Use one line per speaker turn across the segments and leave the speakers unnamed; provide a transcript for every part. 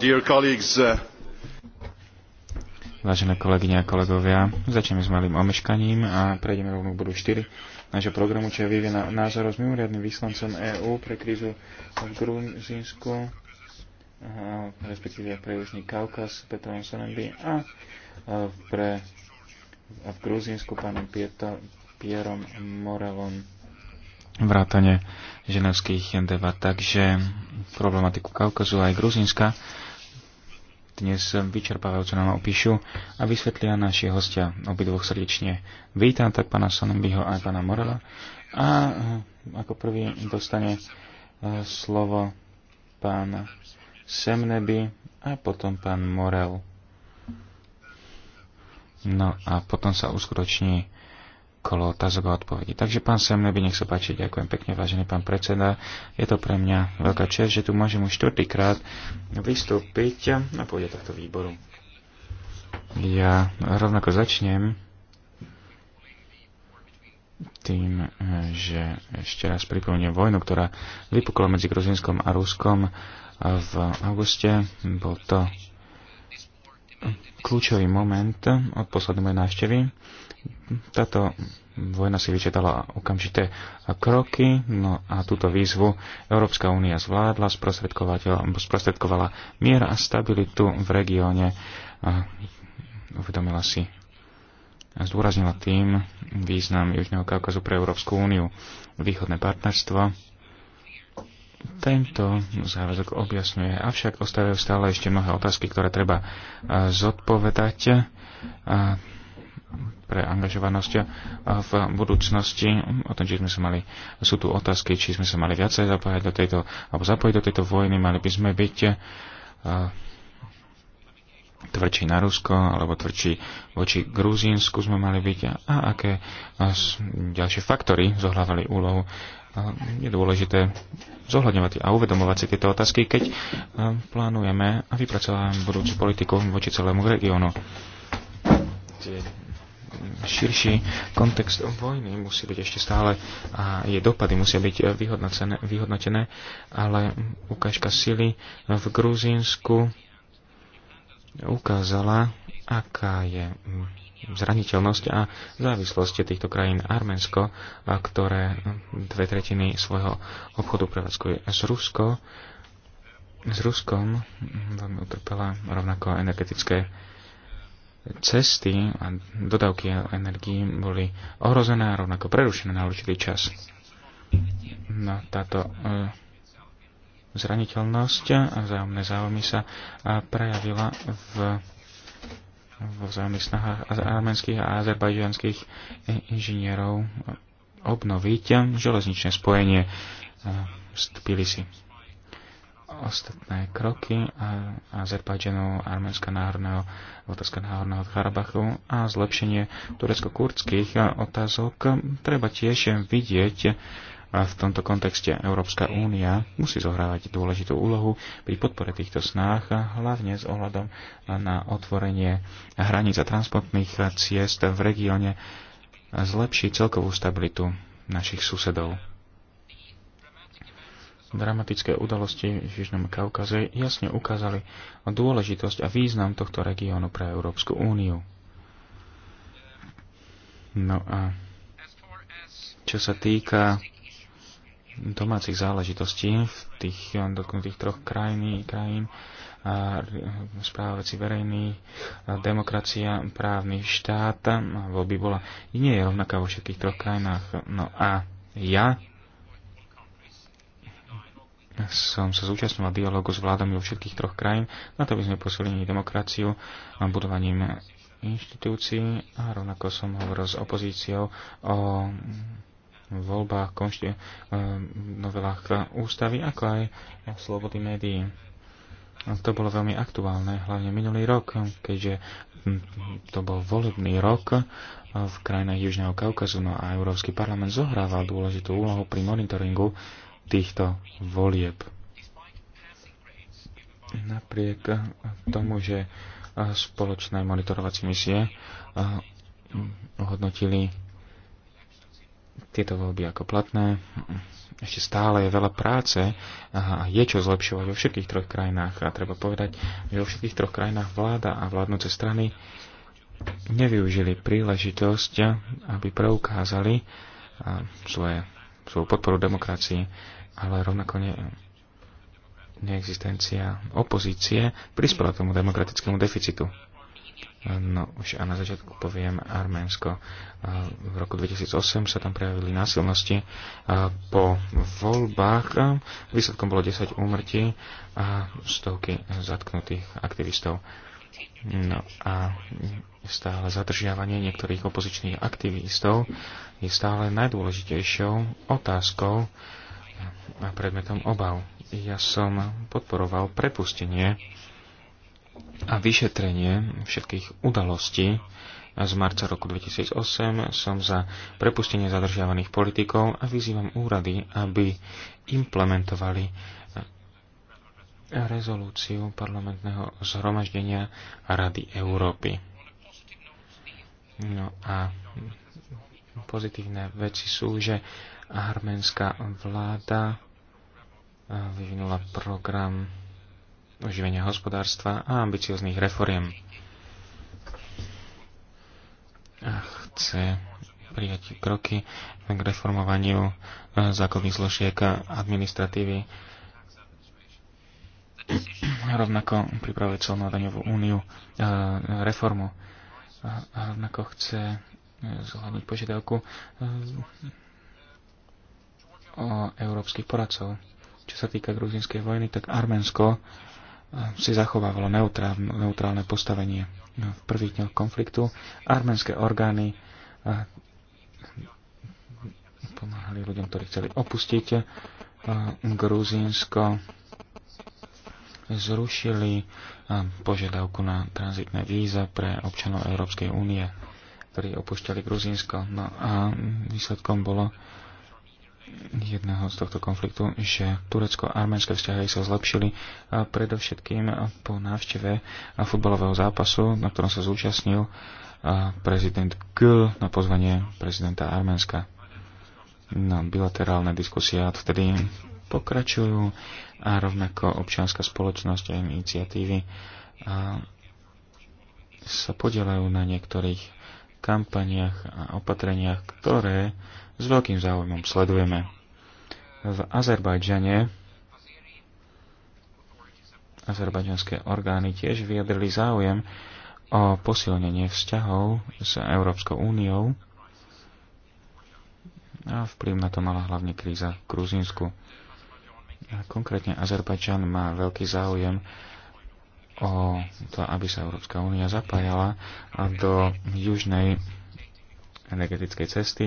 Uh,
Vážené kolegyne a kolegovia, začneme s malým omeškaním a prejdeme rovno k bodu 4 nášho programu, čo je vývina názorov s mimoriadným vyslancom EÚ pre krízu v Gruzínsku, respektíve pre Južný Kaukaz Petrom Sonemby a pre a v Gruzínsku pánom Pierom Morelom vrátane ženevských debat. Takže problematiku Kaukazu aj Gruzínska dnes vyčerpávajúco nám opíšu a vysvetlia naši hostia obidvoch srdečne. Vítam tak pána Sonombiho aj pána Morela a eh, ako prvý dostane eh, slovo pán Semneby a potom pán Morel. No a potom sa uskutoční kolo otázok a odpovedí. Takže pán Semneby, nech sa páči, ďakujem pekne, vážený pán predseda. Je to pre mňa veľká čest, že tu môžem už štvrtýkrát vystúpiť na pôde tohto výboru. Ja rovnako začnem tým, že ešte raz pripomínam vojnu, ktorá vypukla medzi Gruzinskom a Ruskom v auguste. Bol to kľúčový moment od poslednej návštevy. Táto vojna si vyčetala okamžité kroky, no a túto výzvu Európska únia zvládla, sprostredkovala mier a stabilitu v regióne, uvedomila si a zdôraznila tým význam Južného Kaukazu pre Európsku úniu. Východné partnerstvo tento záväzok objasňuje, avšak ostávajú stále ešte mnohé otázky, ktoré treba e, zodpovedať e, pre angažovanosť e, v budúcnosti. O tom, či sme sa mali, sú tu otázky, či sme sa mali viacej zapájať do tejto, alebo zapojiť do tejto vojny, mali by sme byť tvrdší na Rusko, alebo tvrdší voči Gruzínsku sme mali byť a aké ďalšie faktory zohrávali úlohu je dôležité zohľadňovať a uvedomovať si tieto otázky, keď e, plánujeme a vypracovávame budúcu politiku voči celému regiónu. Širší kontext vojny musí byť ešte stále a jej dopady musia byť e, vyhodnotené, ale ukážka sily v Gruzínsku ukázala, aká je zraniteľnosť a závislosť týchto krajín. Arménsko, ktoré dve tretiny svojho obchodu prevádzkuje s Rusko, s Ruskom veľmi utrpela rovnako energetické cesty a dodávky energii boli ohrozené a rovnako prerušené na určitý čas. No, táto e, zraniteľnosť a vzájomné záujmy sa prejavila v vo vzájomných snahách arménskych a azerbajdžanských inžinierov obnoviť železničné spojenie z Tbilisi. Ostatné kroky Azerbajdžanu, Arménska náhorného, otázka náhorného Karabachu a zlepšenie turecko-kurdských otázok treba tiež vidieť a v tomto kontexte Európska únia musí zohrávať dôležitú úlohu pri podpore týchto snách, hlavne s ohľadom na otvorenie hraníc a transportných ciest v regióne a zlepší celkovú stabilitu našich susedov. Dramatické udalosti v Južnom Kaukaze jasne ukázali dôležitosť a význam tohto regiónu pre Európsku úniu. No a čo sa týka domácich záležitostí v tých eh, dotknutých troch krajín, krajín správa veci verejných, demokracia, právny štát, alebo by bola nie je rovnaká vo všetkých troch krajinách. No a ja som sa zúčastnila dialogu s vládami vo všetkých troch krajín, na to by sme posilili demokraciu budovaním inštitúcií a rovnako som hovoril s opozíciou o voľbách, konšti- eh, novelách ústavy, ako aj slobody médií. To bolo veľmi aktuálne, hlavne minulý rok, keďže hm, to bol volebný rok eh, v krajinách Južného Kaukazu, no a Európsky parlament zohrával dôležitú úlohu pri monitoringu týchto volieb. Napriek eh, tomu, že spoločné monitorovacie misie hodnotili tieto voľby ako platné. Ešte stále je veľa práce a je čo zlepšovať vo všetkých troch krajinách. A treba povedať, že vo všetkých troch krajinách vláda a vládnúce strany nevyužili príležitosť, aby preukázali svoje, svoju podporu demokracii, ale rovnako ne, neexistencia opozície prispela tomu demokratickému deficitu. No už a na začiatku poviem Arménsko. Eh, v roku 2008 sa tam prejavili násilnosti. Eh, po voľbách eh, výsledkom bolo 10 úmrtí a stovky zatknutých aktivistov. No a stále zadržiavanie niektorých opozičných aktivistov je stále najdôležitejšou otázkou a predmetom obav. Ja som podporoval prepustenie a vyšetrenie všetkých udalostí z marca roku 2008 som za prepustenie zadržiavaných politikov a vyzývam úrady, aby implementovali eh, rezolúciu parlamentného zhromaždenia Rady Európy. No a pozitívne veci sú, že arménska vláda eh, vyvinula program oživenia hospodárstva a ambicioznych reforiem. A chce prijať kroky k reformovaniu e, základných zložiek administratívy, rovnako pripravuje celnú daňovú úniu, e, reformu a rovnako chce e, zohľadniť požiadavku o európskych poradcov. Čo sa týka gruzinskej vojny, tak Arménsko si zachovávalo neutrálne, postavenie. V prvých dňoch konfliktu arménske orgány eh, pomáhali ľuďom, ktorí chceli opustiť eh, Gruzínsko, zrušili eh, požiadavku na tranzitné víza pre občanov Európskej únie, ktorí opúšťali Gruzínsko. No a výsledkom bolo, jedného z tohto konfliktu, že turecko-arménske vzťahy sa zlepšili a predovšetkým po návšteve futbalového zápasu, na ktorom sa zúčastnil prezident Gül na pozvanie prezidenta Arménska. No, bilaterálne diskusie vtedy pokračujú a rovnako občianská spoločnosť a iniciatívy a sa podielajú na niektorých kampaniach a opatreniach, ktoré s veľkým záujmom sledujeme. V Azerbajdžane azerbajdžanské orgány tiež vyjadrili záujem o posilnenie vzťahov s Európskou úniou a vplyv na to mala hlavne kríza v Gruzínsku. Konkrétne Azerbajdžan má veľký záujem o to, aby sa Európska únia zapájala do južnej energetickej cesty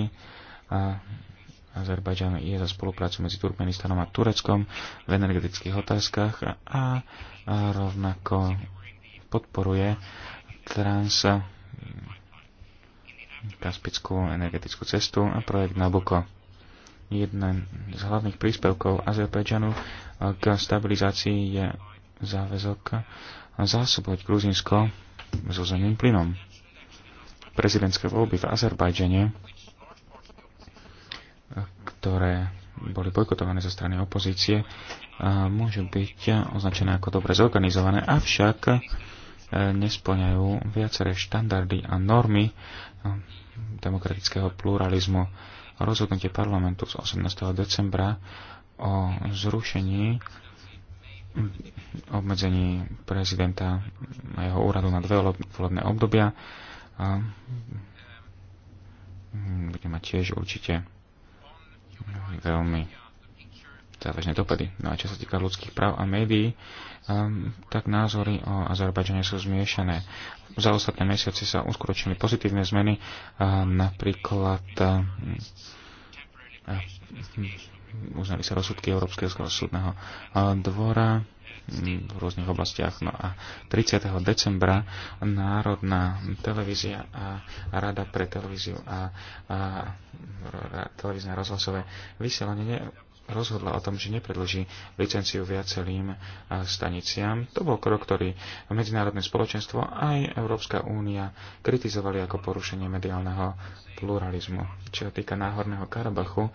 a Azerbajďan je za spoluprácu medzi Turkmenistanom a Tureckom v energetických otázkach a, rovnako podporuje trans kaspickú energetickú cestu a projekt Nabuko. Jeden z hlavných príspevkov Azerbajdžanu k stabilizácii je záväzok zásobovať Gruzinsko so plynom. Prezidentské voľby v Azerbajdžane ktoré boli bojkotované zo strany opozície, môžu byť označené ako dobre zorganizované, avšak nesplňajú viaceré štandardy a normy demokratického pluralizmu. Rozhodnutie parlamentu z 18. decembra o zrušení obmedzení prezidenta a jeho úradu na dve volebné obdobia. Budeme mať tiež určite veľmi závažné dopady. No a čo sa týka ľudských práv a médií, um, tak názory o Azerbajdžane sú zmiešané. Za ostatné mesiace sa uskutočnili pozitívne zmeny, um, napríklad um, uznali sa rozsudky Európskeho súdneho dvora v rôznych oblastiach. No a 30. decembra Národná televízia a Rada pre televíziu a, a, a televízne rozhlasové vysielanie ne, rozhodla o tom, že nepredlží licenciu viacerým staniciam. To bol krok, ktorý medzinárodné spoločenstvo aj Európska únia kritizovali ako porušenie mediálneho pluralizmu. Čo sa týka Náhorného Karabachu,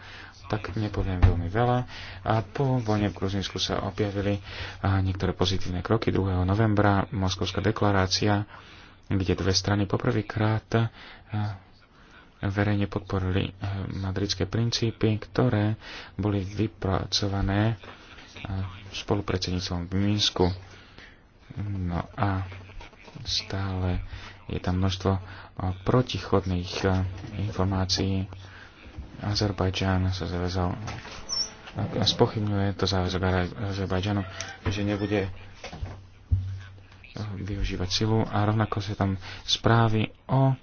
tak nepoviem veľmi veľa. A po vojne v Gruzinsku sa objavili niektoré pozitívne kroky. 2. novembra Moskovská deklarácia, kde dve strany poprvýkrát verejne podporili madridské princípy, ktoré boli vypracované spolupredsedníctvom v Minsku. No a stále je tam množstvo protichodných informácií Azerbajdžan sa zavezal a spochybňuje to záväzok Azerbajdžanu, že nebude využívať silu a rovnako sa tam správy o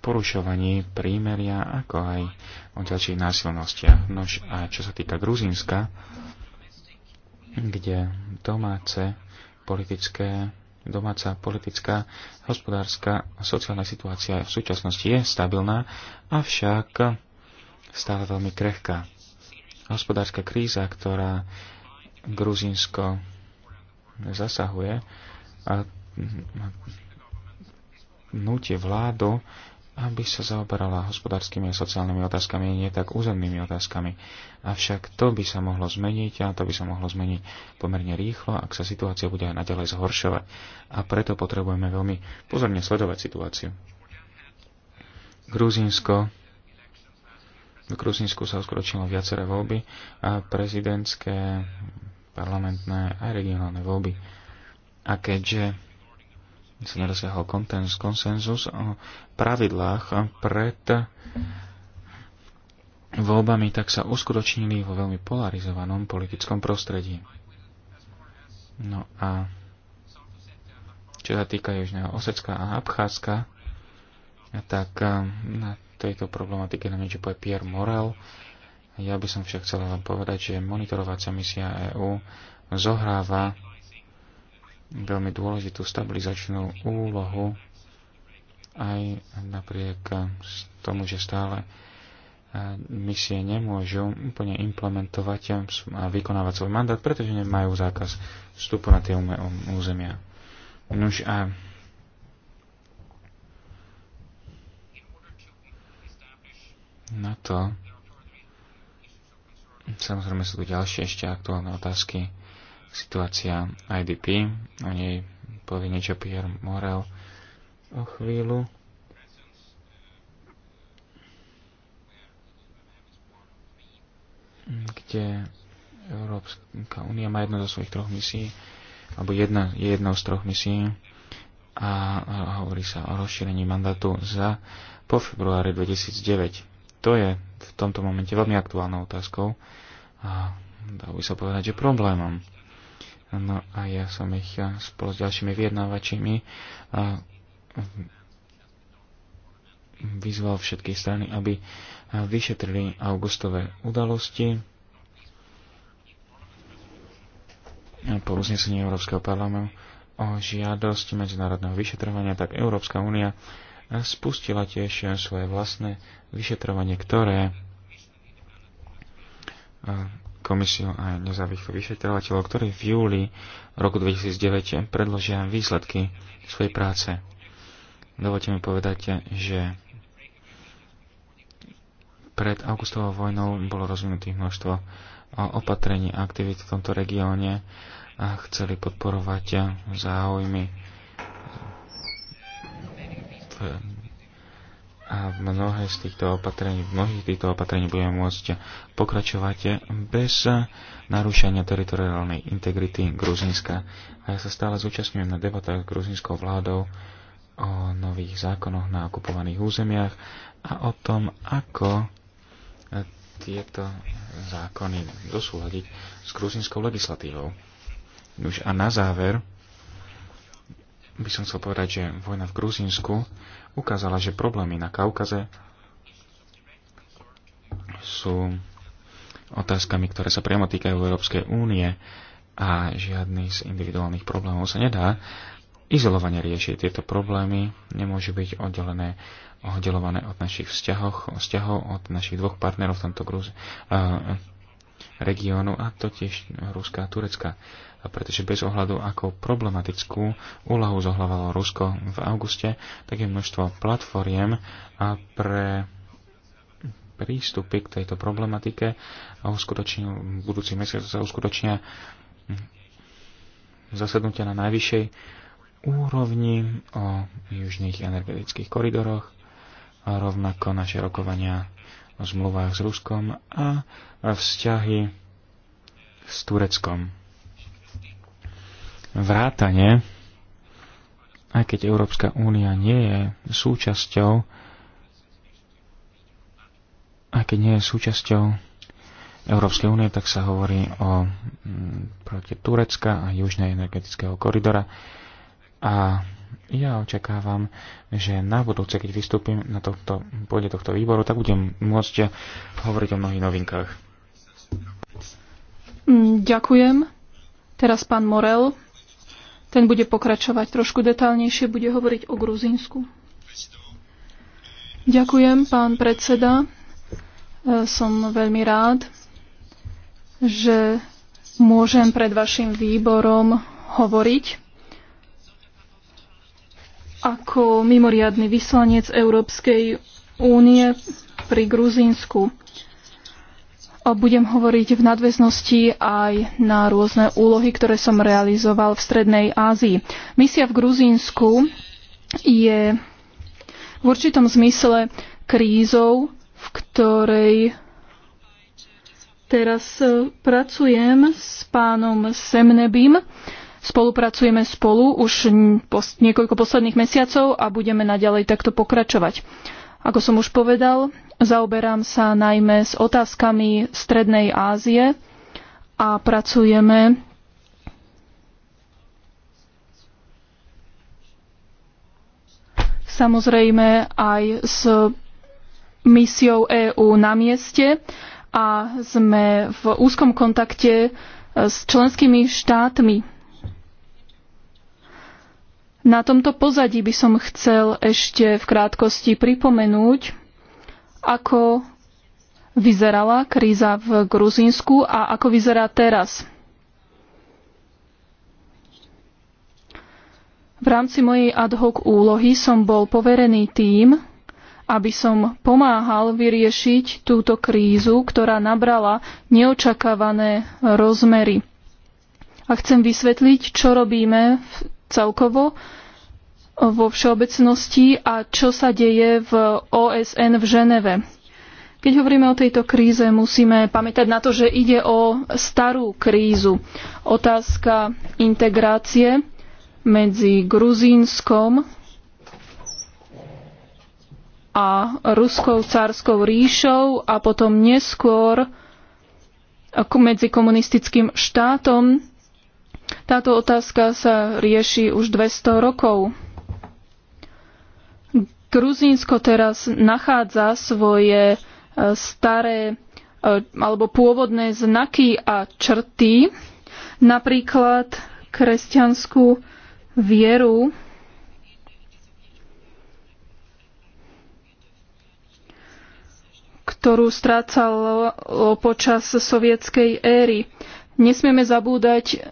porušovaní prímeria, ako aj o ďalších násilnostiach. Nož a čo sa týka Gruzínska, kde domáce politické domáca politická, hospodárska a sociálna situácia v súčasnosti je stabilná, avšak stále veľmi krehká. Hospodárska kríza, ktorá Gruzínsko zasahuje a nutie vládu, aby sa zaoberala hospodárskymi a sociálnymi otázkami, nie tak územnými otázkami. Avšak to by sa mohlo zmeniť a to by sa mohlo zmeniť pomerne rýchlo, ak sa situácia bude aj naďalej zhoršovať. A preto potrebujeme veľmi pozorne sledovať situáciu. Gruzínsko v Gruzínsku sa uskročilo viaceré voľby, a prezidentské, parlamentné aj regionálne voľby. A keďže sa nedosiahol konsenzus o pravidlách pred voľbami, tak sa uskutočnili vo veľmi polarizovanom politickom prostredí. No a čo sa týka Južného Osecka a Abcházska, tak na tejto problematike nám niečo povie Pierre Morel. Ja by som však chcel len povedať, že monitorovacia misia EÚ zohráva veľmi dôležitú stabilizačnú úlohu aj napriek tomu, že stále e, misie nemôžu úplne implementovať a vykonávať svoj mandát, pretože nemajú zákaz vstupu na tie územia. Nuž a na to. Samozrejme sú tu ďalšie ešte aktuálne otázky. Situácia IDP, o nej povie niečo Pierre Morel o chvíľu. kde Európska únia má jednu zo svojich troch misií, alebo jedna, je jednou z troch misií a hovorí sa o rozšírení mandátu za po februári 2009 to je v tomto momente veľmi aktuálnou otázkou a dá by sa povedať, že problémom. No a ja som ich eh, spolu s ďalšími vyjednávačmi eh, vyzval všetky strany, aby eh, vyšetrili augustové udalosti po uznesení Európskeho parlamentu o žiadosti medzinárodného vyšetrovania, tak Európska únia spustila tiež svoje vlastné vyšetrovanie, ktoré komisiu aj nezávislých vyšetrovateľov, ktorí v júli roku 2009 predložia výsledky svojej práce. Dovolte mi povedať, že pred augustovou vojnou bolo rozvinutých množstvo opatrení a aktivít v tomto regióne a chceli podporovať záujmy a mnohé z týchto opatrení, v mnohých týchto opatrení budeme môcť pokračovať bez narušenia teritoriálnej integrity Gruzinska. A ja sa stále zúčastňujem na debatách s gruzinskou vládou o nových zákonoch na okupovaných územiach a o tom, ako tieto zákony dosúľadiť s gruzinskou legislatívou. Už a na záver, by som chcel povedať, že vojna v Gruzínsku ukázala, že problémy na Kaukaze sú otázkami, ktoré sa priamo týkajú Európskej únie a žiadny z individuálnych problémov sa nedá izolovane riešiť. Tieto problémy nemôžu byť oddelené, oddelované od našich vzťahov, vzťahov od našich dvoch partnerov v tomto Gruz- uh, regiónu a to tiež Ruska a Turecka. A pretože bez ohľadu, ako problematickú úlohu zohľavalo Rusko v auguste, tak je množstvo platformiem a pre prístupy k tejto problematike a v budúci mesiac sa uskutočnia zasadnutia na najvyššej úrovni o južných energetických koridoroch, a rovnako naše rokovania o zmluvách s Ruskom a vzťahy s Tureckom. Vrátanie, aj keď Európska únia nie je súčasťou, aj keď nie je súčasťou Európskej únie, tak sa hovorí o mm, projekte Turecka a južnej energetického koridora a ja očakávam, že na budúce, keď vystúpim na tohto, pôde tohto výboru, tak budem môcť hovoriť o mnohých novinkách.
Mm, ďakujem. Teraz pán Morel. Ten bude pokračovať trošku detálnejšie, bude hovoriť o Gruzínsku. Ďakujem, pán predseda. E, som veľmi rád, že môžem pred vašim výborom hovoriť ako mimoriadny vyslanec Európskej únie pri Gruzínsku. A budem hovoriť v nadväznosti aj na rôzne úlohy, ktoré som realizoval v Strednej Ázii. Misia v Gruzínsku je v určitom zmysle krízou, v ktorej teraz pracujem s pánom Semnebim, Spolupracujeme spolu už niekoľko posledných mesiacov a budeme naďalej takto pokračovať. Ako som už povedal, zaoberám sa najmä s otázkami Strednej Ázie a pracujeme samozrejme aj s misiou EÚ na mieste a sme v úzkom kontakte s členskými štátmi na tomto pozadí by som chcel ešte v krátkosti pripomenúť, ako vyzerala kríza v Gruzínsku a ako vyzerá teraz. V rámci mojej ad hoc úlohy som bol poverený tým, aby som pomáhal vyriešiť túto krízu, ktorá nabrala neočakávané rozmery. A chcem vysvetliť, čo robíme v celkovo eh, vo všeobecnosti a čo sa deje v OSN v Ženeve. Keď hovoríme o tejto kríze, musíme pamätať na to, že ide o starú krízu. Otázka integrácie medzi Gruzínskom a Ruskou cárskou ríšou a potom neskôr medzi komunistickým štátom táto otázka sa rieši už 200 rokov. Gruzínsko teraz nachádza svoje e, staré e, alebo pôvodné znaky a črty, napríklad kresťanskú vieru. ktorú strácalo počas sovietskej éry. Nesmieme zabúdať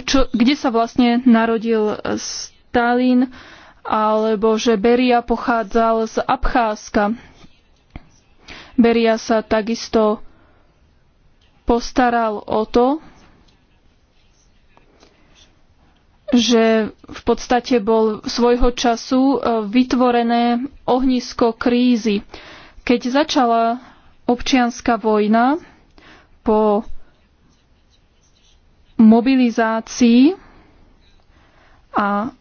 čo, kde sa vlastne narodil Stalin, alebo že Beria pochádzal z Abcházska. Beria sa takisto postaral o to, že v podstate bol svojho času e, vytvorené ohnisko krízy. Keď začala občianská vojna po mobilizácii a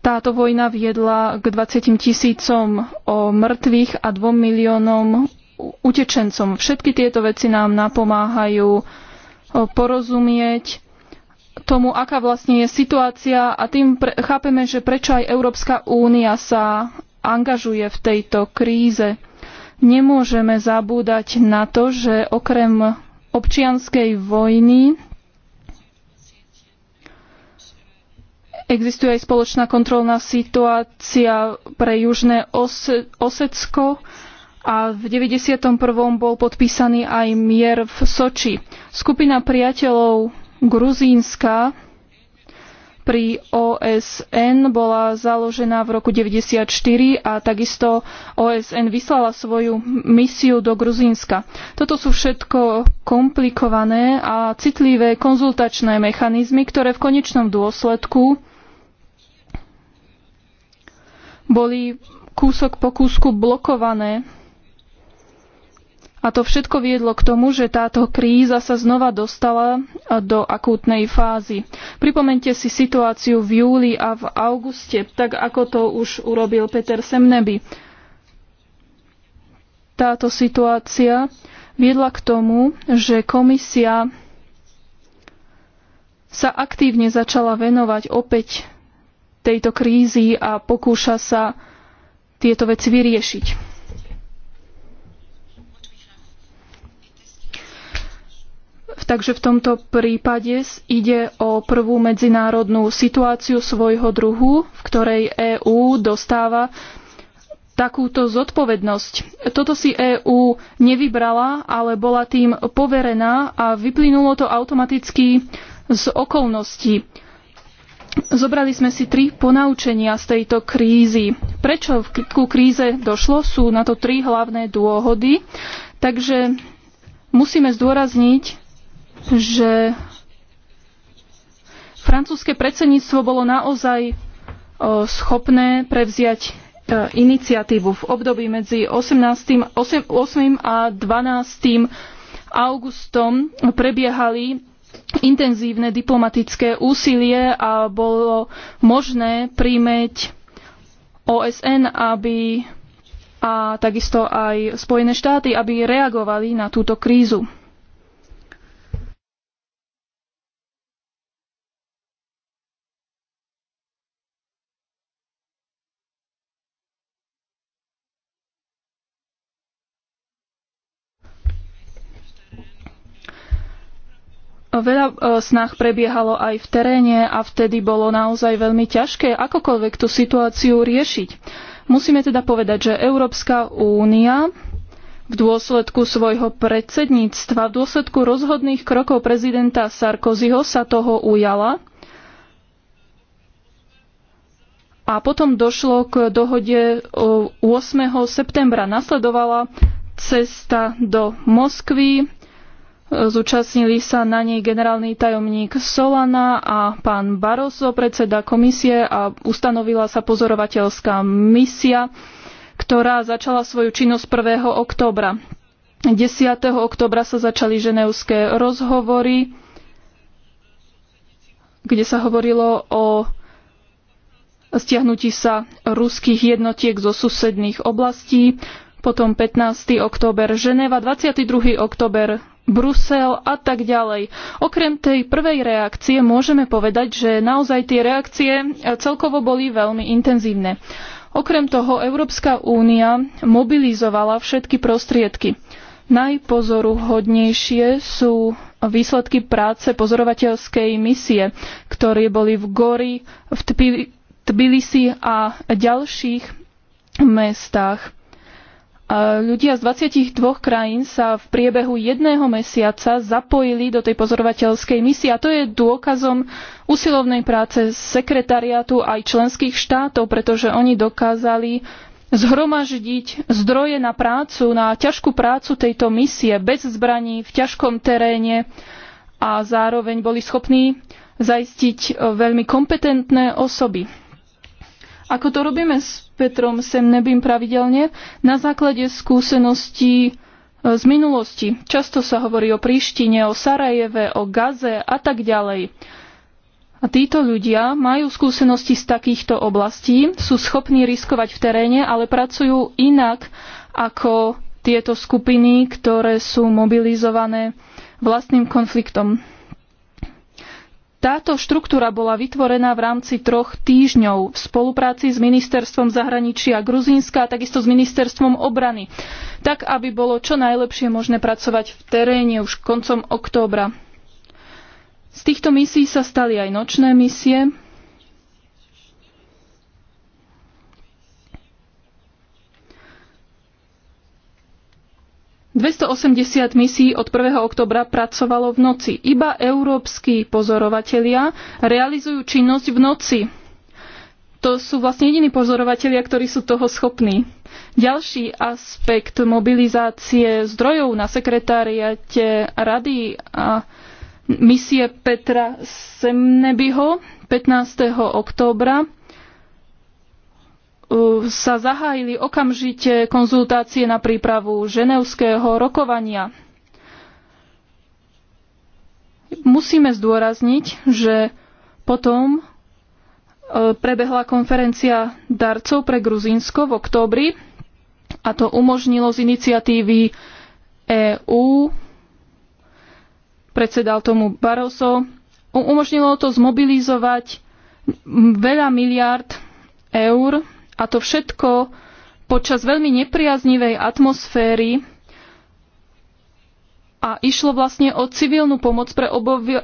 táto vojna viedla k 20 tisícom mŕtvych a 2 miliónom utečencom. Všetky tieto veci nám napomáhajú porozumieť tomu, aká vlastne je situácia a tým pre, chápeme, že prečo aj Európska únia sa angažuje v tejto kríze. Nemôžeme zabúdať na to, že okrem občianskej vojny existuje aj spoločná kontrolná situácia pre Južné Osecko a v 91. bol podpísaný aj mier v Soči. Skupina priateľov Gruzínska pri OSN bola založená v roku 1994 a takisto OSN vyslala svoju misiu do Gruzínska. Toto sú všetko komplikované a citlivé konzultačné mechanizmy, ktoré v konečnom dôsledku boli kúsok po kúsku blokované a to všetko viedlo k tomu, že táto kríza sa znova dostala do akútnej fázy. Pripomente si situáciu v júli a v auguste, tak ako to už urobil Peter Semneby. Táto situácia viedla k tomu, že komisia sa aktívne začala venovať opäť tejto krízy a pokúša sa tieto veci vyriešiť. Takže v tomto prípade ide o prvú medzinárodnú situáciu svojho druhu, v ktorej EÚ dostáva takúto zodpovednosť. Toto si EÚ nevybrala, ale bola tým poverená a vyplynulo to automaticky z okolností. Zobrali sme si tri ponaučenia z tejto krízy. Prečo ku kríze došlo? Sú na to tri hlavné dôvody. Takže musíme zdôrazniť, že francúzske predsedníctvo bolo naozaj schopné prevziať e, iniciatívu v období medzi 18. 8. a 12. augustom prebiehali intenzívne diplomatické úsilie a bolo možné príjmeť OSN, aby a takisto aj Spojené štáty, aby reagovali na túto krízu. Veľa e, snah prebiehalo aj v teréne a vtedy bolo naozaj veľmi ťažké akokoľvek tú situáciu riešiť. Musíme teda povedať, že Európska únia v dôsledku svojho predsedníctva, v dôsledku rozhodných krokov prezidenta Sarkozyho sa toho ujala a potom došlo k dohode 8. E, septembra. Nasledovala cesta do Moskvy, Zúčastnili sa na nej generálny tajomník Solana a pán Barroso, predseda komisie a ustanovila sa pozorovateľská misia, ktorá začala svoju činnosť 1. októbra. 10. októbra sa začali ženevské rozhovory, kde sa hovorilo o stiahnutí sa ruských jednotiek zo susedných oblastí, potom 15. október Ženeva, 22. október Brusel a tak ďalej. Okrem tej prvej reakcie môžeme povedať, že naozaj tie reakcie e, celkovo boli veľmi intenzívne. Okrem toho Európska únia mobilizovala všetky prostriedky. Najpozoruhodnejšie sú výsledky práce pozorovateľskej misie, ktoré boli v Gori, v Tbilisi a ďalších mestách. Ľudia z 22 krajín sa v priebehu jedného mesiaca zapojili do tej pozorovateľskej misie a to je dôkazom usilovnej práce sekretariátu aj členských štátov, pretože oni dokázali zhromaždiť zdroje na prácu, na ťažkú prácu tejto misie bez zbraní v ťažkom teréne a zároveň boli schopní zaistiť veľmi kompetentné osoby. Ako to robíme s Petrom Sennebim pravidelne na základe skúseností e, z minulosti. Často sa hovorí o Príštine, o Sarajeve, o Gaze a tak ďalej. A títo ľudia majú skúsenosti z takýchto oblastí, sú schopní riskovať v teréne, ale pracujú inak ako tieto skupiny, ktoré sú mobilizované vlastným konfliktom. Táto štruktúra bola vytvorená v rámci troch týždňov v spolupráci s Ministerstvom zahraničia Gruzínska a takisto s Ministerstvom obrany, tak aby bolo čo najlepšie možné pracovať v teréne už koncom októbra. Z týchto misií sa stali aj nočné misie, 280 misií od 1. oktobra pracovalo v noci. Iba európsky pozorovatelia realizujú činnosť v noci. To sú vlastne jediní pozorovatelia, ktorí sú toho schopní. Ďalší aspekt mobilizácie zdrojov na sekretariate rady a misie Petra Semnebyho 15. októbra E, sa zahájili okamžite konzultácie na prípravu ženevského rokovania. Musíme zdôrazniť, že potom e, prebehla konferencia darcov pre Gruzínsko v októbri a to umožnilo z iniciatívy EÚ, predsedal tomu Barroso, umožnilo to zmobilizovať veľa miliárd eur a to všetko počas veľmi nepriaznivej atmosféry a išlo vlastne o civilnú pomoc pre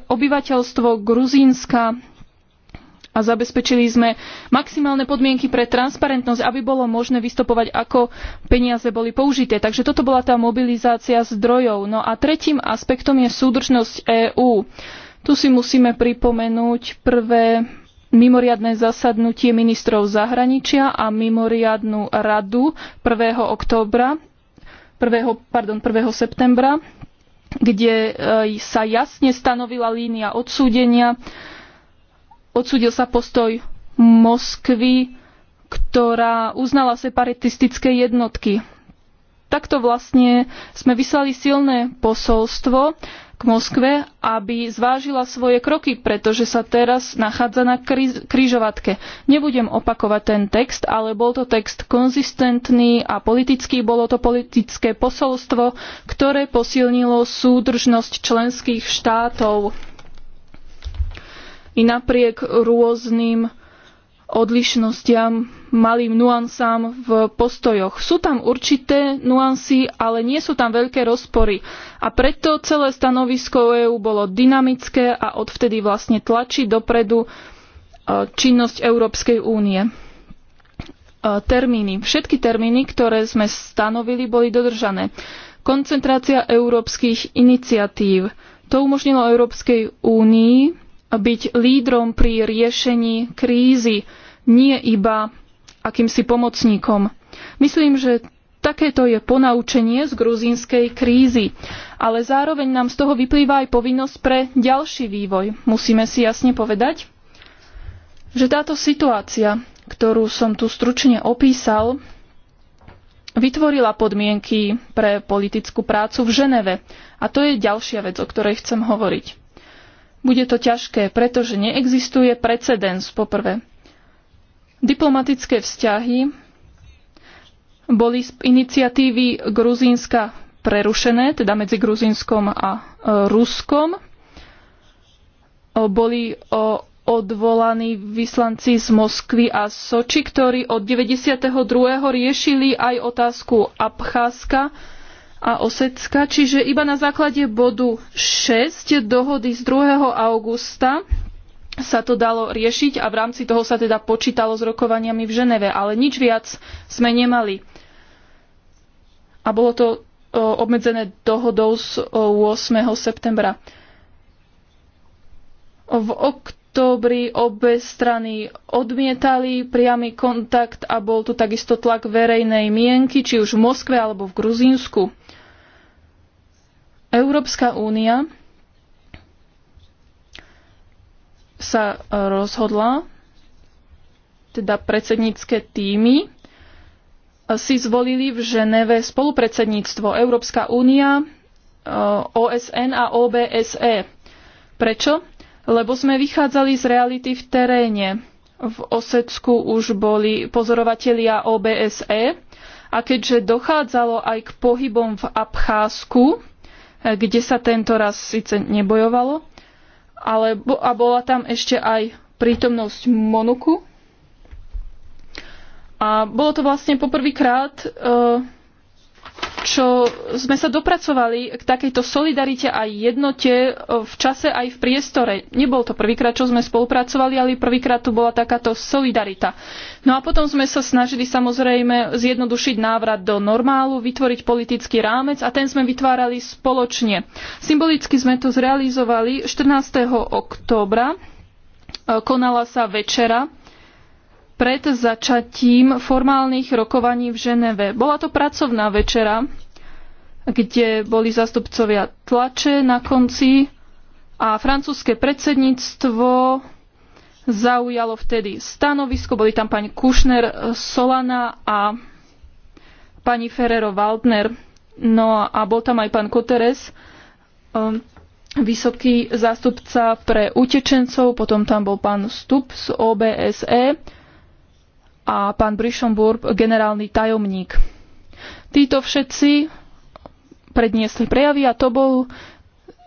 obyvateľstvo Gruzínska a zabezpečili sme maximálne podmienky pre transparentnosť, aby bolo možné vystupovať, ako peniaze boli použité. Takže toto bola tá mobilizácia zdrojov. No a tretím aspektom je súdržnosť EÚ. Tu si musíme pripomenúť prvé mimoriadne zasadnutie ministrov zahraničia a mimoriadnu radu 1. októbra, 1. Pardon, 1. septembra, kde e, sa jasne stanovila línia odsúdenia. Odsúdil sa postoj Moskvy, ktorá uznala separatistické jednotky. Takto vlastne sme vyslali silné posolstvo Moskve, aby zvážila svoje kroky, pretože sa teraz nachádza na kryžovatke. Nebudem opakovať ten text, ale bol to text konzistentný a politický, bolo to politické posolstvo, ktoré posilnilo súdržnosť členských štátov. I napriek rôznym odlišnostiam malým nuansám v postojoch. Sú tam určité nuansy, ale nie sú tam veľké rozpory. A preto celé stanovisko EÚ bolo dynamické a odvtedy vlastne tlačí dopredu e, činnosť Európskej únie. E, termíny. Všetky termíny, ktoré sme stanovili, boli dodržané. Koncentrácia európskych iniciatív. To umožnilo Európskej únii byť lídrom pri riešení krízy, nie iba akýmsi pomocníkom. Myslím, že takéto je ponaučenie z gruzínskej krízy, ale zároveň nám z toho vyplýva aj povinnosť pre ďalší vývoj. Musíme si jasne povedať, že táto situácia, ktorú som tu stručne opísal, vytvorila podmienky pre politickú prácu v Ženeve. A to je ďalšia vec, o ktorej chcem hovoriť. Bude to ťažké, pretože neexistuje precedens, poprvé. Diplomatické vzťahy boli z iniciatívy Gruzínska prerušené, teda medzi Gruzínskom a e, Ruskom. Boli e, odvolaní vyslanci z Moskvy a Soči, ktorí od 92. riešili aj otázku Abcházska a Osecka, čiže iba na základe bodu 6 dohody z 2. augusta sa to dalo riešiť a v rámci toho sa teda počítalo s rokovaniami v Ženeve, ale nič viac sme nemali. A bolo to obmedzené dohodou z 8. septembra. V októbri obe strany odmietali priamy kontakt a bol tu takisto tlak verejnej mienky, či už v Moskve alebo v Gruzínsku. Európska únia sa e, rozhodla, teda predsednícke týmy, e, si zvolili v Ženeve spolupredsedníctvo Európska únia, e, OSN a OBSE. Prečo? Lebo sme vychádzali z reality v teréne. V Osecku už boli pozorovatelia OBSE a keďže dochádzalo aj k pohybom v Abcházku, kde sa tento raz síce nebojovalo, ale, a bola tam ešte aj prítomnosť Monuku. A bolo to vlastne poprvýkrát, e, čo sme sa dopracovali k takejto solidarite a jednote e, v čase aj v priestore. Nebol to prvýkrát, čo sme spolupracovali, ale prvýkrát tu bola takáto solidarita. No a potom sme sa snažili samozrejme zjednodušiť návrat do normálu, vytvoriť politický rámec a ten sme vytvárali spoločne. Symbolicky sme to zrealizovali 14. októbra. E, konala sa večera pred začatím formálnych rokovaní v Ženeve. Bola to pracovná večera, kde boli zastupcovia tlače na konci a francúzske predsedníctvo zaujalo vtedy stanovisko. Boli tam pani Kušner Solana a pani Ferrero Waldner. No a bol tam aj pán Koteres, um, vysoký zástupca pre utečencov, potom tam bol pán Stup z OBSE, a pán Brišomburg, generálny tajomník. Títo všetci predniesli prejavy a to bol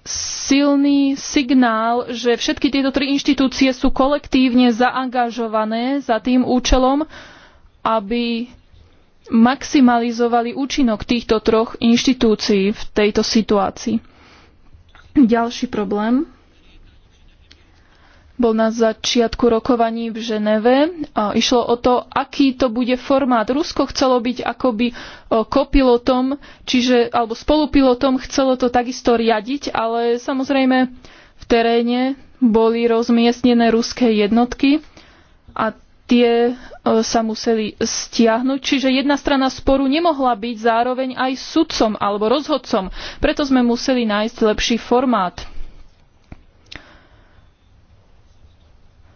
silný signál, že všetky tieto tri inštitúcie sú kolektívne zaangažované za tým účelom, aby maximalizovali účinok týchto troch inštitúcií v tejto situácii. Ďalší problém bol na začiatku rokovaní v Ženeve. A išlo o to, aký to bude formát. Rusko chcelo byť akoby kopilotom, čiže, alebo spolupilotom, chcelo to takisto riadiť, ale samozrejme v teréne boli rozmiestnené ruské jednotky a tie sa museli stiahnuť. Čiže jedna strana sporu nemohla byť zároveň aj sudcom alebo rozhodcom. Preto sme museli nájsť lepší formát.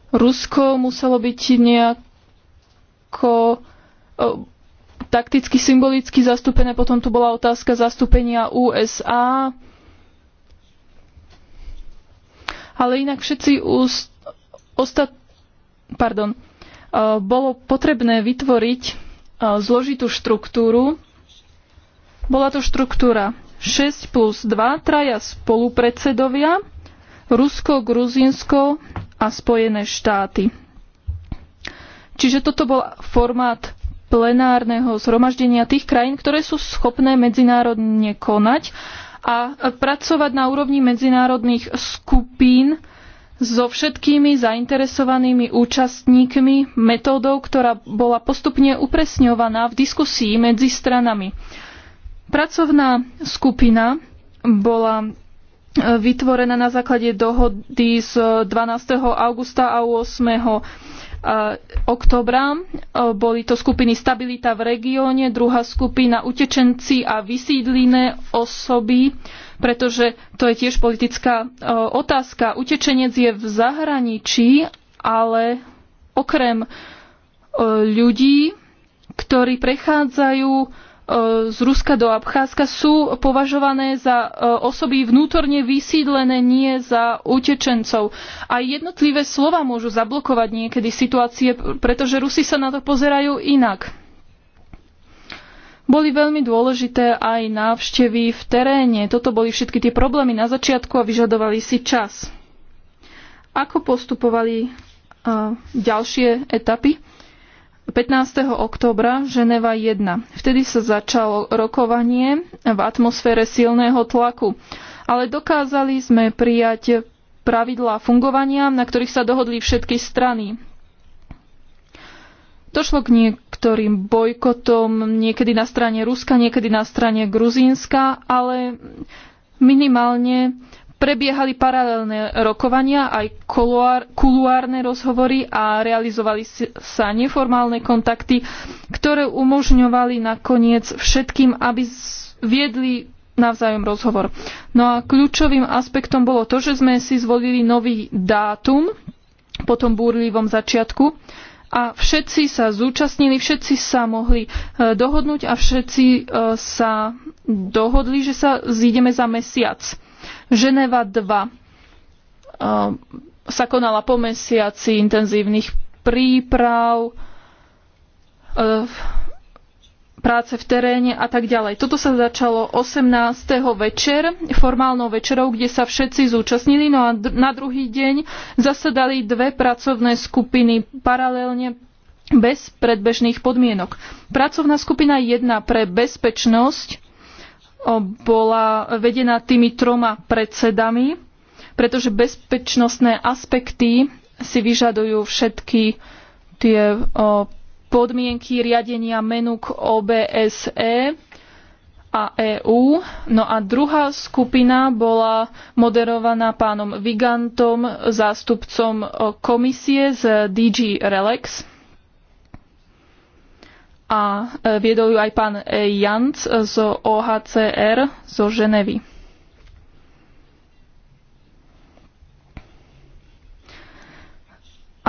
Rusko muselo byť nejako e, takticky, symbolicky zastúpené. Potom tu bola otázka zastúpenia USA. Ale inak všetci úst, ostat, pardon, e, bolo potrebné vytvoriť e, zložitú štruktúru. Bola to štruktúra 6 plus 2, traja spolupredsedovia, Rusko, Gruzinsko, a Spojené štáty. Čiže toto bol formát plenárneho zhromaždenia tých krajín, ktoré sú schopné medzinárodne konať a pracovať na úrovni medzinárodných skupín so všetkými zainteresovanými účastníkmi metódou, ktorá bola postupne upresňovaná v diskusii medzi stranami. Pracovná skupina bola vytvorená na základe dohody z 12. augusta a 8. E, oktobra. E, boli to skupiny Stabilita v regióne, druhá skupina Utečenci a vysídlené osoby, pretože to je tiež politická e, otázka. Utečenec je v zahraničí, ale okrem ľudí, ktorí prechádzajú E, z Ruska do Abcházska sú považované za e, osoby vnútorne vysídlené, nie za utečencov. A jednotlivé slova môžu zablokovať niekedy situácie, pretože Rusi sa na to pozerajú inak. Boli veľmi dôležité aj návštevy v teréne. Toto boli všetky tie problémy na začiatku a vyžadovali si čas. Ako postupovali e, ďalšie etapy? 15. oktobra Ženeva 1. Vtedy sa začalo rokovanie v atmosfére silného tlaku, ale dokázali sme prijať pravidlá fungovania, na ktorých sa dohodli všetky strany. Došlo k niektorým bojkotom, niekedy na strane Ruska, niekedy na strane Gruzínska, ale minimálne prebiehali paralelné rokovania, aj kuluárne rozhovory a realizovali sa neformálne kontakty, ktoré umožňovali nakoniec všetkým, aby viedli navzájom rozhovor. No a kľúčovým aspektom bolo to, že sme si zvolili nový dátum po tom búrlivom začiatku a všetci sa zúčastnili, všetci sa mohli e, dohodnúť a všetci e, sa dohodli, že sa zídeme za mesiac. Ženeva 2 eh, sa konala po mesiaci intenzívnych príprav, eh, práce v teréne a tak ďalej. Toto sa začalo 18. večer, formálnou večerou, kde sa všetci zúčastnili. No a na druhý deň zasadali dve pracovné skupiny paralelne bez predbežných podmienok. Pracovná skupina 1 pre bezpečnosť bola vedená tými troma predsedami, pretože bezpečnostné aspekty si vyžadujú všetky tie podmienky riadenia k OBSE a EÚ. No a druhá skupina bola moderovaná pánom Vigantom, zástupcom komisie z DG Relax a e, viedol ju aj pán e, Janc z OHCR zo Ženevy.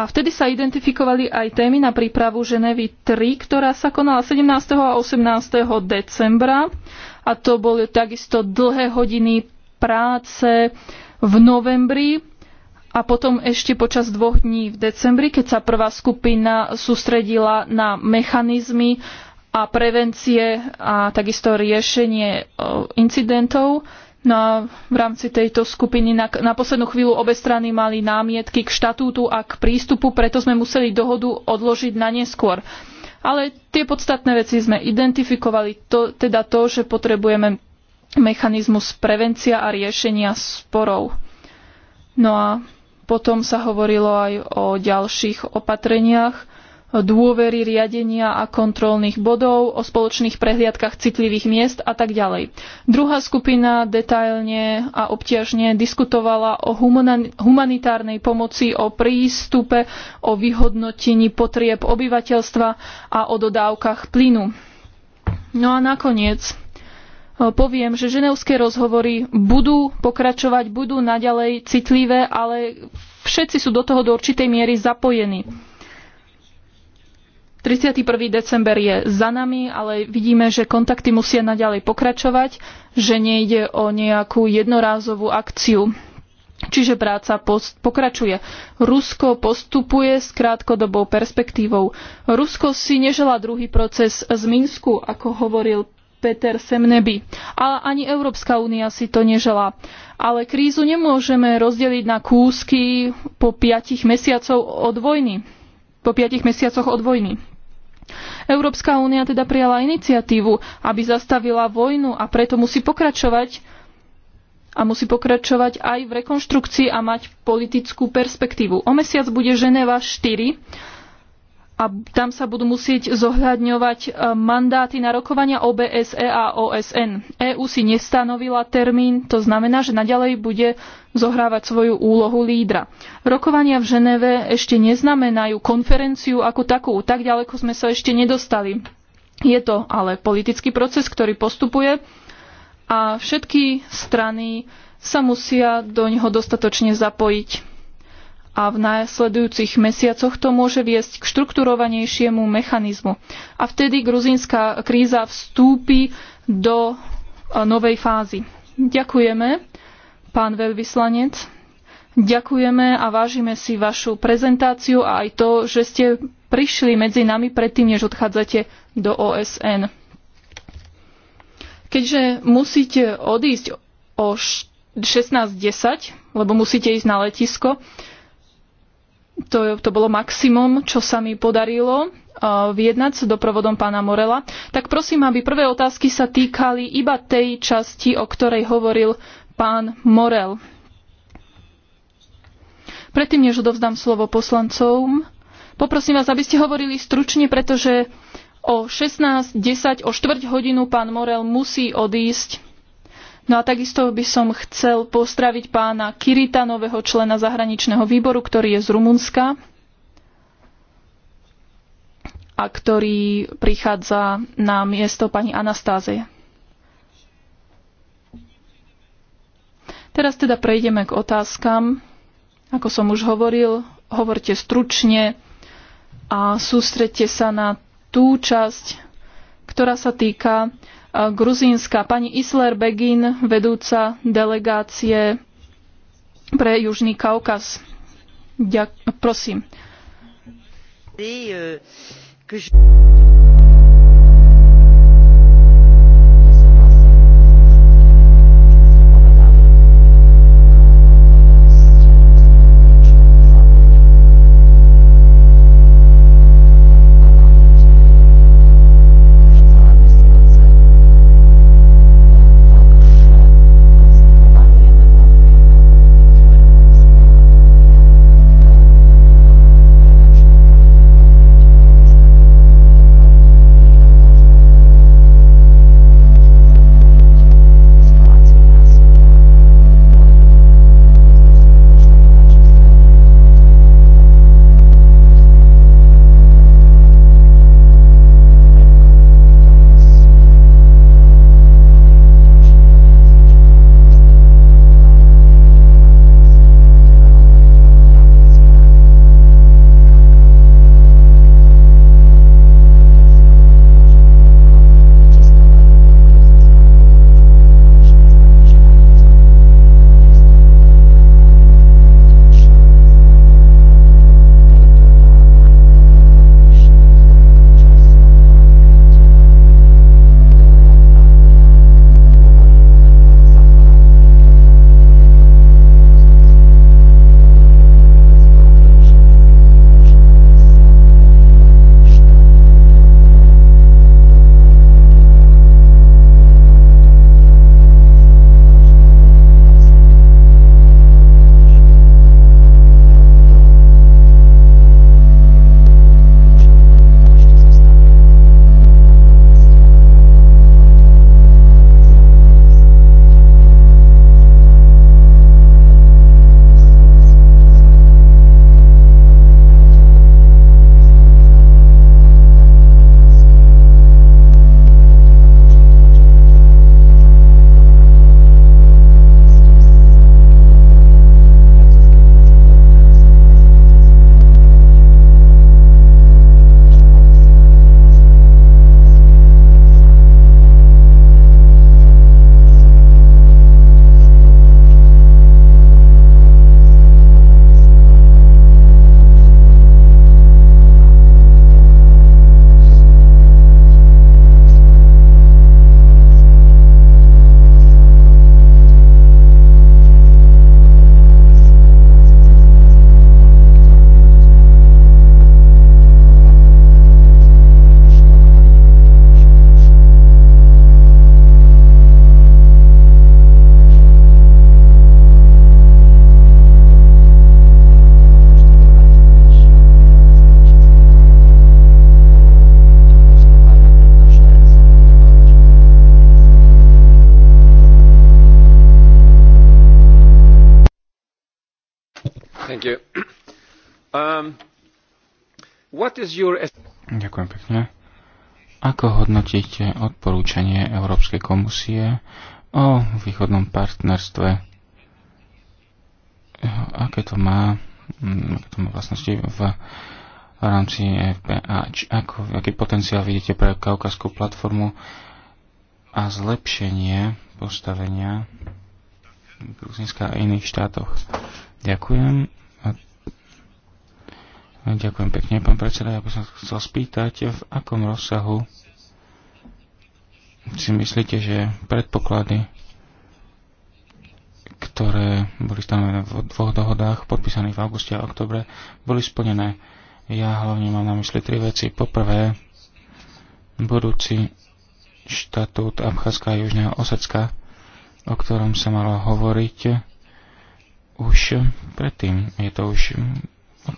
A vtedy sa identifikovali aj témy na prípravu Ženevy 3, ktorá sa konala 17. a 18. decembra. A to boli takisto dlhé hodiny práce v novembri a potom ešte počas dvoch dní v decembri, keď sa prvá skupina sústredila na mechanizmy a prevencie a takisto riešenie e, incidentov. No a v rámci tejto skupiny na, na poslednú chvíľu obe strany mali námietky k štatútu a k prístupu, preto sme museli dohodu odložiť na neskôr. Ale tie podstatné veci sme identifikovali, to, teda to, že potrebujeme mechanizmus prevencia a riešenia sporov. No a potom sa hovorilo aj o ďalších opatreniach dôvery riadenia a kontrolných bodov, o spoločných prehliadkach citlivých miest a tak ďalej. Druhá skupina detailne a obťažne diskutovala o humanitárnej pomoci, o prístupe, o vyhodnotení potrieb obyvateľstva a o dodávkach plynu. No a nakoniec E, poviem, že ženevské rozhovory budú pokračovať, budú naďalej citlivé, ale všetci sú do toho do určitej miery zapojení. 31. december je za nami, ale vidíme, že kontakty musia naďalej pokračovať, že nejde o nejakú jednorázovú akciu. Čiže práca pokračuje. Rusko postupuje s krátkodobou perspektívou. Rusko si neželá druhý proces z Minsku, ako hovoril Peter Semneby. Ale ani Európska únia si to neželá. Ale krízu nemôžeme rozdeliť na kúsky po piatich mesiacoch od vojny. Po piatich mesiacoch od vojny. Európska únia teda prijala iniciatívu, aby zastavila vojnu a preto musí pokračovať a musí pokračovať aj v rekonštrukcii a mať politickú perspektívu. O mesiac bude Ženeva 4 a tam sa budú musieť zohľadňovať e, mandáty na rokovania OBSE a OSN. EÚ si nestanovila termín, to znamená, že naďalej bude zohrávať svoju úlohu lídra. Rokovania v Ženeve ešte neznamenajú konferenciu ako takú, tak ďaleko sme sa ešte nedostali. Je to ale politický proces, ktorý postupuje a všetky strany sa musia do neho dostatočne zapojiť a v následujúcich mesiacoch to môže viesť k štrukturovanejšiemu mechanizmu. A vtedy gruzínska kríza vstúpi do eh, novej fázy. Ďakujeme, pán veľvyslanec. Ďakujeme a vážime si vašu prezentáciu a aj to, že ste prišli medzi nami predtým, než odchádzate do OSN. Keďže musíte odísť o 16.10, lebo musíte ísť na letisko, to, to bolo maximum, čo sa mi podarilo uh, vyjednať s doprovodom pána Morela. Tak prosím, aby prvé otázky sa týkali iba tej časti, o ktorej hovoril pán Morel. Predtým, než odovzdám slovo poslancom, poprosím vás, aby ste hovorili stručne, pretože o 16.10, o štvrť hodinu pán Morel musí odísť No a takisto by som chcel postraviť pána Kirita, nového člena zahraničného výboru, ktorý je z Rumunska a ktorý prichádza na miesto pani Anastázie. Teraz teda prejdeme k otázkam. Ako som už hovoril, hovorte stručne a sústredte sa na tú časť, ktorá sa týka E, gruzínska. Pani Isler Begin, vedúca delegácie pre Južný Kaukaz. Ďak- prosím.
Euh,
Your...
Ďakujem pekne. Ako hodnotíte odporúčanie Európskej komisie o východnom partnerstve? Aké to má, mm, aké to má vlastnosti v v rámci FBA. Či, ako, aký potenciál vidíte pre kaukaskú platformu a zlepšenie postavenia Gruzinska a iných štátoch? Ďakujem. Ďakujem pekne, pán predseda. Ja by som chcel spýtať, v akom rozsahu si myslíte, že predpoklady, ktoré boli stanovené v dvoch dohodách, podpísaných v auguste a oktobre, boli splnené. Ja hlavne mám na mysli tri veci. Poprvé, budúci štatút Abcházska a Južného Osecka, o ktorom sa malo hovoriť už predtým. Je to už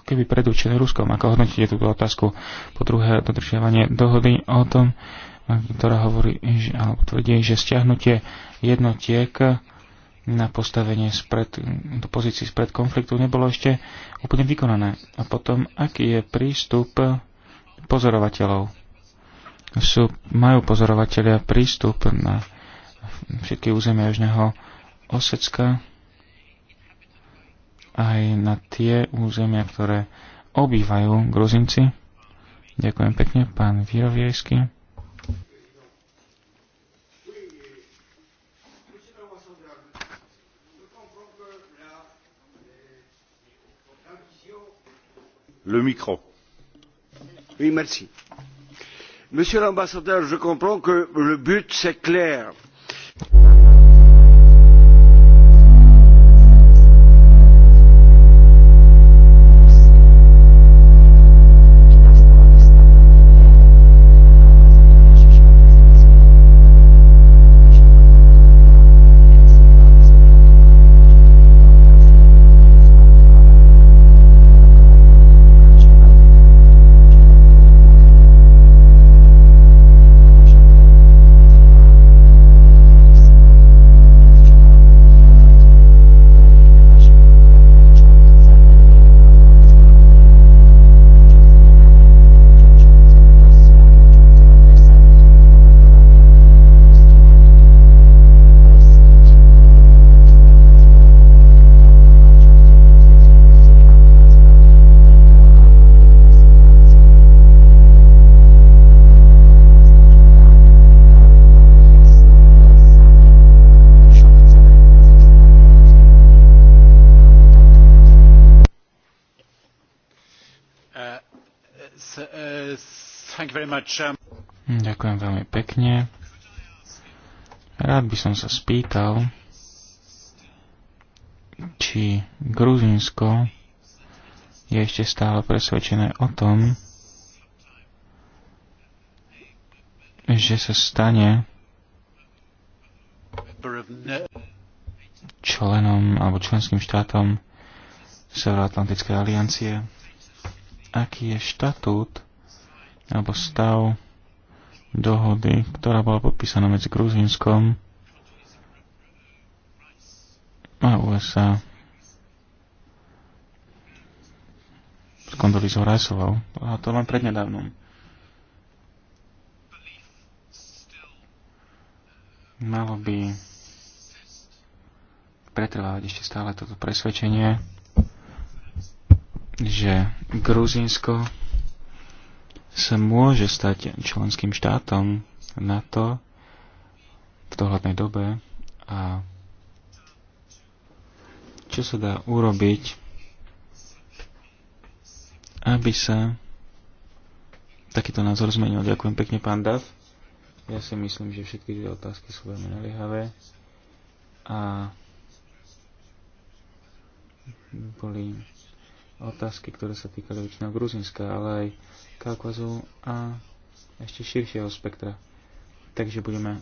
keby predúčili Ruskom. Ako hodnotíte túto otázku? Po druhé, dodržiavanie dohody o tom, ktorá hovorí, že, alebo tvrdí, že stiahnutie jednotiek na postavenie spred, do pozícií spred konfliktu nebolo ešte úplne vykonané. A potom, aký je prístup pozorovateľov? Sú, majú pozorovateľia prístup na všetky územia Južného Osecka, aj na tie územia, ktoré obývajú Gruzinci. Ďakujem pekne, pán Viroviejský.
Le micro. Oui, merci. Monsieur l'ambassadeur, je comprends que le but c'est clair
Um,
Ďakujem veľmi pekne. Rád by som sa spýtal, či Gruzinsko je ešte stále presvedčené o tom, že sa stane členom alebo členským štátom Severoatlantickej aliancie. Aký je štatút alebo stav dohody, ktorá bola podpísaná medzi Gruzínskom a USA s Kondolizou Rajsovou. A to len prednedávnom. Malo by pretrvávať ešte stále toto presvedčenie, že Gruzínsko sa môže stať členským štátom na to v dohľadnej dobe a čo sa dá urobiť, aby sa takýto názor zmenil. Ďakujem pekne, pán Dav. Ja si myslím, že všetky tie otázky sú veľmi naliehavé a boli otázky, ktoré sa týkali väčšinou Gruzinska, ale aj Kaukazu a ešte širšieho spektra. Takže budeme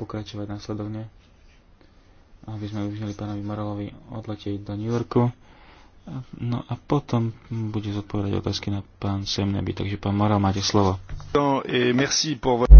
pokračovať následovne, aby sme vyžili pánovi Moralovi odletieť do New Yorku. No a potom bude zodpovedať otázky na pán Semneby. Takže pán Moral, máte slovo. No, eh, merci pour...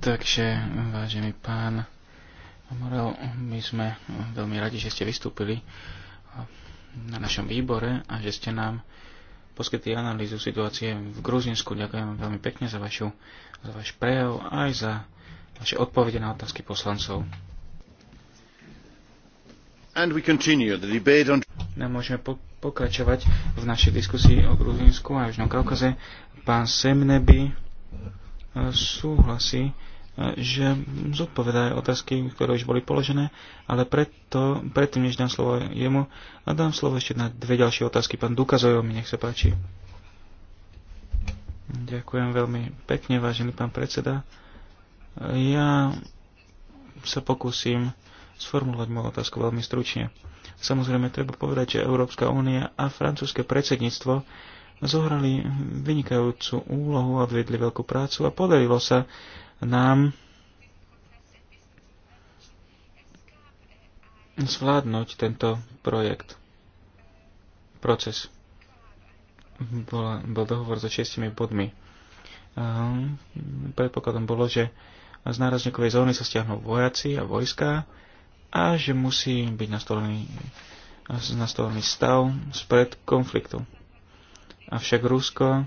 Takže, vážený pán Morel, my sme veľmi radi, že ste vystúpili na našom výbore a že ste nám poskytli analýzu situácie v Gruzinsku. Ďakujem veľmi pekne za, vašu, za vaš prejav aj za vaše odpovede na otázky poslancov. And we continue the debate on... No, môžeme po- pokračovať v našej diskusii o Gruzínsku a Južnom Kaukaze. Pán Semneby súhlasí, e, že zodpovedá otázky, ktoré už boli položené, ale preto, predtým, než dám slovo jemu, a dám slovo ešte na dve ďalšie otázky. Pán Dukazojov mi nech sa páči. Ďakujem veľmi pekne, vážený pán predseda. Ja sa pokúsim sformulovať moju otázku veľmi stručne. Samozrejme, treba povedať, že Európska únia a francúzske predsedníctvo zohrali vynikajúcu úlohu a vedli veľkú prácu a podarilo sa nám zvládnuť tento projekt, proces. Bol, bol dohovor so šiestimi bodmi. Predpokladom bolo, že z nárazníkovej zóny sa stiahnu vojaci a vojska a že musí byť nastolený, nastolený stav spred konfliktu. Avšak Rusko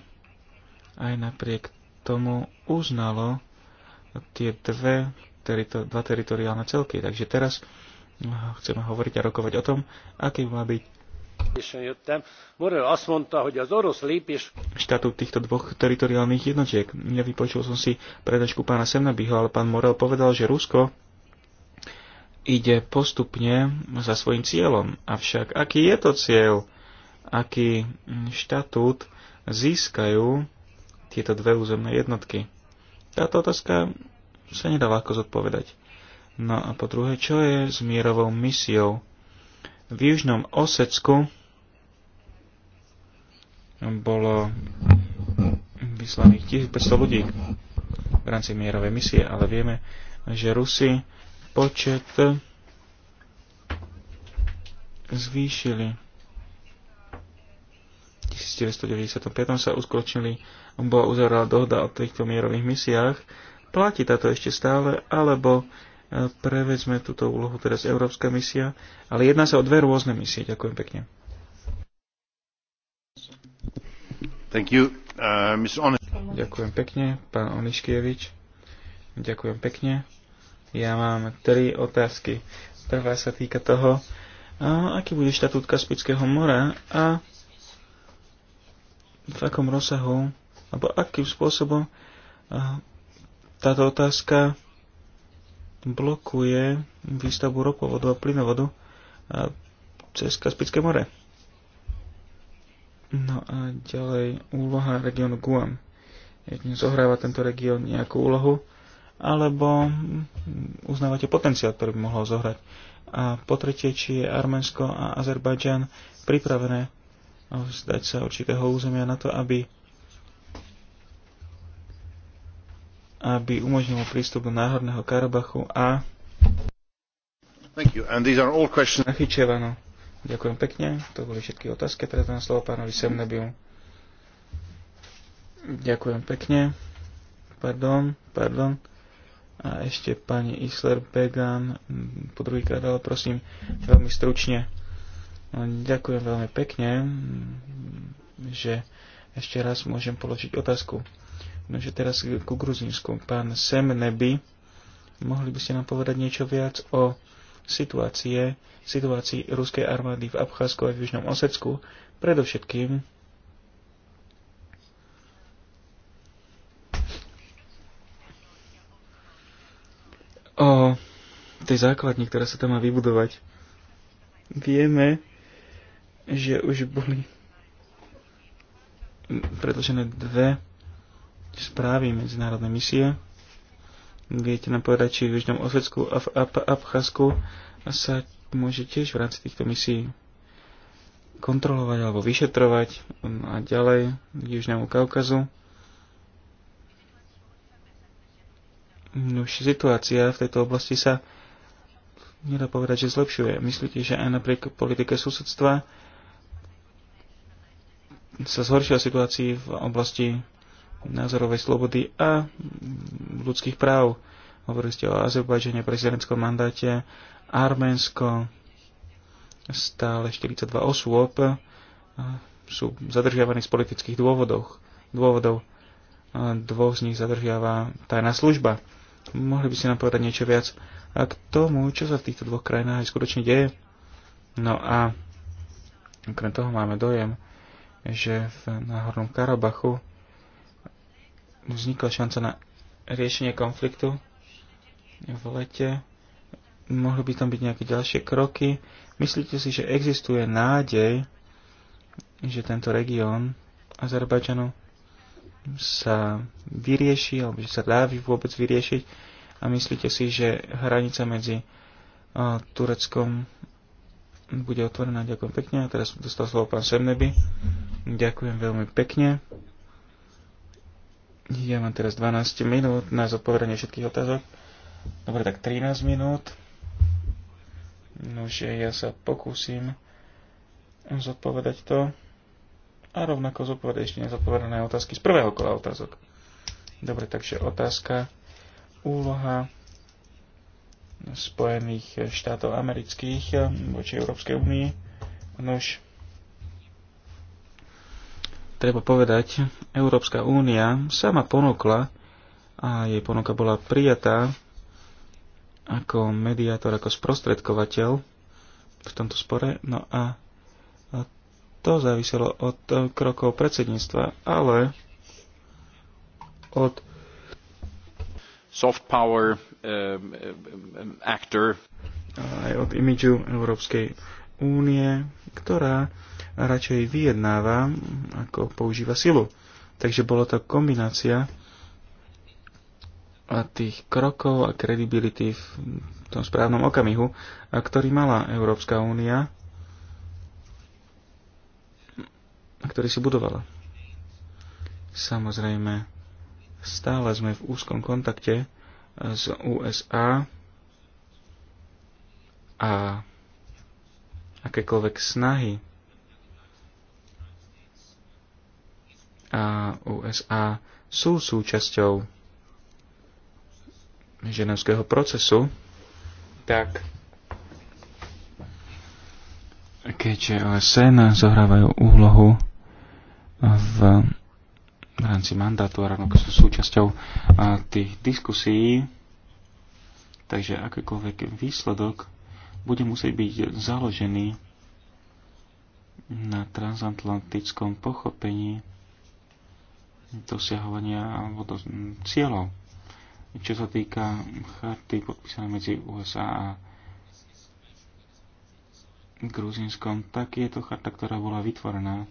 aj napriek tomu uznalo tie dve, terito, dva teritoriálne celky. Takže teraz no, chceme hovoriť a rokovať o tom, aký má byť štatút týchto dvoch teritoriálnych jednotiek. Nevypočul som si predačku pána Semnabyho, ale pán Morel povedal, že Rusko ide postupne za svojim cieľom. Avšak aký je to cieľ? aký štatút získajú tieto dve územné jednotky. Táto otázka sa nedá ľahko zodpovedať. No a po druhé, čo je s mierovou misiou? V južnom Osecku bolo vyslaných 1500 ľudí v rámci mierovej misie, ale vieme, že Rusi počet zvýšili. 1995 sa uskočili, bola uzavrela dohoda o týchto mierových misiách. Platí táto ešte stále, alebo e, prevezme túto úlohu teraz Európska misia, ale jedná sa o dve rôzne misie. Ďakujem pekne.
Thank you. Uh,
Mr. Ďakujem pekne, pán Oniškievič. Ďakujem pekne. Ja mám tri otázky. Prvá sa týka toho, aký bude štatút Kaspického mora a v akom rozsahu alebo akým spôsobom táto otázka blokuje výstavbu ropovodu a plynovodu cez Kaspické more. No a ďalej úloha regiónu Guam. Jedne zohráva tento región nejakú úlohu, alebo uznávate potenciál, ktorý by mohol zohrať. A po tretie, či je Arménsko a Azerbajdžan pripravené vzdať sa určitého územia na to, aby aby umožnilo prístup do Náhorného Karabachu a Nachyčevano. Ďakujem pekne, to boli všetky otázky, teraz dám slovo pánovi Semnebiu. Ďakujem pekne, pardon, pardon. A ešte pani Isler Began, po druhýkrát, ale prosím, veľmi stručne. No, ďakujem veľmi pekne, že ešte raz môžem položiť otázku. No, že teraz ku Gruzínsku. Pán Sem Neby, mohli by ste nám povedať niečo viac o situácie, situácii ruskej armády v Abcházsku a v Južnom Osecku, predovšetkým o tej základni, ktorá sa tam má vybudovať. Vieme, že už boli predložené dve správy medzinárodnej misie. Viete nám povedať, či v Južnom Osvedsku a v Ab- sa môže tiež v rámci týchto misií kontrolovať alebo vyšetrovať a ďalej k Južnému Kaukazu. Už situácia v tejto oblasti sa nedá povedať, že zlepšuje. Myslíte, že aj napriek politike susedstva sa zhoršila situácii v oblasti názorovej slobody a ľudských práv. Hovorili ste o Azerbajdžane, prezidentskom mandáte, Arménsko, stále 42 osôb sú zadržiavaní z politických dôvodov. dôvodov. Dvoch z nich zadržiava tajná služba. Mohli by si nám povedať niečo viac a k tomu, čo sa v týchto dvoch krajinách aj skutočne deje? No a okrem toho máme dojem, že v Náhornom Karabachu vznikla šanca na riešenie konfliktu v lete. Mohli by tam byť nejaké ďalšie kroky. Myslíte si, že existuje nádej, že tento región Azerbajdžanu sa vyrieši, alebo že sa dá vôbec vyriešiť? A myslíte si, že hranica medzi eh, Tureckom bude otvorená. Ďakujem pekne. A teraz dostal slovo pán Semneby. Ďakujem veľmi pekne. Ja mám teraz 12 minút na zodpovedanie všetkých otázok. Dobre, tak 13 minút. Nože ja sa pokúsim zodpovedať to a rovnako zodpovedať ešte nezodpovedané otázky z prvého kola otázok. Dobre, takže otázka, úloha Spojených štátov amerických eh, voči Európskej únii. Nož, treba povedať, Európska únia sama ponúkla a jej ponuka bola prijatá ako mediátor, ako sprostredkovateľ v tomto spore. No a to záviselo od krokov predsedníctva, ale od
soft power Um, um, um, actor.
Aj od imidžu Európskej únie, ktorá radšej vyjednáva, ako používa silu. Takže bola to kombinácia tých krokov a kredibility v tom správnom okamihu, ktorý mala Európska únia, ktorý si budovala. Samozrejme, stále sme v úzkom kontakte z USA a akékoľvek snahy a USA sú súčasťou ženevského procesu, tak keďže OSN zohrávajú úlohu v v rámci mandátu a rovnako sú súčasťou tých diskusí. Takže akýkoľvek výsledok bude musieť byť založený na transatlantickom pochopení dosiahovania alebo do, cieľov. Čo sa týka charty podpísanej medzi USA a Gruzinskom, tak je to charta, ktorá bola vytvorená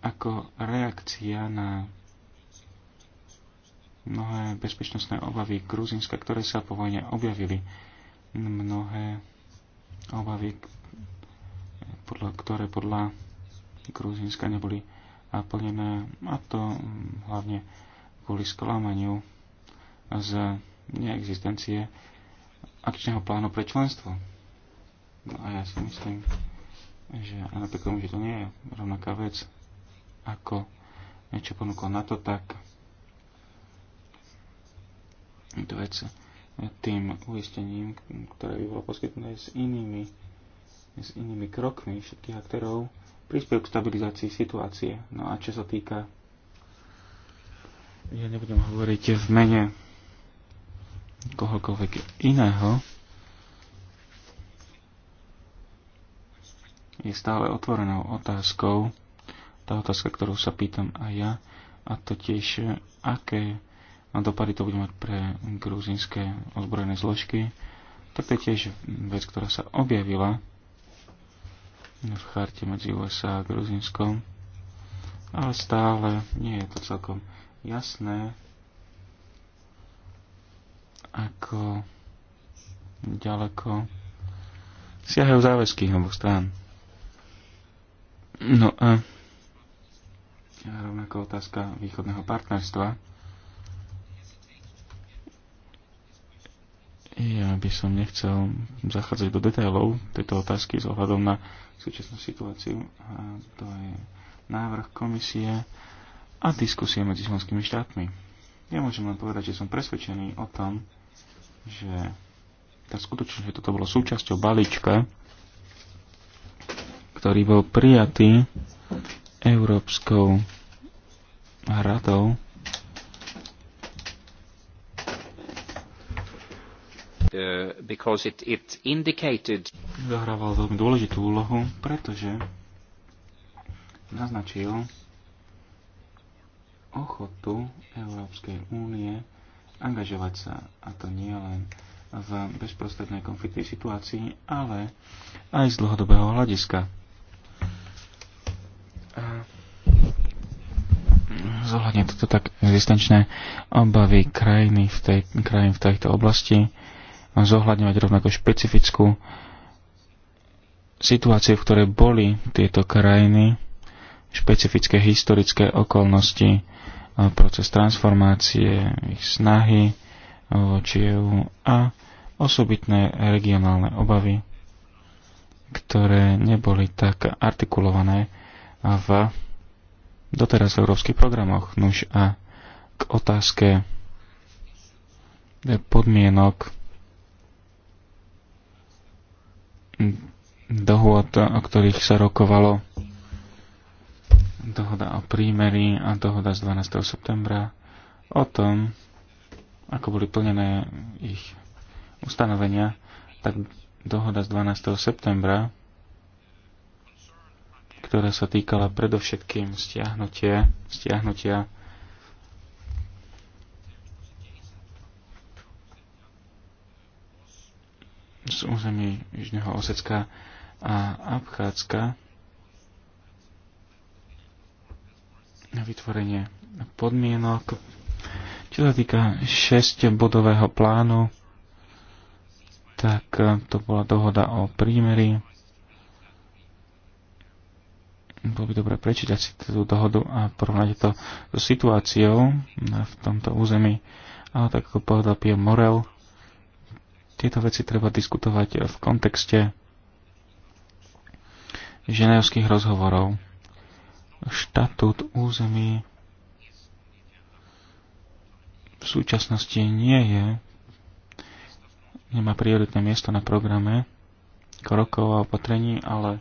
ako reakcia na mnohé bezpečnostné obavy Gruzinska, ktoré sa po vojne objavili. Mnohé obavy, podľa, ktoré podľa Gruzinska neboli plnené, a to hlavne kvôli sklamaniu z neexistencie akčného plánu pre členstvo. No a ja si myslím, že napriek tomu, že to nie je rovnaká vec, ako niečo ponúklo na to, tak to vec tým uistením, ktoré by bolo poskytnuté s inými, s inými krokmi všetkých aktérov, prispiejú k stabilizácii situácie. No a čo sa týka, ja nebudem hovoriť v mene kohokoľvek iného, je stále otvorenou otázkou, tá otázka, ktorú sa pýtam aj ja, a to tiež, aké dopady to bude mať pre gruzinské ozbrojené zložky, tak to je tiež vec, ktorá sa objavila v charte medzi USA a Gruzinskom, ale stále nie je to celkom jasné, ako ďaleko siahajú záväzky oboch strán. No a rovnako otázka východného partnerstva. Ja by som nechcel zachádzať do detailov tejto otázky s ohľadom na súčasnú situáciu. A to je návrh komisie a diskusie medzi členskými štátmi. Ja môžem len povedať, že som presvedčený o tom, že tá skutočnosť, že toto bolo súčasťou balíčka, ktorý bol prijatý Európskou radou uh,
because it, it indicated...
Zahrával veľmi dôležitú úlohu, pretože naznačil ochotu Európskej únie angažovať sa, a to nie len v bezprostrednej konfliktnej situácii, ale aj z dlhodobého hľadiska zohľadne toto tak existenčné obavy krajiny v tej, krajín v tejto oblasti, zohľadňovať rovnako špecifickú situáciu, v ktorej boli tieto krajiny, špecifické historické okolnosti, proces transformácie, ich snahy voči EU a osobitné regionálne obavy, ktoré neboli tak artikulované v doteraz v európskych programoch. Nuž a k otázke podmienok dohôd, o ktorých sa rokovalo dohoda o prímeri a dohoda z 12. septembra o tom, ako boli plnené ich ustanovenia, tak dohoda z 12. septembra ktorá sa týkala predovšetkým stiahnutia, stiahnutia z území Jižného Osecka a Abchádzka na vytvorenie podmienok. Čo sa týka 6-bodového plánu, tak to bola dohoda o prímeri bolo by dobre prečítať si tú dohodu a porovnať to so situáciou v tomto území. Ale tak ako povedal Pierre Morel, tieto veci treba diskutovať v kontexte ženevských rozhovorov. Štatút území v súčasnosti nie je, nemá prioritné miesto na programe krokov a opatrení, ale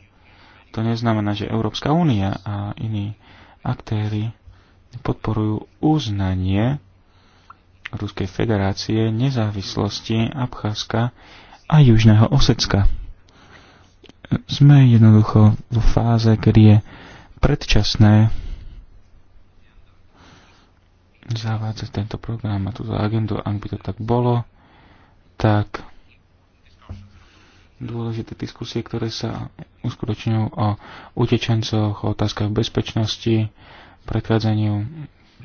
to neznamená, že Európska únia a iní aktéry podporujú uznanie Ruskej federácie nezávislosti Abcházska a Južného Osecka. Sme jednoducho v fáze, kedy je predčasné zavádzať tento program a túto agendu. Ak by to tak bolo, tak dôležité diskusie, ktoré sa uskutočňujú o utečencoch, o otázkach bezpečnosti, predchádzaniu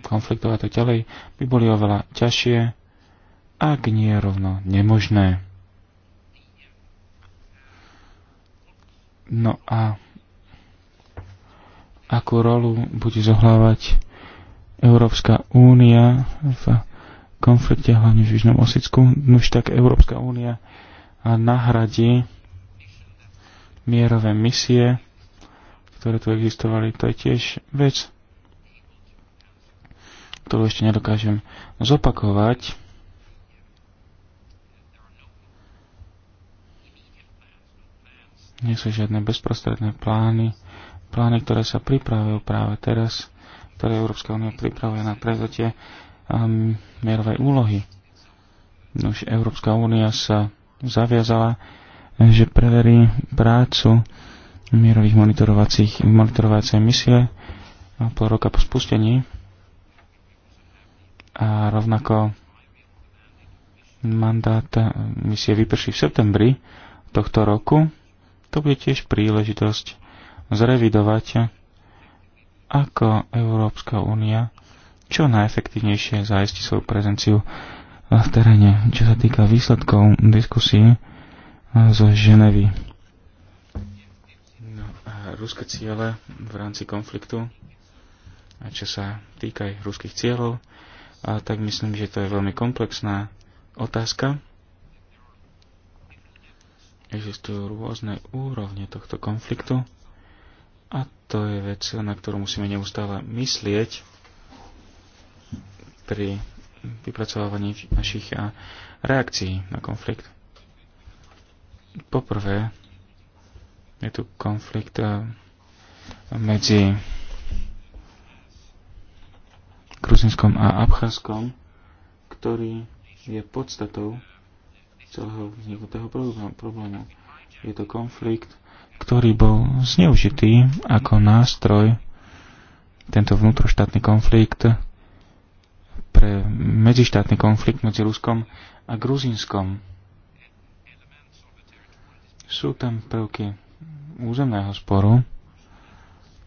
konfliktov a tak ďalej, by boli oveľa ťažšie, ak nie rovno nemožné. No a akú rolu bude zohlávať Európska únia v konflikte hlavne v Južnom Osicku? No už tak Európska únia nahradí mierové misie, ktoré tu existovali. To je tiež vec, ktorú ešte nedokážem zopakovať. Nie sú žiadne bezprostredné plány, plány, ktoré sa pripravujú práve teraz, ktoré Európska únia pripravuje na prevzatie um, mierovej úlohy. Už Európska únia sa zaviazala, že preverí prácu mierových monitorovacích, monitorovacej misie pol roka po spustení a rovnako mandát misie vyprší v septembri tohto roku. To bude tiež príležitosť zrevidovať, ako Európska únia čo najefektívnejšie zajistí svoju prezenciu v teréne, čo sa týka výsledkov diskusí zo Ženevy. No ruské ciele v rámci konfliktu, a čo sa týka aj ruských cieľov, a tak myslím, že to je veľmi komplexná otázka. Existujú rôzne úrovne tohto konfliktu a to je vec, na ktorú musíme neustále myslieť pri vypracovávaní našich reakcií na konflikt. Poprvé je tu konflikt medzi Gruzinskom a Abcházskom, ktorý je podstatou celého vzniku toho problému. Je to konflikt, ktorý bol zneužitý ako nástroj, tento vnútroštátny konflikt, pre medzištátny konflikt medzi Ruskom a Gruzinskom. Sú tam prvky územného sporu,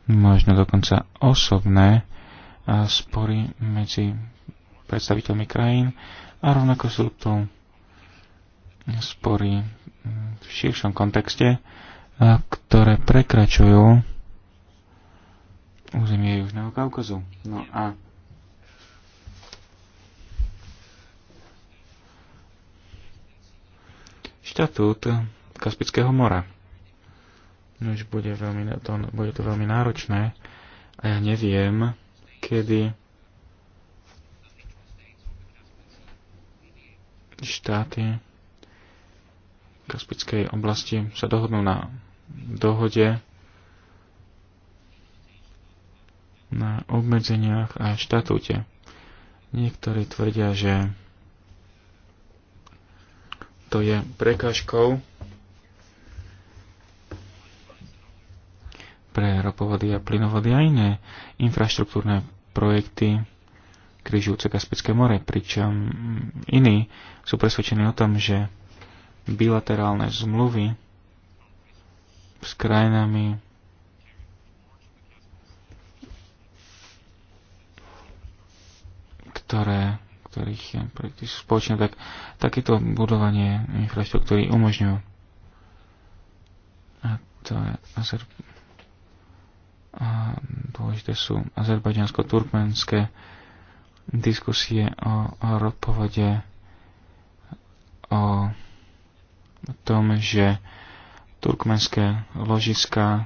možno dokonca osobné spory medzi predstaviteľmi krajín a rovnako sú tu spory v širšom kontexte, ktoré prekračujú územie Južného Kaukazu. No a štatút Kaspického mora. Už no, bude, veľmi, to, bude to veľmi náročné a ja neviem, kedy štáty Kaspickej oblasti sa dohodnú na dohode na obmedzeniach a štatúte. Niektorí tvrdia, že to je prekážkou pre ropovody a plynovody a iné infraštruktúrne projekty križujúce Kaspické more, pričom iní sú presvedčení o tom, že bilaterálne zmluvy s krajinami ktoré ktorých projekty sú spoločné, tak takéto budovanie infraštruktúry umožňujú. A to je Azer... A dôležité sú azerbaďansko-turkmenské diskusie o, o ropovode, o tom, že turkmenské ložiska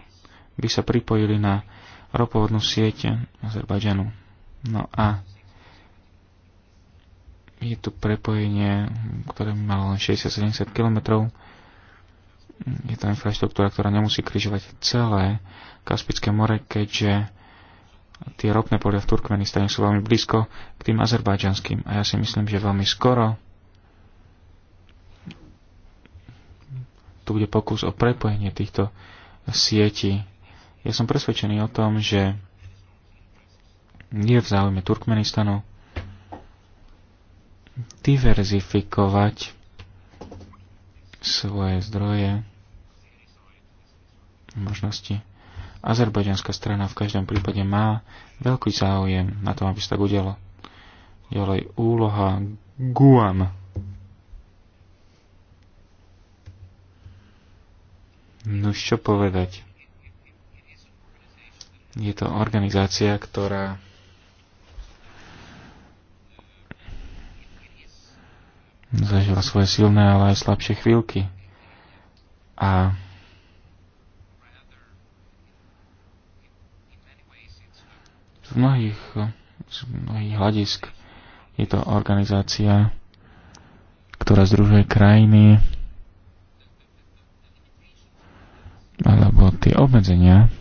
by sa pripojili na ropovodnú sieť Azerbajdžanu. No a je tu prepojenie, ktoré má len 60-70 km. Je to infraštruktúra, ktorá nemusí križovať celé Kaspické more, keďže tie ropné polia v Turkmenistane sú veľmi blízko k tým azerbajdžanským. A ja si myslím, že veľmi skoro tu bude pokus o prepojenie týchto sietí. Ja som presvedčený o tom, že nie v záujme Turkmenistanu, diverzifikovať svoje zdroje, možnosti. Azerbajdžanská strana v každom prípade má veľký záujem na tom, aby sa tak udialo. Ďalej úloha Guam. No čo povedať? Je to organizácia, ktorá zažila svoje silné, ale aj slabšie chvíľky. A z mnohých, z mnohých hľadisk je to organizácia, ktorá združuje krajiny, alebo tie obmedzenia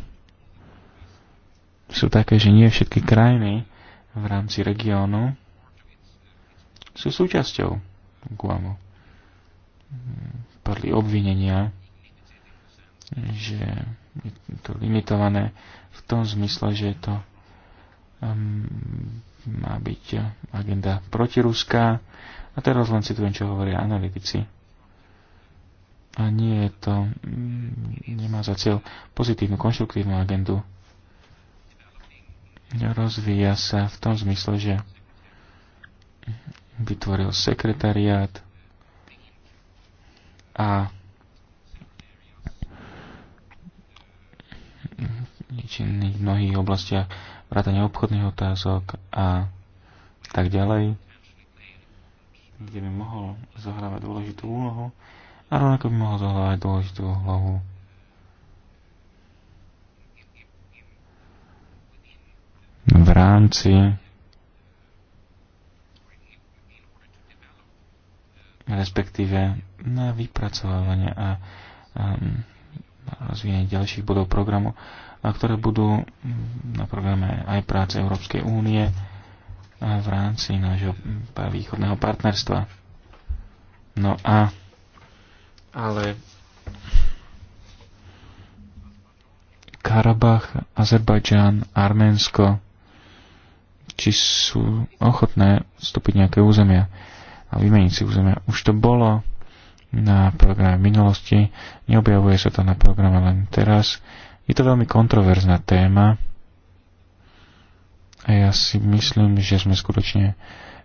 sú také, že nie všetky krajiny v rámci regiónu sú súčasťou Guamo. padli obvinenia, že je to limitované v tom zmysle, že je to um, má byť agenda protiruská. A teraz len citujem, čo hovoria analytici. A nie je to, mm, nemá za cieľ pozitívnu, konštruktívnu agendu. Rozvíja sa v tom zmysle, že vytvoril sekretariát a v mnohých oblastiach vrátane obchodných otázok a tak ďalej, kde by mohol zohrávať dôležitú úlohu a rovnako by mohol zohrávať dôležitú úlohu v rámci respektíve na vypracovávanie a, a rozvíjanie ďalších bodov programu, a ktoré budú na programe aj práce Európskej únie a v rámci nášho východného partnerstva. No a ale Karabach, Azerbajdžán, Arménsko, či sú ochotné vstúpiť nejaké územia a vymeniť si územia. Už to bolo na programe v minulosti, neobjavuje sa to na programe len teraz. Je to veľmi kontroverzná téma a ja si myslím, že sme skutočne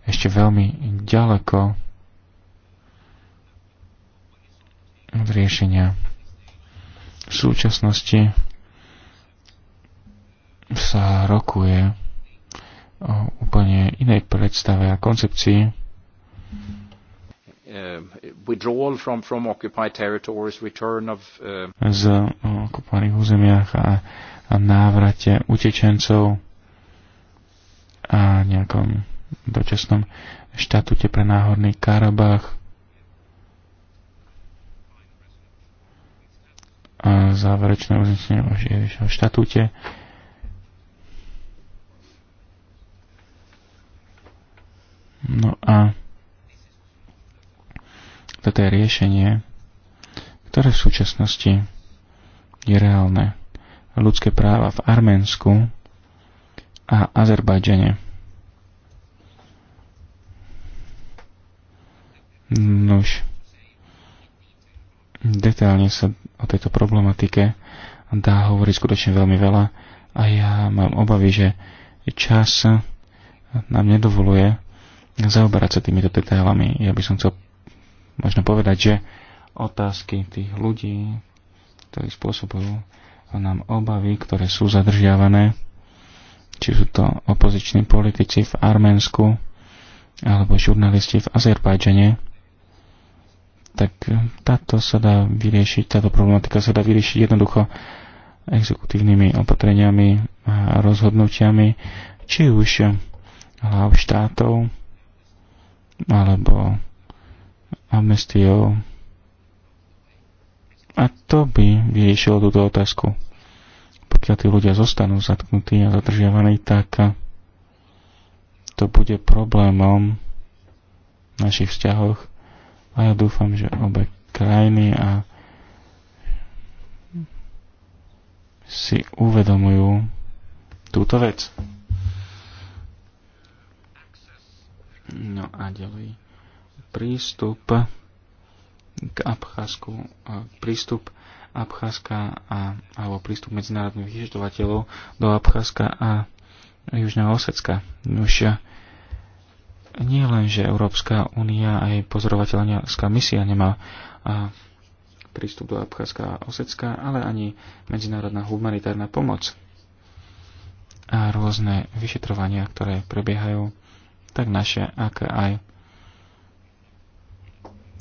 ešte veľmi ďaleko od riešenia v súčasnosti sa rokuje o úplne inej predstave a koncepcii
Uh, uh, Z
uh, okupovaných územiach a, a návrate utečencov a nejakom dočasnom štatúte pre náhodný Karabách. A záverečné uznesenie o štatúte. No a určité riešenie, ktoré v súčasnosti je reálne. Ľudské práva v Arménsku a Azerbajdžane. Nož, detálne sa o tejto problematike dá hovoriť skutočne veľmi veľa a ja mám obavy, že čas nám nedovoluje zaoberať sa týmito detailami. Ja by som chcel možno povedať, že otázky tých ľudí, ktorí spôsobujú nám obavy, ktoré sú zadržiavané, či sú to opoziční politici v Arménsku alebo žurnalisti v Azerbajdžane, tak táto sa dá vyriešiť, táto problematika sa dá vyriešiť jednoducho exekutívnymi opatreniami a rozhodnutiami, či už hlav štátov alebo amnestiou. A to by vyriešilo túto otázku. Pokiaľ tí ľudia zostanú zatknutí a zadržiavaní, tak to bude problémom v našich vzťahoch a ja dúfam, že obe krajiny a si uvedomujú túto vec. No a ďalej prístup k Abcházku, prístup Abcházka a, alebo prístup medzinárodných vyžadovateľov do Abcházka a Južného Osecka. Už nie len, že Európska únia a jej pozorovateľská misia nemá a, prístup do Abcházska a Osecka, ale ani medzinárodná humanitárna pomoc a rôzne vyšetrovania, ktoré prebiehajú, tak naše, ako aj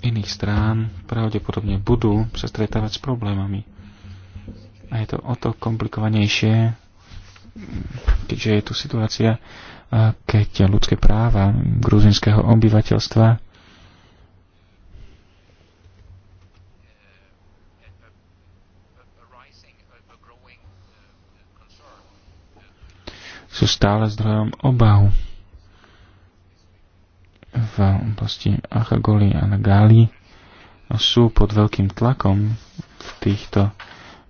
iných strán pravdepodobne budú sa stretávať s problémami. A je to o to komplikovanejšie, keďže je tu situácia, keď ľudské práva gruzinského obyvateľstva sú stále zdrojom obahu v oblasti Achagoli a na Gáli sú pod veľkým tlakom v týchto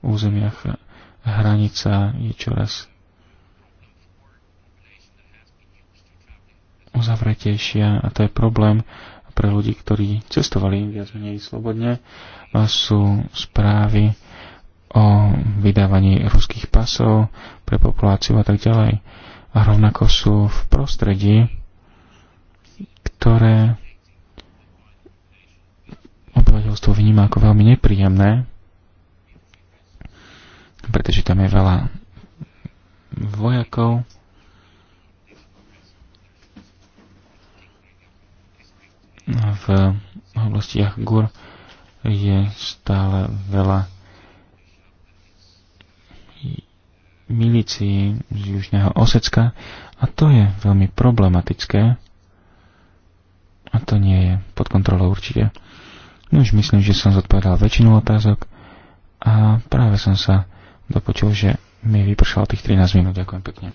územiach. Hranica je čoraz uzavretejšia a to je problém pre ľudí, ktorí cestovali viac menej slobodne. Sú správy o vydávaní ruských pasov pre populáciu a tak ďalej. A rovnako sú v prostredí, ktoré obyvateľstvo vníma ako veľmi nepríjemné, pretože tam je veľa vojakov. V oblastiach Gur je stále veľa milícií z Južného Osecka a to je veľmi problematické a to nie je pod kontrolou určite. No už myslím, že som zodpovedal väčšinu otázok a práve som sa dopočul, že mi vypršalo tých 13 minút. Ďakujem pekne.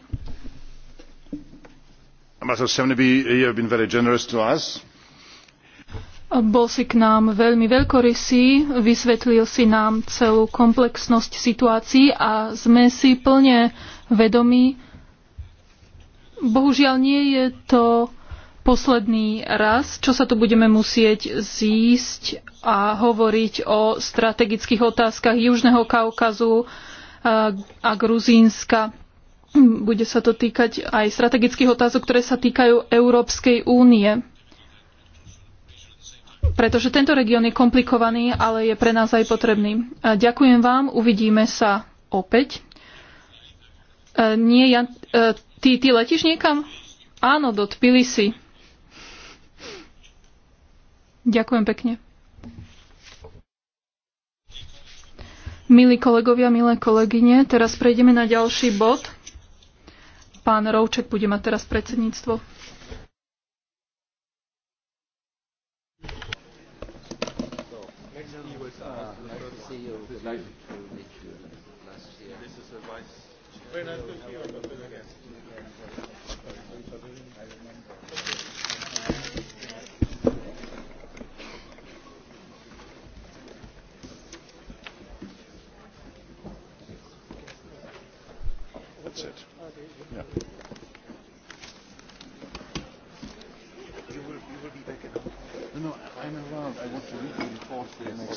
Bol si k nám veľmi veľkorysý, vysvetlil si nám celú komplexnosť situácií a sme si plne vedomí. Bohužiaľ nie je to posledný raz, čo sa tu budeme musieť zísť a hovoriť o strategických otázkach Južného Kaukazu a Gruzínska. Bude sa to týkať aj strategických otázok, ktoré sa týkajú Európskej únie. Pretože tento región je komplikovaný, ale je pre nás aj potrebný. Ďakujem vám, uvidíme sa opäť. E, nie, ja, e, ty, ty letíš niekam? Áno, do Tbilisi. Ďakujem pekne. Milí kolegovia, milé kolegyne, teraz prejdeme na ďalší bod. Pán Rouček bude mať teraz predsedníctvo.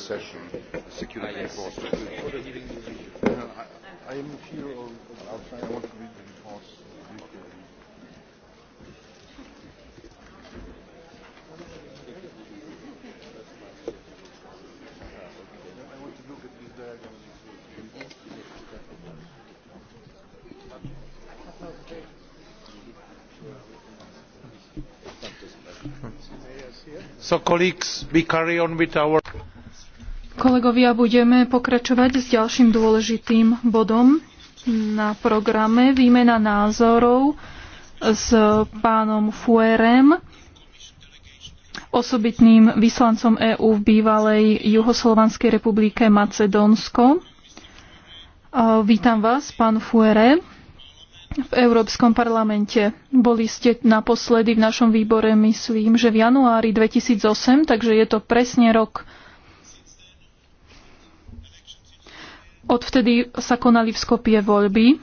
session, security ah, yes. forces.
Uh,
I, I am here on, outside. I want to read the reports. so colleagues we carry on with our.
Kolegovia, budeme pokračovať s ďalším dôležitým bodom na programe výmena názorov s pánom Fuerem, osobitným vyslancom EÚ v bývalej Juhoslovanskej republike Macedónsko. Vítam vás, pán Fuere v Európskom parlamente. Boli ste naposledy v našom výbore, myslím, že v januári 2008, takže je to presne rok Odvtedy sa konali v Skopie voľby.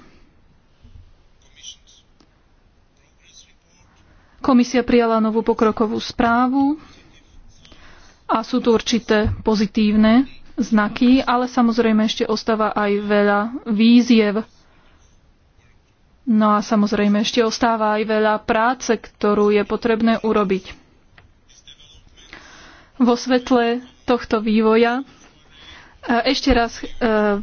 Komisia prijala novú pokrokovú správu a sú tu určité pozitívne znaky, ale samozrejme ešte ostáva aj veľa víziev. No a samozrejme ešte ostáva aj veľa práce, ktorú je potrebné urobiť. Vo svetle tohto vývoja E, ešte raz e,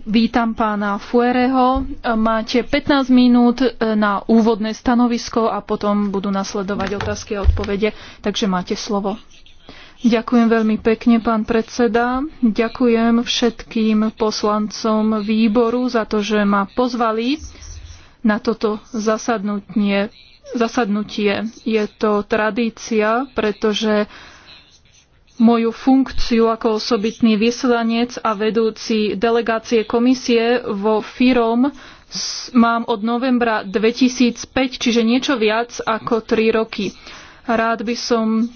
vítam pána Fuereho. E, máte 15 minút na úvodné stanovisko a potom budú nasledovať otázky a odpovede, takže máte slovo. Ďakujem veľmi pekne, pán predseda. Ďakujem všetkým poslancom výboru za to, že ma pozvali na toto zasadnutie. zasadnutie. Je to tradícia, pretože moju funkciu ako osobitný vyslanec a vedúci delegácie komisie vo FIROM mám od novembra 2005, čiže niečo viac ako 3 roky. Rád by som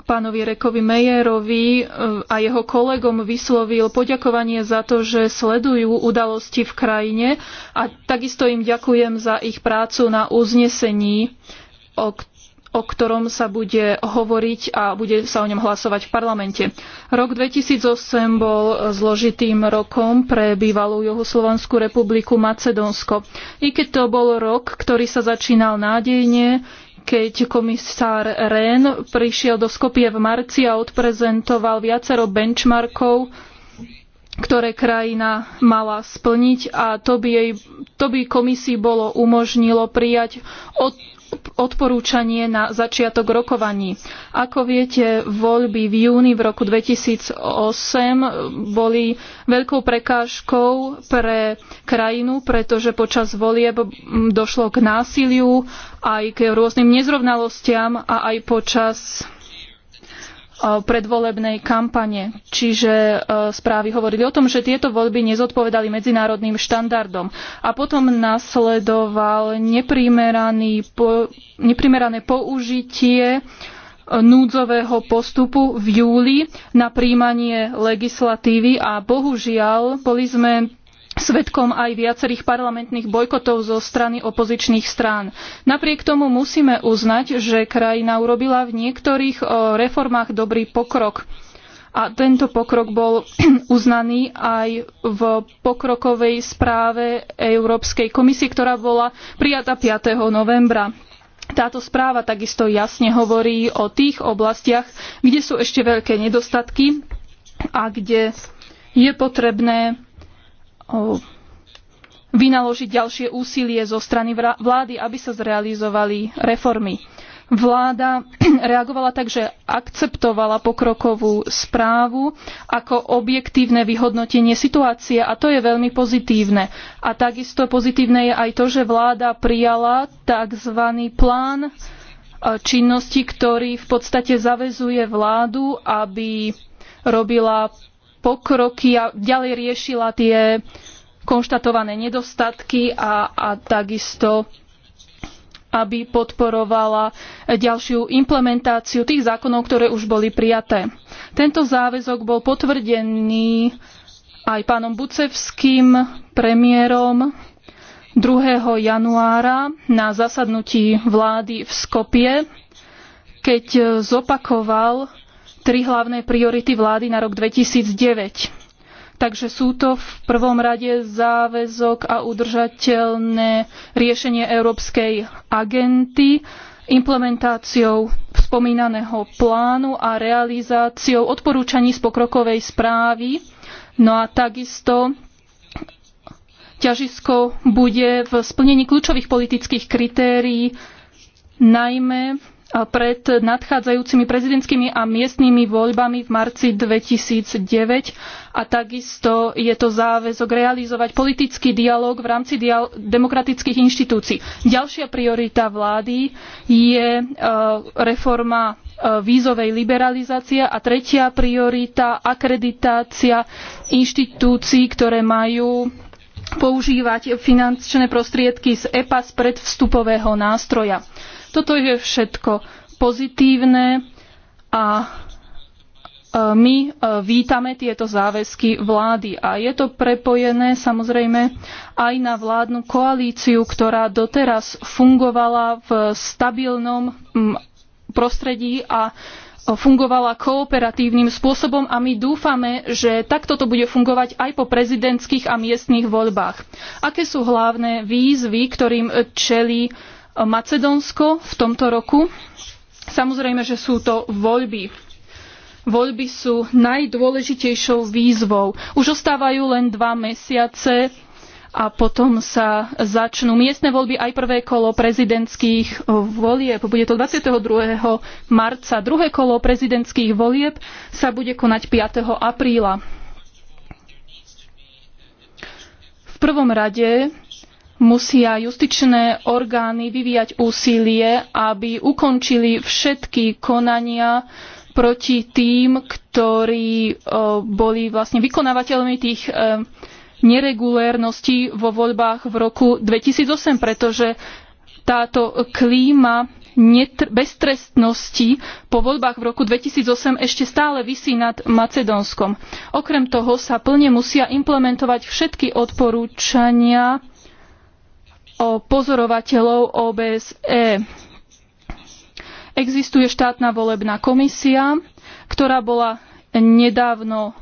pánovi Rekovi Mejerovi e, a jeho kolegom vyslovil poďakovanie za to, že sledujú udalosti v krajine a takisto im ďakujem za ich prácu na uznesení, o o ktorom sa bude hovoriť a bude sa o ňom hlasovať v parlamente. Rok 2008 bol zložitým rokom pre bývalú Juhoslovanskú republiku Macedónsko. I keď to bol rok, ktorý sa začínal nádejne, keď komisár Rehn prišiel do Skopie v marci a odprezentoval viacero benchmarkov, ktoré krajina mala splniť a to by, jej, to by komisii bolo umožnilo prijať od, odporúčanie na začiatok rokovaní. Ako viete, voľby v júni v roku 2008 boli veľkou prekážkou pre krajinu, pretože počas volieb došlo k násiliu, aj k rôznym nezrovnalostiam a aj počas E, predvolebnej kampane. Čiže e, správy hovorili o tom, že tieto voľby nezodpovedali medzinárodným štandardom. A potom nasledoval po, neprimerané použitie e, núdzového postupu v júli na príjmanie legislatívy a bohužiaľ boli sme svetkom aj viacerých parlamentných bojkotov zo strany opozičných strán. Napriek tomu musíme uznať, že krajina urobila v niektorých reformách dobrý pokrok. A tento pokrok bol uznaný aj v pokrokovej správe Európskej komisie, ktorá bola prijatá 5. novembra. Táto správa takisto jasne hovorí o tých oblastiach, kde sú ešte veľké nedostatky a kde je potrebné vynaložiť ďalšie úsilie zo strany vlády, aby sa zrealizovali reformy. Vláda reagovala tak, že akceptovala pokrokovú správu ako objektívne vyhodnotenie situácie a to je veľmi pozitívne. A takisto pozitívne je aj to, že vláda prijala tzv. plán e, činnosti, ktorý v podstate zavezuje vládu, aby robila pokroky a ďalej riešila tie konštatované nedostatky a, a takisto aby podporovala ďalšiu implementáciu tých zákonov, ktoré už boli prijaté. Tento záväzok bol potvrdený aj pánom Bucevským premiérom 2. januára na zasadnutí vlády v Skopie, keď zopakoval tri hlavné priority vlády na rok 2009. Takže sú to v prvom rade záväzok a udržateľné riešenie európskej agenty implementáciou spomínaného plánu a realizáciou odporúčaní z pokrokovej správy. No a takisto ťažisko bude v splnení kľúčových politických kritérií, najmä pred nadchádzajúcimi prezidentskými a miestnymi voľbami v marci 2009 a takisto je to záväzok realizovať politický dialóg v rámci demokratických inštitúcií. Ďalšia priorita vlády je e, reforma e, vízovej liberalizácie a tretia priorita akreditácia inštitúcií, ktoré majú používať finančné prostriedky z EPA z predvstupového nástroja. Toto je všetko pozitívne a e, my e, vítame tieto záväzky vlády a je to prepojené samozrejme aj na vládnu koalíciu, ktorá doteraz fungovala v stabilnom prostredí a fungovala kooperatívnym spôsobom a my dúfame, že takto to bude fungovať aj po prezidentských a miestnych voľbách. Aké sú hlavné výzvy, ktorým čelí Macedónsko v tomto roku. Samozrejme, že sú to voľby. Voľby sú najdôležitejšou výzvou. Už ostávajú len dva mesiace a potom sa začnú miestne voľby aj prvé kolo prezidentských volieb. Bude to 22. marca. Druhé kolo prezidentských volieb sa bude konať 5. apríla. V prvom rade musia justičné orgány vyvíjať úsilie, aby ukončili všetky konania proti tým, ktorí e, boli vlastne vykonávateľmi tých e, neregulérností vo voľbách v roku 2008, pretože táto klíma beztrestnosti po voľbách v roku 2008 ešte stále visí nad Macedónskom. Okrem toho sa plne musia implementovať všetky odporúčania o pozorovateľov OBSE. Existuje štátna volebná komisia, ktorá bola nedávno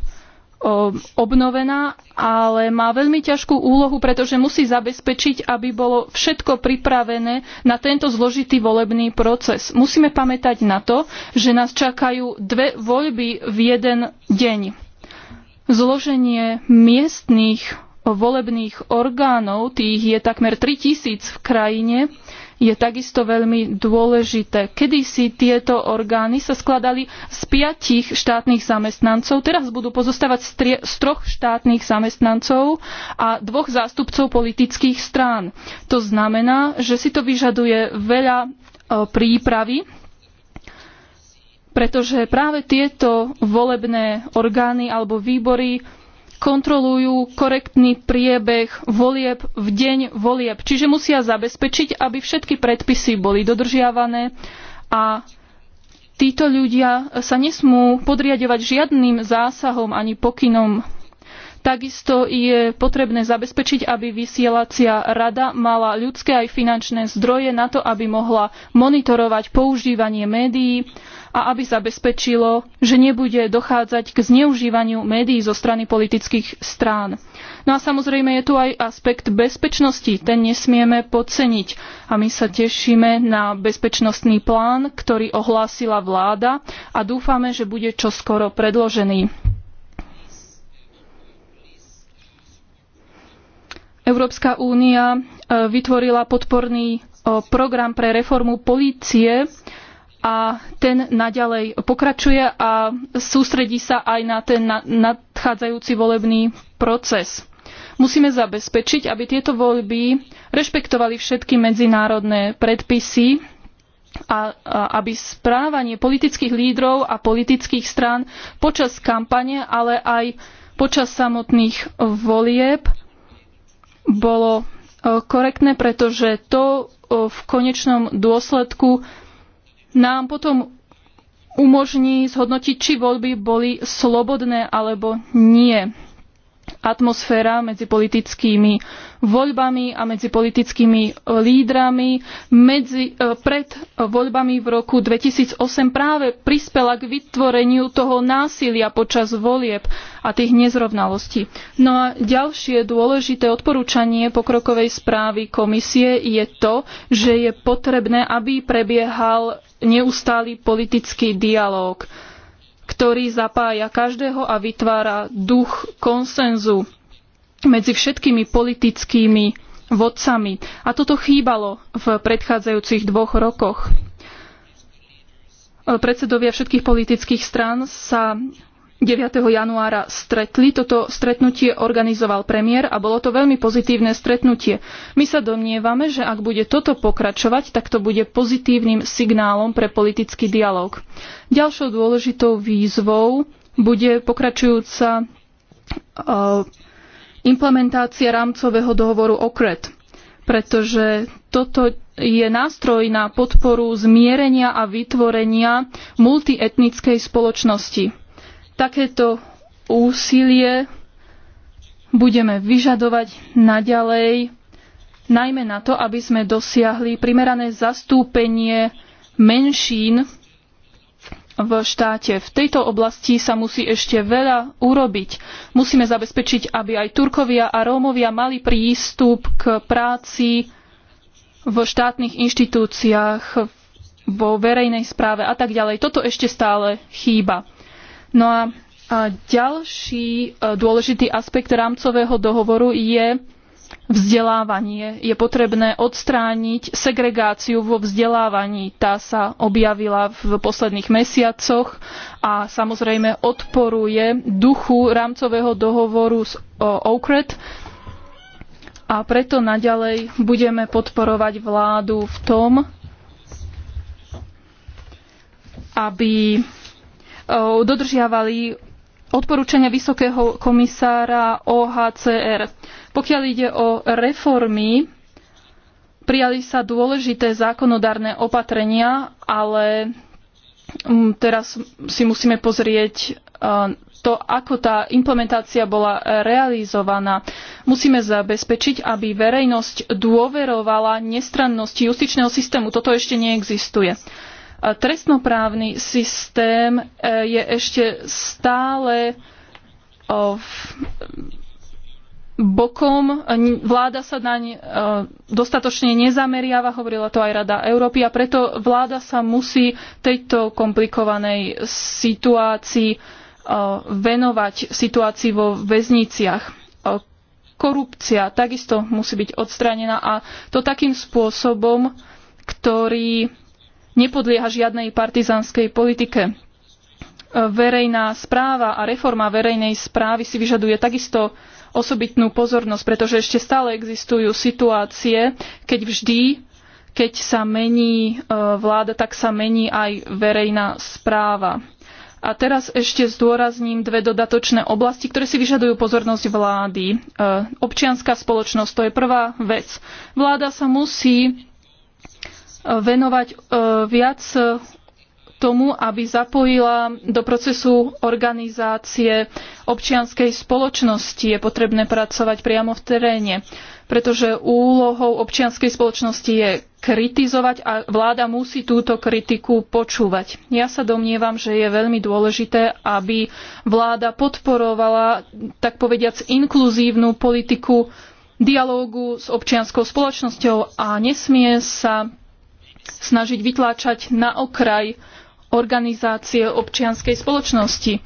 obnovená, ale má veľmi ťažkú úlohu, pretože musí zabezpečiť, aby bolo všetko pripravené na tento zložitý volebný proces. Musíme pamätať na to, že nás čakajú dve voľby v jeden deň. Zloženie miestných volebných orgánov, tých je takmer 3000 v krajine, je takisto veľmi dôležité. Kedysi tieto orgány sa skladali z piatich štátnych zamestnancov, teraz budú pozostávať z, tri, z troch štátnych zamestnancov a dvoch zástupcov politických strán. To znamená, že si to vyžaduje veľa e, prípravy, pretože práve tieto volebné orgány alebo výbory kontrolujú korektný priebeh volieb v deň volieb. Čiže musia zabezpečiť, aby všetky predpisy boli dodržiavané a títo ľudia sa nesmú podriadovať žiadnym zásahom ani pokynom Takisto je potrebné zabezpečiť, aby vysielacia rada mala ľudské aj finančné zdroje na to, aby mohla monitorovať používanie médií a aby zabezpečilo, že nebude dochádzať k zneužívaniu médií zo strany politických strán. No a samozrejme je tu aj aspekt bezpečnosti, ten nesmieme podceniť. A my sa tešíme na bezpečnostný plán, ktorý ohlásila vláda a dúfame, že bude čoskoro predložený. Európska únia e, vytvorila podporný e, program pre reformu polície a ten naďalej pokračuje a sústredí sa aj na ten nadchádzajúci volebný proces. Musíme zabezpečiť, aby tieto voľby rešpektovali všetky medzinárodné predpisy a, aby správanie politických lídrov a politických strán počas kampane, ale aj počas samotných volieb bolo e, korektné, pretože to e, v konečnom dôsledku nám potom umožní zhodnotiť, či voľby boli slobodné alebo nie atmosféra medzi politickými voľbami a medzi politickými e, lídrami medzi, e, pred e, voľbami v roku 2008 práve prispela k vytvoreniu toho násilia počas volieb a tých nezrovnalostí. No a ďalšie dôležité odporúčanie pokrokovej správy komisie je to, že je potrebné, aby prebiehal neustály politický dialóg ktorý zapája každého a vytvára duch konsenzu medzi všetkými politickými vodcami. A toto chýbalo v predchádzajúcich dvoch rokoch. Predsedovia všetkých politických strán sa 9. januára stretli. Toto stretnutie organizoval premiér a bolo to veľmi pozitívne stretnutie. My sa domnievame, že ak bude toto pokračovať, tak to bude pozitívnym signálom pre politický dialog. Ďalšou dôležitou výzvou bude pokračujúca eh, implementácia rámcového dohovoru OCRED, pretože toto je nástroj na podporu zmierenia a vytvorenia multietnickej spoločnosti. Takéto úsilie budeme vyžadovať naďalej, najmä na to, aby sme dosiahli primerané zastúpenie menšín v štáte. V tejto oblasti sa musí ešte veľa urobiť. Musíme zabezpečiť, aby aj Turkovia a Rómovia mali prístup k práci v štátnych inštitúciách, vo verejnej správe a tak ďalej. Toto ešte stále chýba. No a ďalší e, dôležitý aspekt rámcového dohovoru je vzdelávanie. Je potrebné odstrániť segregáciu vo vzdelávaní. Tá sa objavila v posledných mesiacoch a samozrejme odporuje duchu rámcového dohovoru z OCRED, a preto naďalej budeme podporovať vládu v tom, aby Eh, dodržiavali odporúčania vysokého komisára OHCR. Pokiaľ ide o reformy, prijali sa dôležité zákonodárne opatrenia, ale mm, teraz si musíme pozrieť eh, to, ako tá implementácia bola realizovaná. Musíme zabezpečiť, aby verejnosť dôverovala nestrannosti justičného systému. Toto ešte neexistuje trestnoprávny systém e, je ešte stále e, bokom, vláda sa naň e, dostatočne nezameriava, hovorila to aj Rada Európy a preto vláda sa musí tejto komplikovanej situácii venovať situácii vo väzniciach korupcia takisto musí byť odstránená a to takým spôsobom, ktorý nepodlieha žiadnej partizánskej politike. Verejná správa a reforma verejnej správy si vyžaduje takisto osobitnú pozornosť, pretože ešte stále existujú situácie, keď vždy, keď sa mení e, vláda, tak sa mení aj verejná správa. A teraz ešte zdôrazním dve dodatočné oblasti, ktoré si vyžadujú pozornosť vlády. E, občianská spoločnosť, to je prvá vec. Vláda sa musí venovať e, viac e, tomu, aby zapojila do procesu organizácie občianskej spoločnosti. Je potrebné pracovať priamo v teréne, pretože úlohou občianskej spoločnosti je kritizovať a vláda musí túto kritiku počúvať. Ja sa domnievam, že je veľmi dôležité, aby vláda podporovala, tak povediac, inkluzívnu politiku dialógu s občianskou spoločnosťou a nesmie sa snažiť vytláčať na okraj organizácie občianskej spoločnosti,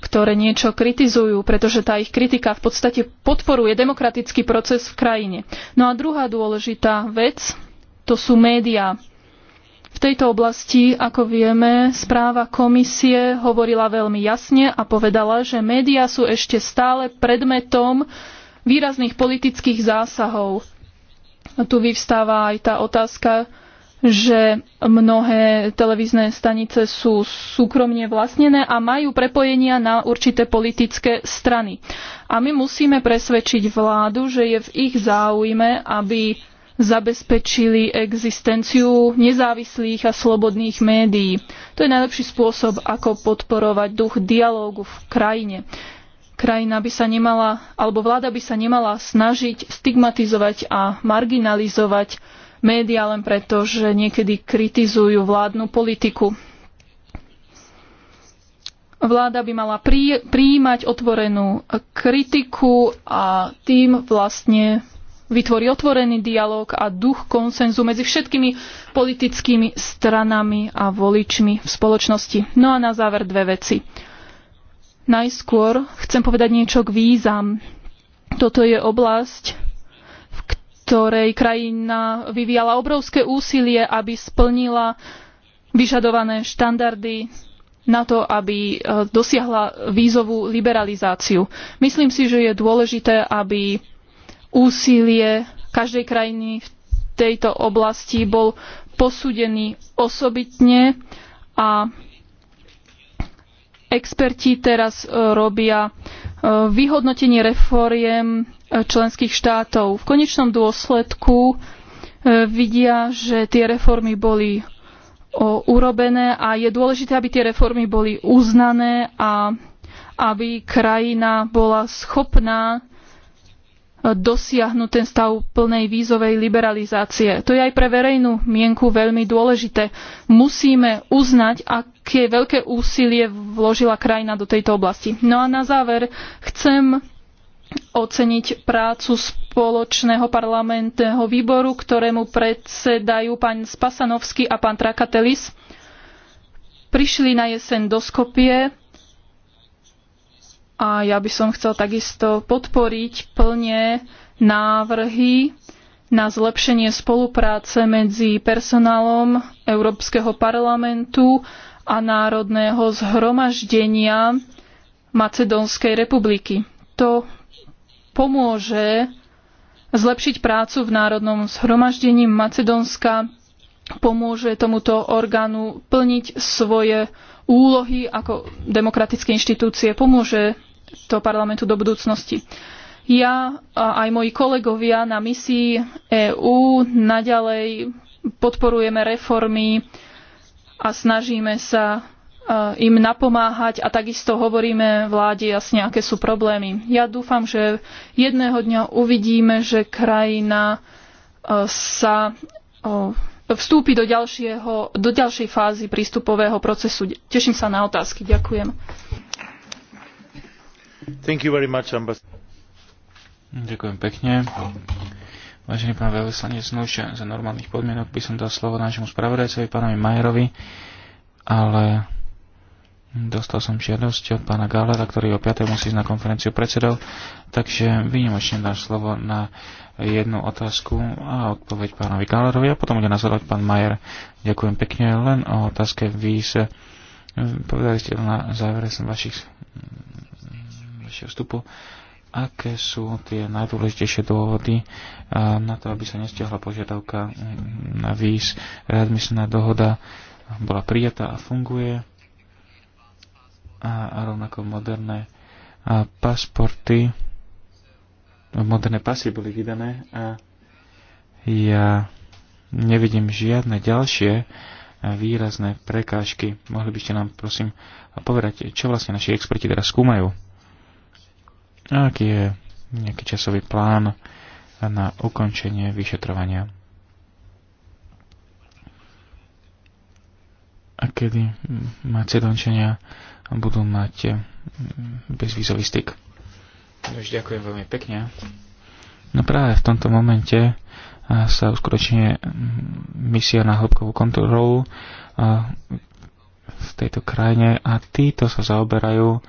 ktoré niečo kritizujú, pretože tá ich kritika v podstate podporuje demokratický proces v krajine. No a druhá dôležitá vec, to sú médiá. V tejto oblasti, ako vieme, správa komisie hovorila veľmi jasne a povedala, že médiá sú ešte stále predmetom výrazných politických zásahov. A tu vyvstáva aj tá otázka, že mnohé televízne stanice sú súkromne vlastnené a majú prepojenia na určité politické strany. A my musíme presvedčiť vládu, že je v ich záujme, aby zabezpečili existenciu nezávislých a slobodných médií. To je najlepší spôsob, ako podporovať duch dialógu v krajine. Krajina by sa nemala, alebo vláda by sa nemala snažiť stigmatizovať a marginalizovať médiá len preto, že niekedy kritizujú vládnu politiku. Vláda by mala prí, prijímať otvorenú kritiku a tým vlastne vytvorí otvorený dialog a duch konsenzu medzi všetkými politickými stranami a voličmi v spoločnosti. No a na záver dve veci. Najskôr chcem povedať niečo k vízam. Toto je oblasť, ktorej krajina vyvíjala obrovské úsilie, aby splnila vyžadované štandardy na to, aby e, dosiahla vízovú liberalizáciu. Myslím si, že je dôležité, aby úsilie každej krajiny v tejto oblasti bol posúdený osobitne a experti teraz e, robia vyhodnotenie reforiem e, členských štátov. V konečnom dôsledku e, vidia, že tie reformy boli urobené a je dôležité, aby tie reformy boli uznané a aby krajina bola schopná dosiahnuť ten stav plnej vízovej liberalizácie. To je aj pre verejnú mienku veľmi dôležité. Musíme uznať, aké veľké úsilie vložila krajina do tejto oblasti. No a na záver chcem oceniť prácu spoločného parlamentného výboru, ktorému predsedajú pán Spasanovský a pán Trakatelis. Prišli na jeseň do Skopie a ja by som chcel takisto podporiť plne návrhy na zlepšenie spolupráce medzi personálom Európskeho parlamentu a Národného zhromaždenia Macedónskej republiky. To pomôže zlepšiť prácu v Národnom zhromaždení Macedónska, pomôže tomuto orgánu plniť svoje úlohy ako demokratické inštitúcie, pomôže tohto parlamentu do budúcnosti. Ja a aj moji kolegovia na misii EÚ naďalej podporujeme reformy a snažíme sa e, im napomáhať a takisto hovoríme vláde jasne, aké sú problémy. Ja dúfam, že jedného dňa uvidíme, že krajina e, sa vstúpi do, ďalšieho, do ďalšej fázy prístupového procesu. Teším sa na otázky. Ďakujem.
Ďakujem pekne. Vážený pán veľvyslanec, nuž za normálnych podmienok by som dal slovo nášmu spravodajcovi, pánovi Majerovi, ale dostal som žiadosť od pána Galera, ktorý o 5. musí ísť na konferenciu predsedov, takže vynimočne dám slovo na jednu otázku a odpoveď pánovi Gálerovi a potom bude nazvať pán Majer. Ďakujem pekne len o otázke výse. Povedali ste na závere vašich vašeho vstupu, aké sú tie najdôležitejšie dôvody na to, aby sa nestiahla požiadavka mm, na víz. Readmisná dohoda bola prijatá a funguje a, a rovnako moderné a pasporty moderné pasy boli vydané a ja nevidím žiadne ďalšie výrazné prekážky. Mohli by ste nám prosím povedať, čo vlastne naši experti teraz skúmajú? A aký je nejaký časový plán na ukončenie vyšetrovania? A kedy Macedončania budú mať mm, bezvýzový styk? Už ďakujem veľmi pekne. No práve v tomto momente sa uskutočne mm, misia na hĺbkovú kontrolu v tejto krajine a títo sa zaoberajú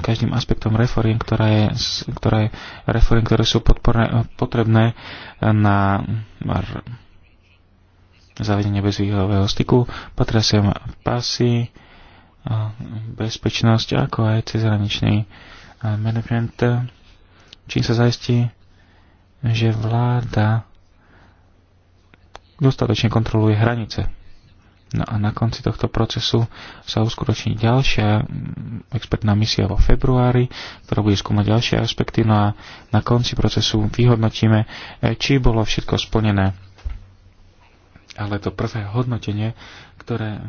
každým aspektom reforiem, ktoré, je, je, reforiem, ktoré sú podporné, eh, potrebné na zavedenie bezvýhového styku. Patria sem pasy, bezpečnosť, ako aj cezhraničný eh, management, čím sa zaistí, že vláda dostatočne kontroluje hranice. No a na konci tohto procesu sa uskutoční ďalšia expertná misia vo februári, ktorá bude skúmať ďalšie aspekty. No a na konci procesu vyhodnotíme, e, či bolo všetko splnené. Ale to prvé hodnotenie, ktoré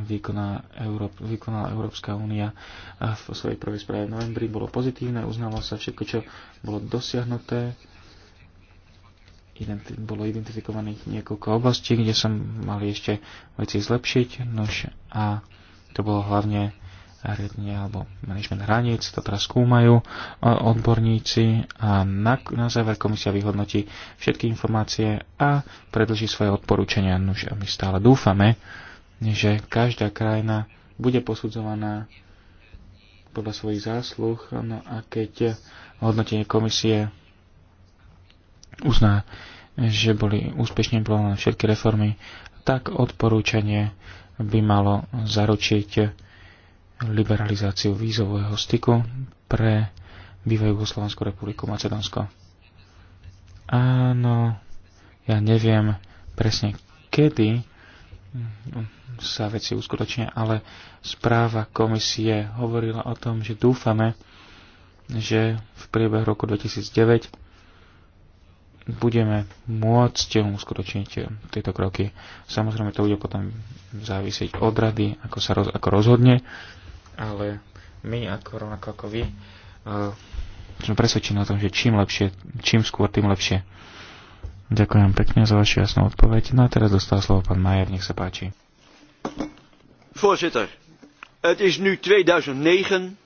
Európ- vykonala Európska únia e, vo svojej prvej správe v novembri, bolo pozitívne. Uznalo sa všetko, čo bolo dosiahnuté bolo identifikovaných niekoľko oblastí, kde som mali ešte veci zlepšiť, nož a to bolo hlavne riadenie alebo management hraníc, to teraz skúmajú e, odborníci a na, na záver komisia vyhodnotí všetky informácie a predlží svoje odporúčania. Nož a my stále dúfame, že každá krajina bude posudzovaná podľa svojich zásluh, no a keď hodnotenie komisie uzná že boli úspešne implementované všetky reformy, tak odporúčanie by malo zaručiť liberalizáciu vízového styku pre bývajú Slovenskú republiku Macedónsko. Áno, ja neviem presne kedy sa veci uskutočnia, ale správa komisie hovorila o tom, že dúfame, že v priebehu roku 2009 budeme môcť uskutočniť tieto kroky. Samozrejme, to bude potom závisieť od rady, ako sa roz, ako rozhodne, ale my, ako rovnako ako vy, uh, sme presvedčení o tom, že čím lepšie, čím skôr, tým lepšie. Ďakujem pekne za vašu jasnú odpoveď. No a teraz dostal slovo pán Majer, nech sa páči.
Voorzitter, het is nu 2009.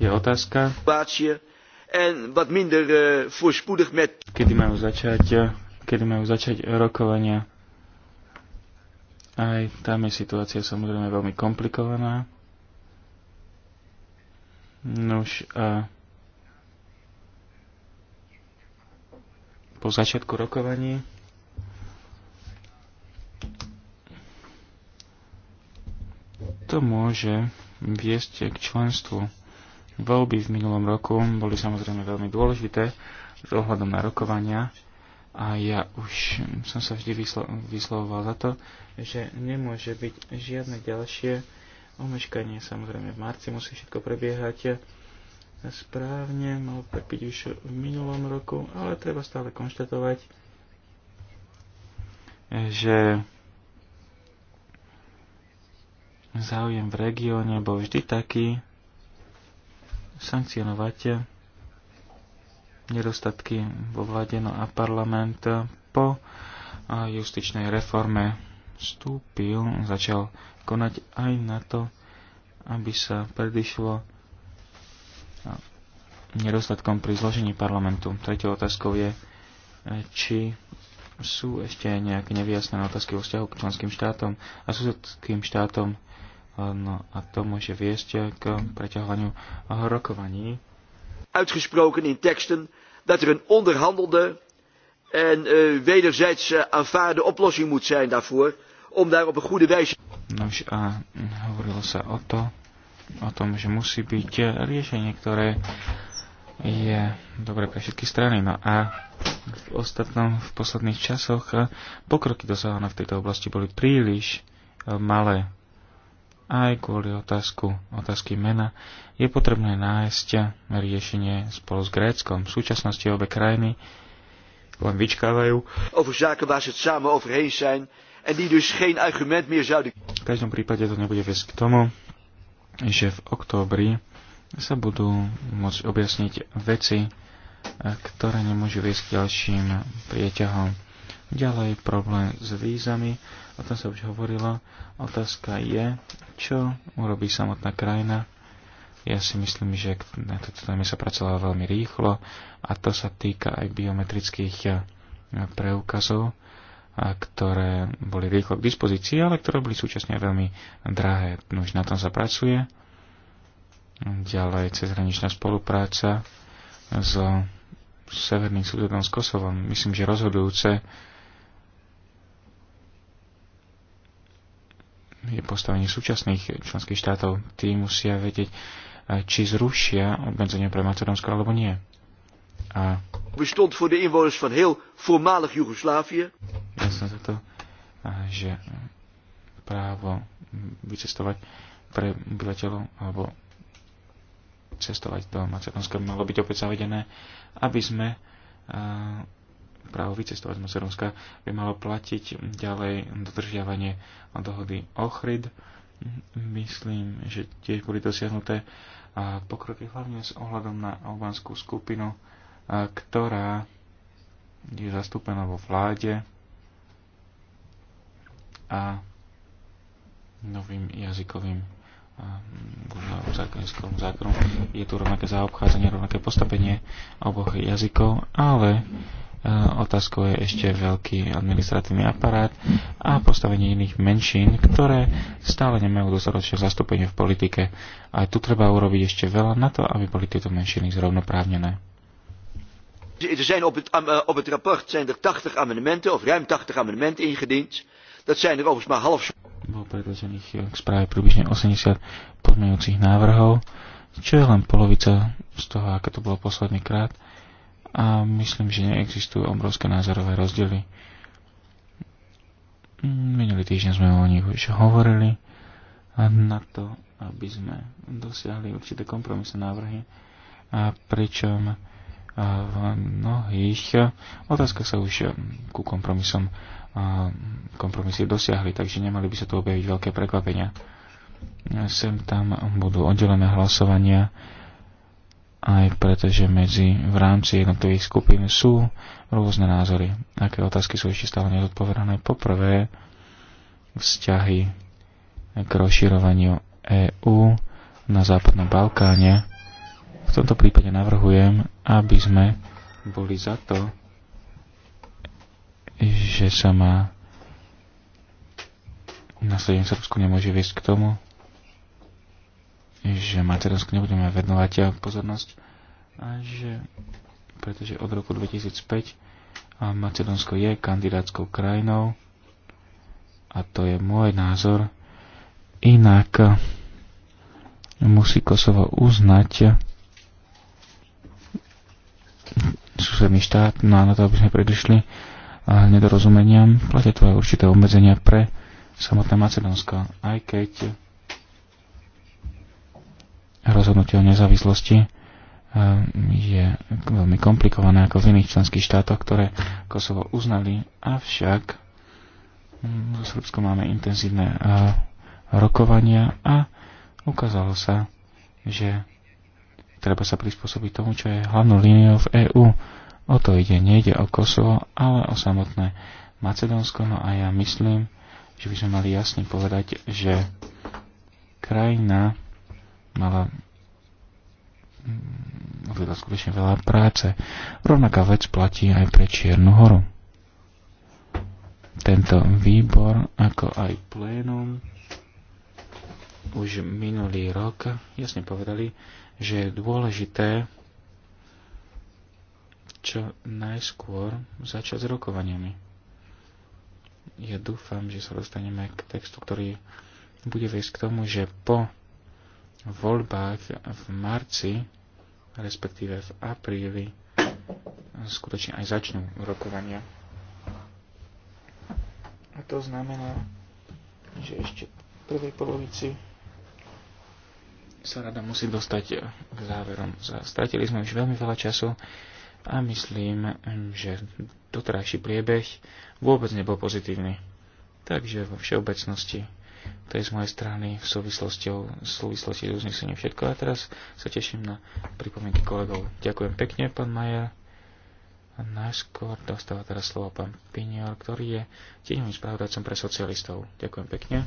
je otázka, eh, kedy majú začať, eh, kedy majú začať rokovania. Aj tam je situácia samozrejme veľmi komplikovaná. Nuž a po začiatku rokovaní to môže viesť k členstvu Voľby v minulom roku boli samozrejme veľmi dôležité s ohľadom na rokovania a ja už som sa vždy vyslo- vyslovoval za to, že nemôže byť žiadne ďalšie omeškanie. Samozrejme v marci musí všetko prebiehať správne, mal byť už v minulom roku, ale treba stále konštatovať, že záujem v regióne bol vždy taký, sankcionovať nedostatky vo vláde no a parlament po justičnej reforme vstúpil, začal konať aj na to, aby sa predišlo nedostatkom pri zložení parlamentu. Tretou otázkou je, či sú ešte nejaké nevyjasnené otázky vo vzťahu k členským štátom a susedským štátom No a to môže viesť k preťahovaniu rokovaní.
Uitgesproken in teksten dat er een onderhandelde en uh, wederzijds uh, aanvaarde oplossing moet zijn daarvoor, om daar op een goede wijze.
No, a hm, hovorilo sa o to, o tom, že musí byť eh, riešenie, ktoré je dobre pre všetky strany. No a v ostatnom, v posledných časoch pokroky dosahované v tejto oblasti boli príliš malé aj kvôli otázku, otázky mena, je potrebné nájsť riešenie spolu s Gréckom. V súčasnosti obe krajiny len vyčkávajú. V každom prípade to nebude viesť k tomu, že v októbri sa budú môcť objasniť veci, ktoré nemôžu viesť k ďalším prieťahom. Ďalej problém s vízami o tom sa už hovorilo. Otázka je, čo urobí samotná krajina. Ja si myslím, že na toto téme sa pracovalo veľmi rýchlo a to sa týka aj biometrických eh, preukazov, eh, ktoré boli rýchlo k dispozícii, ale ktoré boli súčasne veľmi drahé. No, už na tom sa pracuje. Ďalej cezhraničná spolupráca s Severným súdom s Kosovom. Myslím, že rozhodujúce je postavenie súčasných členských štátov. Tí musia vedieť, eh, či zrušia obmedzenia pre Macedónsko alebo nie. A
bestond voor de inwoners van heel voormalig Joegoslavië.
Ja som za to, eh, že právo vycestovať pre obyvateľov alebo cestovať do Macedónska malo byť opäť zavedené, aby sme eh, právo vycestovať z Macedónska by malo platiť ďalej dodržiavanie dohody OCHRID. Myslím, že tiež boli dosiahnuté pokroky hlavne s ohľadom na albánsku skupinu, ktorá je zastúpená vo vláde a novým jazykovým zákonskom zákonu. Je tu rovnaké zaobchádzanie, rovnaké postavenie oboch jazykov, ale otázkou je ešte veľký administratívny aparát a postavenie iných menšín, ktoré stále nemajú dostatočné zastúpenie v politike. Aj tu treba urobiť ešte veľa na to, aby boli tieto menšiny zrovnoprávnené.
Er zijn op het, eh, op het rapport zijn er 80 amendementen, of ruim 80 amendementen ingediend. Dat zijn er overigens maar half...
Bolo predložených k správe približne 80 podmienujúcich návrhov, čo je len polovica z toho, aké to bolo posledný krát a myslím, že neexistujú obrovské názorové rozdiely. Minulý týždeň sme o nich už hovorili a na to, aby sme dosiahli určité kompromisné návrhy, a pričom v mnohých otázkach sa už ku kompromisom kompromisy dosiahli, takže nemali by sa tu objaviť veľké prekvapenia. Sem tam budú oddelené hlasovania aj preto, že medzi v rámci jednotlivých skupín sú rôzne názory. Aké otázky sú ešte stále nezodpovedané? Poprvé, vzťahy k rozširovaniu EÚ na Západnom Balkáne. V tomto prípade navrhujem, aby sme boli za to, že sa má nasledenie Srbsku nemôže viesť k tomu, že Macedónsku nebudeme venovať pozornosť a že pretože od roku 2005 Macedónsko je kandidátskou krajinou a to je môj názor. Inak musí Kosovo uznať susedný štát, no a na to, aby sme predišli nedorozumeniam, platia to aj určité obmedzenia pre samotné Macedónsko, aj keď rozhodnutie o nezávislosti eh, je veľmi komplikované ako v iných členských štátoch, ktoré Kosovo uznali, avšak so hm, Srbskom máme intenzívne eh, rokovania a ukázalo sa, že treba sa prispôsobiť tomu, čo je hlavnou líniou v EÚ. O to ide, nejde o Kosovo, ale o samotné Macedónsko. No a ja myslím, že by sme mali jasne povedať, že krajina mala mm, veľa, skutočne veľa práce. Rovnaká vec platí aj pre Čiernu horu. Tento výbor, ako aj plénum, už minulý rok jasne povedali, že je dôležité čo najskôr začať s rokovaniami. Ja dúfam, že sa dostaneme k textu, ktorý bude viesť k tomu, že po voľbách v marci, respektíve v apríli, skutočne aj začnú rokovania. A to znamená, že ešte v prvej polovici sa rada musí dostať k záverom. Stratili sme už veľmi veľa času a myslím, že doterajší priebeh vôbec nebol pozitívny. Takže vo všeobecnosti to je z mojej strany v súvislosti, v súvislosti s uznesením všetko. A teraz sa teším na pripomienky kolegov. Ďakujem pekne, pán Majer. A najskôr dostáva teraz slovo pán Pinior, ktorý je tieňovým spravodajcom pre socialistov. Ďakujem pekne.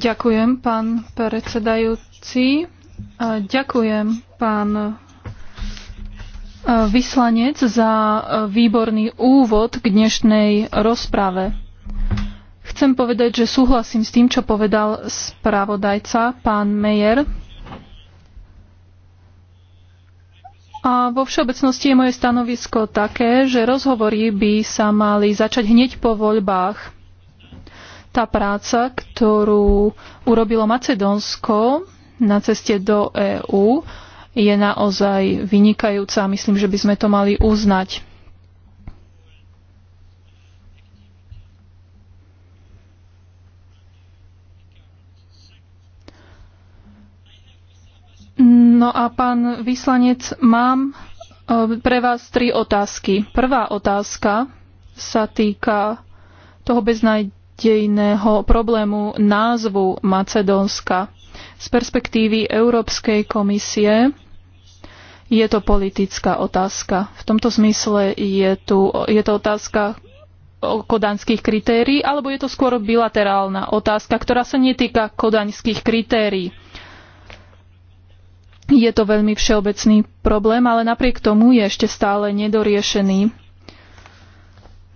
Ďakujem, pán predsedajúci. Ďakujem, pán e, vyslanec, za e, výborný úvod k dnešnej rozprave. Chcem povedať, že súhlasím s tým, čo povedal spravodajca, pán Mejer. A vo všeobecnosti je moje stanovisko také, že rozhovory by sa mali začať hneď po voľbách. Tá práca, ktorú urobilo Macedónsko na ceste do EÚ, je naozaj vynikajúca a myslím, že by sme to mali uznať. No a pán vyslanec, mám e, pre vás tri otázky. Prvá otázka sa týka toho beznádejného problému názvu Macedónska. Z perspektívy Európskej komisie je to politická otázka. V tomto zmysle je, tu, je to otázka kodanských kritérií, alebo je to skôr bilaterálna otázka, ktorá sa netýka kodaňských kritérií. Je to veľmi všeobecný problém, ale napriek tomu je ešte stále nedoriešený.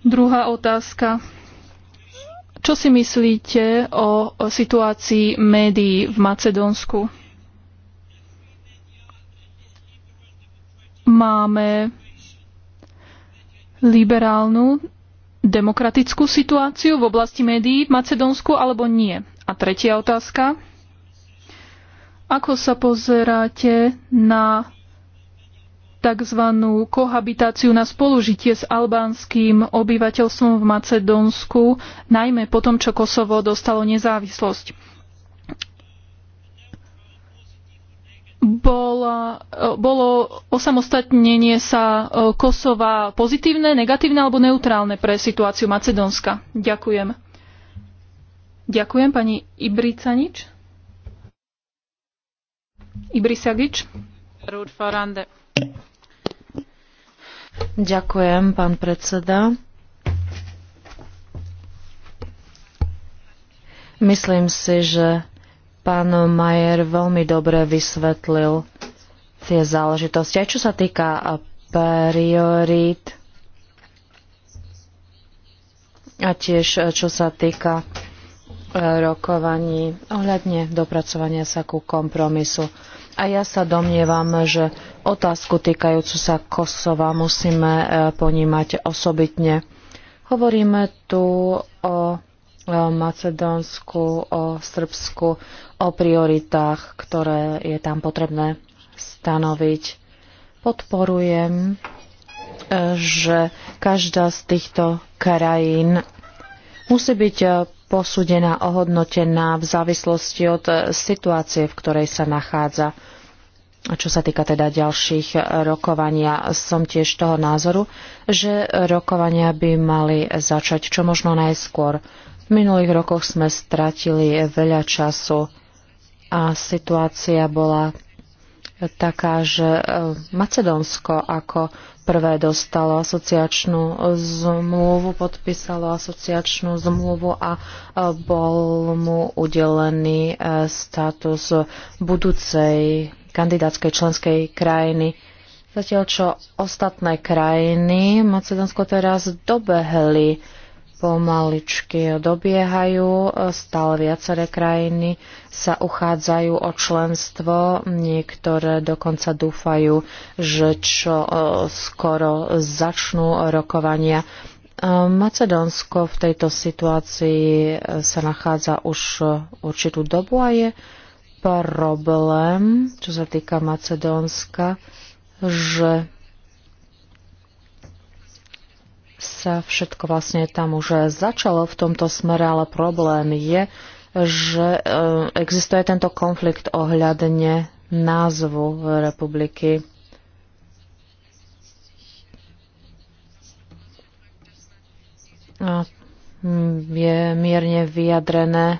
Druhá otázka. Čo si myslíte o, o situácii médií v Macedónsku? Máme liberálnu demokratickú situáciu v oblasti médií v Macedónsku alebo nie? A tretia otázka. Ako sa pozeráte na tzv. kohabitáciu na spolužitie s albánským obyvateľstvom v Macedónsku, najmä po tom, čo Kosovo dostalo nezávislosť? Bola, bolo osamostatnenie sa e, Kosova pozitívne, negatívne alebo neutrálne pre situáciu Macedónska? Ďakujem. Ďakujem pani Ibricanič.
Ibrisagič. Ďakujem, pán predseda. Myslím si, že pán Majer veľmi dobre vysvetlil tie záležitosti. Aj čo sa týka priorít a tiež čo sa týka rokovaní ohľadne dopracovania sa ku kompromisu. A ja sa domnievam, že otázku týkajúcu sa Kosova musíme e, ponímať osobitne. Hovoríme tu o e, Macedónsku, o Srbsku, o prioritách, ktoré je tam potrebné stanoviť. Podporujem, e, že každá z týchto krajín musí byť posúdená, ohodnotená v závislosti od eh, situácie, v ktorej sa nachádza. Čo sa týka teda ďalších eh, rokovania, som tiež toho názoru, že rokovania by mali začať čo možno najskôr. V minulých rokoch sme stratili veľa času a situácia bola taká, že e, Macedónsko ako prvé dostalo asociačnú zmluvu, podpísalo asociačnú zmluvu a e, bol mu udelený e, status budúcej kandidátskej členskej krajiny. Zatiaľ čo ostatné krajiny Macedónsko teraz dobehli pomaličky dobiehajú. Stále viaceré krajiny sa uchádzajú o členstvo. Niektoré dokonca dúfajú, že čo e, skoro začnú rokovania. E, Macedónsko v tejto situácii e, sa nachádza už určitú dobu a je problém, čo sa týka Macedónska, že sa všetko vlastne tam už začalo v tomto smere, ale problém je, že e, existuje tento konflikt ohľadne názvu republiky. A hm, je mierne vyjadrené, e,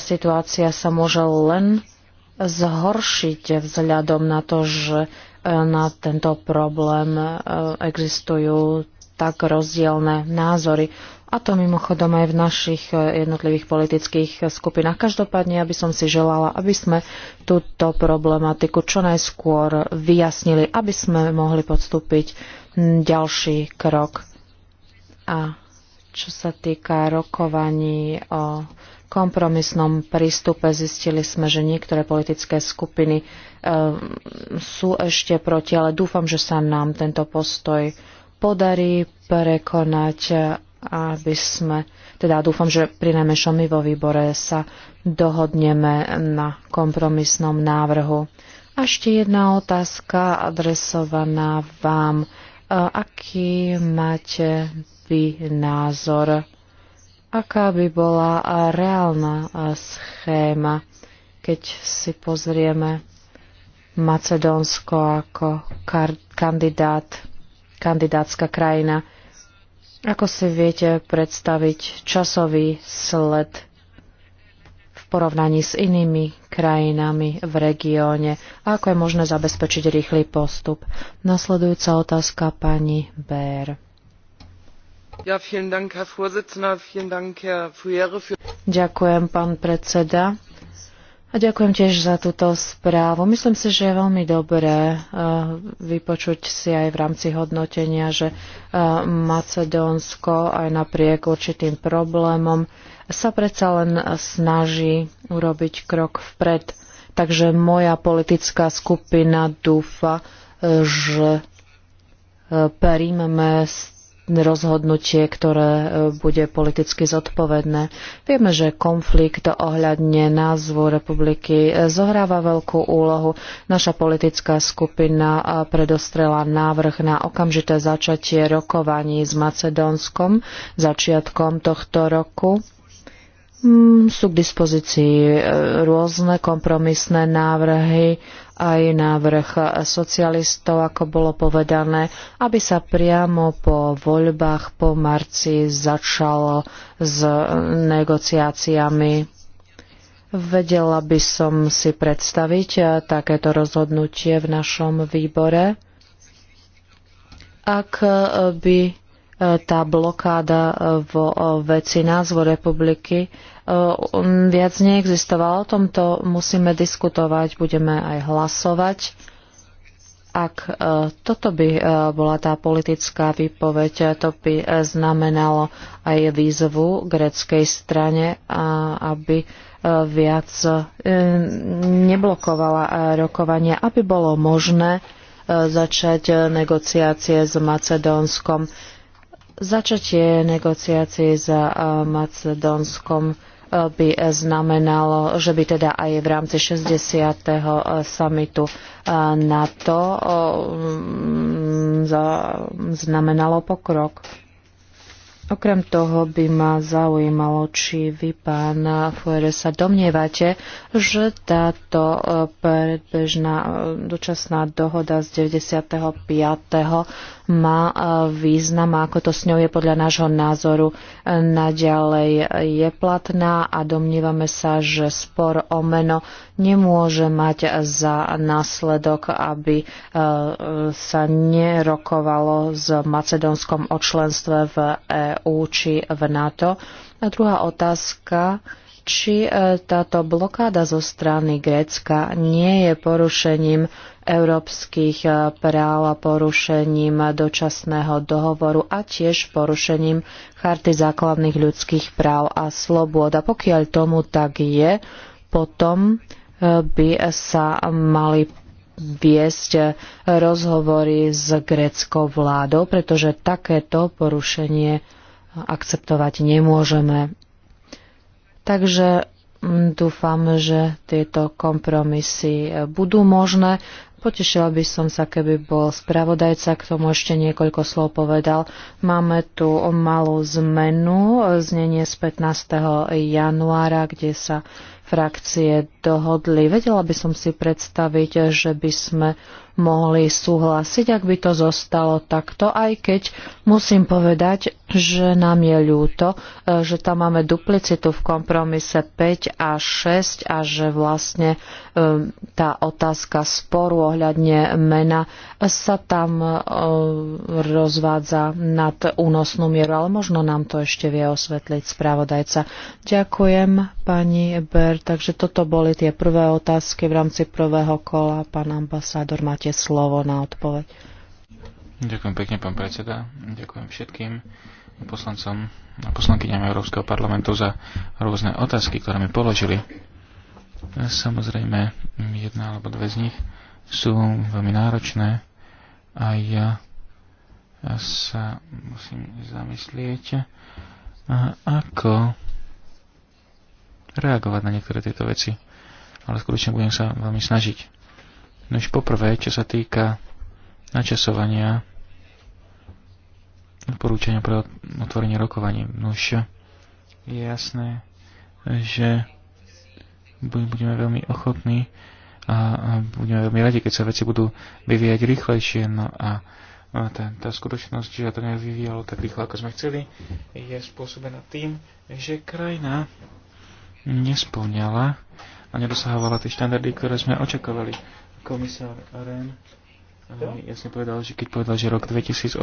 situácia sa môže len zhoršiť vzhľadom na to, že na tento problém e, existujú tak rozdielne názory. A to mimochodom aj v našich e, jednotlivých politických skupinách. Každopádne, aby som si želala, aby sme túto problematiku čo najskôr vyjasnili, aby sme mohli podstúpiť ďalší krok. A čo sa týka rokovaní o kompromisnom prístupe zistili sme, že niektoré politické skupiny e, sú ešte proti, ale dúfam, že sa nám tento postoj podarí prekonať, aby sme, teda dúfam, že pri najmenšom my vo výbore sa dohodneme na kompromisnom návrhu. A ešte jedna otázka adresovaná vám. E, aký máte vy názor? aká by bola reálna schéma, keď si pozrieme Macedónsko ako kandidát, kandidátska krajina. Ako si viete predstaviť časový sled v porovnaní s inými krajinami v regióne? A ako je možné zabezpečiť rýchly postup? Nasledujúca otázka pani Bér. Ďakujem, pán predseda. A ďakujem tiež za túto správu. Myslím si, že je veľmi dobré eh, vypočuť si aj v rámci hodnotenia, že eh, Macedónsko aj napriek určitým problémom sa predsa len snaží urobiť krok vpred. Takže moja politická skupina dúfa, eh, že príjmeme z rozhodnutie, ktoré e, bude politicky zodpovedné. Vieme, že konflikt ohľadne názvu republiky e, zohráva veľkú úlohu. Naša politická skupina e, predostrela návrh na okamžité začatie rokovaní s Macedónskom začiatkom tohto roku. Mm, sú k dispozícii rôzne kompromisné návrhy aj návrh socialistov, ako bolo povedané, aby sa priamo po voľbách po marci začalo s negociáciami. Vedela by som si predstaviť eh, takéto rozhodnutie v našom výbore, ak eh, by eh, tá blokáda vo veci názvu republiky Um, viac neexistoval. O tomto musíme diskutovať, budeme aj hlasovať. Ak toto by bola tá politická výpoveď, to by znamenalo aj výzvu greckej strane, aby viac neblokovala rokovania, aby bolo možné začať negociácie s Macedónskom. Začatie negociácií s Macedónskom by znamenalo, že by teda aj v rámci 60. Eh, samitu eh, NATO eh, znamenalo pokrok. Okrem toho by ma zaujímalo, či vy, pán Fuere, sa domnievate, že táto predbežná dočasná dohoda z 95 má e, význam a ako to s ňou je podľa nášho názoru e, naďalej je platná a domnívame sa, že spor o meno nemôže mať za následok, aby e, sa nerokovalo s Macedónskom o členstve v EÚ či v NATO. A druhá otázka či e, táto blokáda zo strany Grécka nie je porušením európskych e, práv a porušením dočasného dohovoru a tiež porušením charty základných ľudských práv a slobôd. A pokiaľ tomu tak je, potom e, by sa mali viesť rozhovory s gréckou vládou, pretože takéto porušenie akceptovať nemôžeme. Takže mm, dúfam, že tieto kompromisy e, budú možné. Potešila by som sa, keby bol spravodajca k tomu ešte niekoľko slov povedal. Máme tu malú zmenu, e, znenie z 15. januára, kde sa frakcie dohodli. Vedela by som si predstaviť, že by sme mohli súhlasiť, ak by to zostalo takto, aj keď musím povedať, že nám je ľúto, e, že tam máme duplicitu v kompromise 5 a 6 a že vlastne e, tá otázka sporu ohľadne mena sa tam e, rozvádza nad únosnú mieru, ale možno nám to ešte vie osvetliť spravodajca. Ďakujem, pani Ber. Takže toto boli tie prvé otázky v rámci prvého kola. Pán ambasádor, Mati máte slovo na odpoveď.
Ďakujem pekne, pán predseda. Ďakujem všetkým poslancom a poslankyňam Európskeho parlamentu za rôzne otázky, ktoré mi položili. Samozrejme, jedna alebo dve z nich sú veľmi náročné a ja, ja sa musím zamyslieť, ako reagovať na niektoré tieto veci. Ale skutočne budem sa veľmi snažiť. Nož poprvé, čo sa týka načasovania odporúčania pre otvorenie rokovania. Nož je jasné, že budeme veľmi ochotní a budeme veľmi radi, keď sa veci budú vyvíjať rýchlejšie. No a tá, tá skutočnosť, že to nevyvíjalo tak rýchlo, ako sme chceli, je spôsobená tým, že krajina nesplňala a nedosahovala tie štandardy, ktoré sme očakávali komisár Ren jasne povedal, že keď povedal, že rok 2008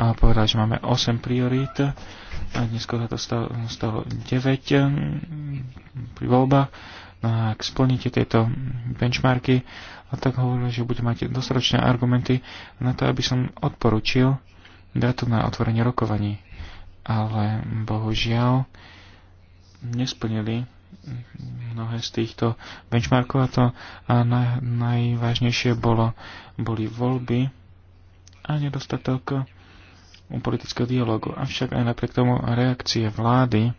a povedal, že máme 8 priorít a neskôr sa to stalo, stalo 9 mm, pri voľbách. No a ak splníte tieto benchmarky, a tak hovorím, že budete mať dostatočné argumenty na to, aby som odporučil dátum na otvorenie rokovaní. Ale bohužiaľ nesplnili mnohé z týchto benchmarkov a to a na, najvážnejšie bolo, boli voľby a nedostatok politického dialogu. Avšak aj napriek tomu reakcie vlády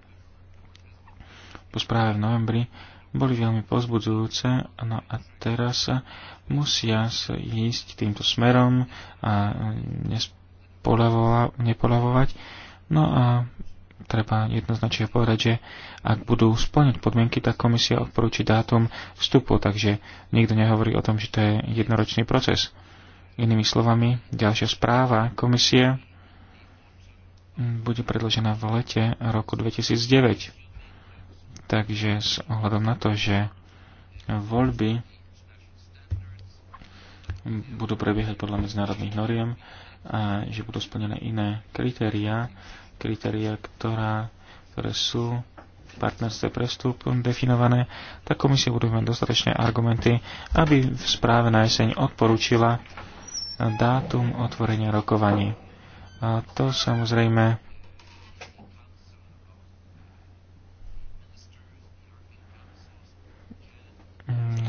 po správe v novembri boli veľmi pozbudzujúce, no a teraz musia ísť týmto smerom a nepolavovať. No a treba jednoznačne povedať, že ak budú splňať podmienky, tak komisia odporúči dátum vstupu, takže nikto nehovorí o tom, že to je jednoročný proces. Inými slovami, ďalšia správa komisie bude predložená v lete roku 2009. Takže s ohľadom na to, že voľby budú prebiehať podľa medzinárodných noriem a že budú splnené iné kritériá, kritéria, ktorá, ktoré sú v partnerstve prestup definované, tak komisia bude mať dostatočné argumenty, aby v správe na jeseň odporúčila dátum otvorenia rokovaní. A to samozrejme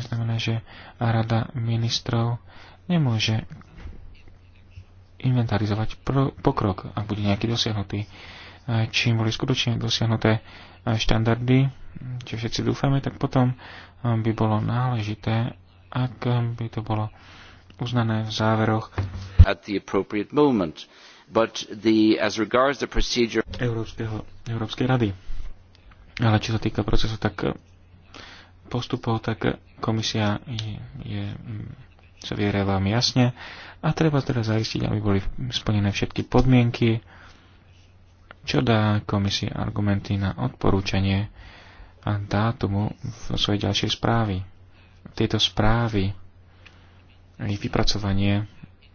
znamená, že Rada ministrov nemôže inventarizovať pokrok, ak bude nejaký dosiahnutý. E, čím boli skutočne dosiahnuté e, štandardy, čo všetci dúfame, tak potom e, by bolo náležité, ak by to bolo uznané v záveroch
at the appropriate moment. But the, as regards the procedure... Európskeho, Európskej rady.
Ale čo sa týka procesu, tak postupov, tak komisia je, je mm, sa vyjadria veľmi jasne a treba teda zaistiť, aby boli splnené všetky podmienky, čo dá komisii argumenty na odporúčanie a dátumu v svojej ďalšej správy. Tieto správy a ich vypracovanie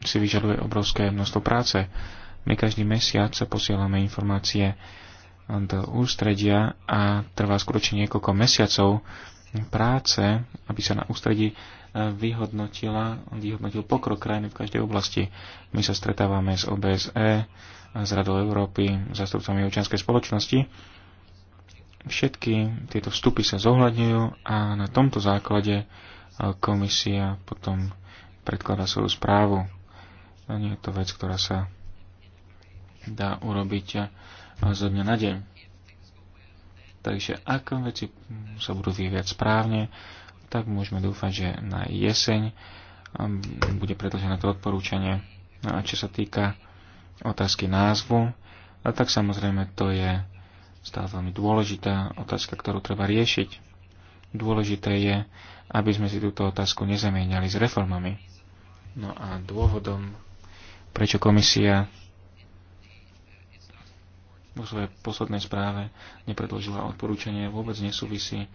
si vyžaduje obrovské množstvo práce. My každý mesiac sa posielame informácie do ústredia a trvá skutočne niekoľko mesiacov práce, aby sa na ústredí vyhodnotila, vyhodnotil pokrok krajiny v každej oblasti. My sa stretávame s OBSE, s Radou Európy, zastupcami občianskej spoločnosti. Všetky tieto vstupy sa zohľadňujú a na tomto základe e, komisia potom predkladá svoju správu. A nie je to vec, ktorá sa dá urobiť e, zo dňa na deň. Takže ak veci sa budú vyvíjať správne, tak môžeme dúfať, že na jeseň um, bude predložené to odporúčanie. No a čo sa týka otázky názvu, a tak samozrejme to je stále veľmi dôležitá otázka, ktorú treba riešiť. Dôležité je, aby sme si túto otázku nezamieniali s reformami. No a dôvodom, prečo komisia vo svojej poslednej správe nepredložila odporúčanie, vôbec nesúvisí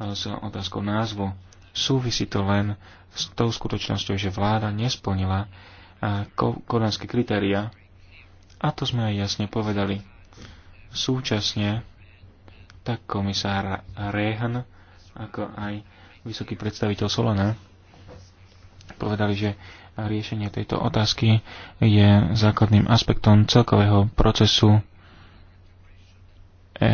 s otázkou názvu. Súvisí to len s tou skutočnosťou, že vláda nesplnila koránske kritéria. A to sme aj jasne povedali. Súčasne tak komisár Rehan, ako aj vysoký predstaviteľ Solana povedali, že riešenie tejto otázky je základným aspektom celkového procesu e,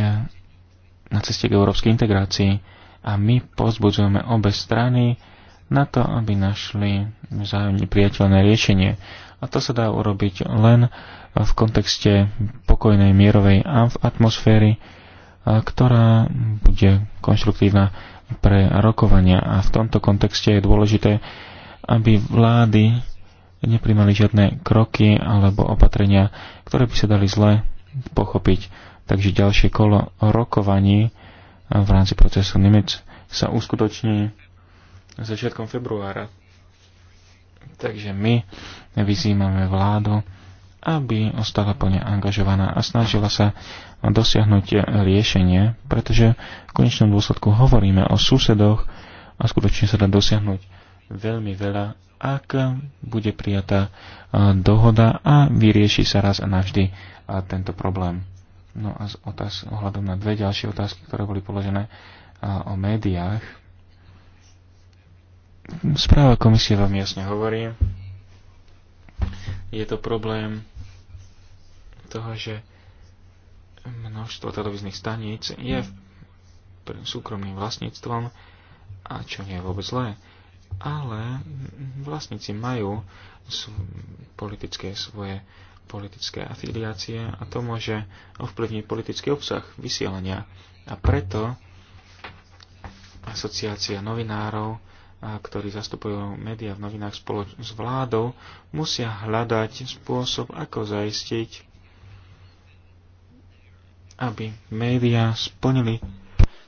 na ceste k európskej integrácii a my pozbudzujeme obe strany na to, aby našli vzájomne priateľné riešenie. A to sa dá urobiť len v kontexte pokojnej mierovej atmosféry, ktorá bude konštruktívna pre rokovania. A v tomto kontexte je dôležité, aby vlády neprimali žiadne kroky alebo opatrenia, ktoré by sa dali zle pochopiť. Takže ďalšie kolo rokovaní v rámci procesu Nimitz sa uskutoční začiatkom februára. Takže my vyzývame vládu, aby ostala plne angažovaná a snažila sa dosiahnuť riešenie, pretože v konečnom dôsledku hovoríme o susedoch a skutočne sa dá dosiahnuť veľmi veľa, ak bude prijatá eh, dohoda a vyrieši sa raz a navždy eh, tento problém. No a otáz- ohľadom na dve ďalšie otázky, ktoré boli položené a, o médiách. Správa komisie vám jasne hovorí. Je to problém toho, že množstvo televíznych staníc je súkromným vlastníctvom a čo nie je vôbec zlé. Ale vlastníci majú politické svoje politické afiliácie a to môže ovplyvniť politický obsah vysielania. A preto asociácia novinárov, ktorí zastupujú médiá v novinách spolu s vládou, musia hľadať spôsob,
ako zaistiť,
aby médiá
splnili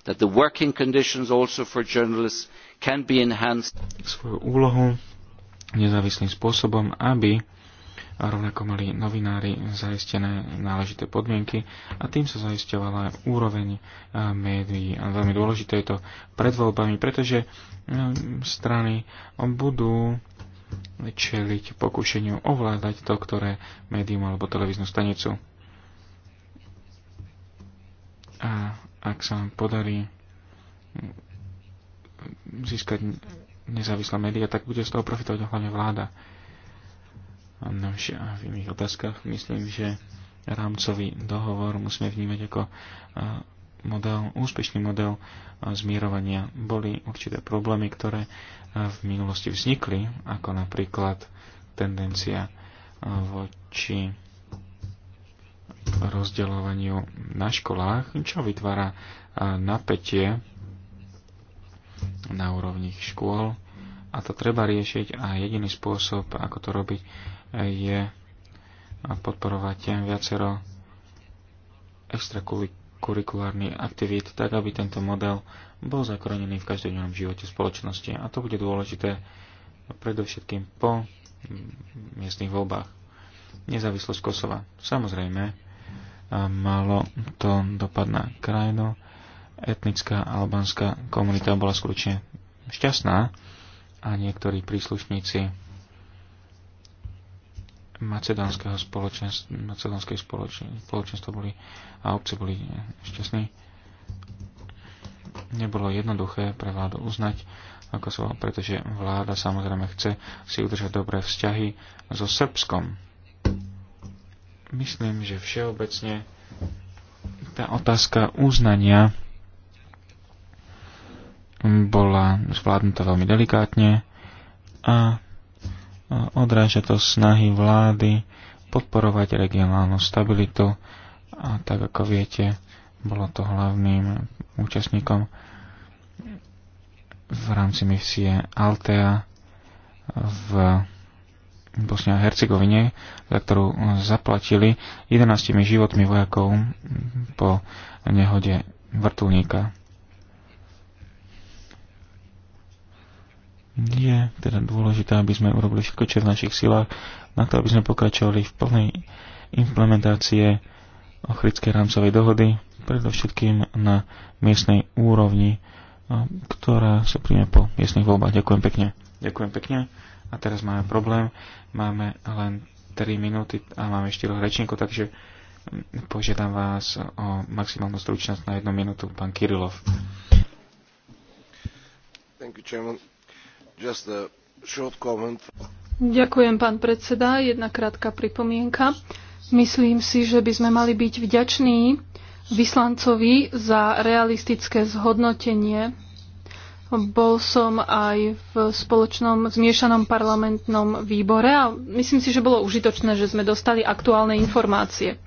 that the working conditions also for journalists can be enhanced svoju
úlohu nezávislým spôsobom, aby a rovnako mali novinári zaistené náležité podmienky a tým sa zaistovala úroveň e, médií. A veľmi dôležité je to pred voľbami, pretože e, strany budú čeliť pokušeniu ovládať to, ktoré médium alebo televíznu stanicu. A ak sa vám podarí získať nezávislé médiá, tak bude z toho profitovať hlavne vláda v iných otázkach myslím, že rámcový dohovor musíme vnímať ako model, úspešný model zmierovania. Boli určité problémy, ktoré v minulosti vznikli, ako napríklad tendencia voči rozdeľovaniu na školách, čo vytvára napätie na úrovni škôl a to treba riešiť a jediný spôsob, ako to robiť, je podporovať viacero extrakurikulárnych aktivít, tak aby tento model bol zakorenený v každodennom živote spoločnosti. A to bude dôležité predovšetkým po miestnych voľbách. Nezávislosť Kosova. Samozrejme, malo to dopad na krajinu. Etnická albánska komunita bola skutočne šťastná a niektorí príslušníci macedónskeho spoločenstva, macedónskej spoločenstva boli a obce boli šťastní. Nebolo jednoduché pre vládu uznať Kosovo, pretože vláda samozrejme chce si udržať dobré vzťahy so Srbskom. Myslím, že všeobecne tá otázka uznania bola zvládnutá veľmi delikátne a Odráža to snahy vlády podporovať regionálnu stabilitu a tak ako viete, bolo to hlavným účastníkom v rámci misie Altea v Bosne a Hercegovine, za ktorú zaplatili 11 životmi vojakov po nehode vrtulníka. Je teda dôležité, aby sme urobili všetko, čo je v našich silách, na to, aby sme pokračovali v plnej implementácie Ochrickej rámcovej dohody, predovšetkým na miestnej úrovni, ktorá sa príjme po miestnych voľbách. Ďakujem pekne. Ďakujem pekne. A teraz máme problém. Máme len 3 minúty a máme 4 rečníkov, takže mm, požiadam vás o maximálnu stručnosť na jednu minútu, pán Kirilov. Thank you, Chairman.
Ďakujem, pán predseda. Jedna krátka pripomienka. Myslím si, že by sme mali byť vďační vyslancovi za realistické zhodnotenie. Bol som aj v spoločnom zmiešanom parlamentnom výbore a myslím si, že bolo užitočné, že sme dostali aktuálne informácie.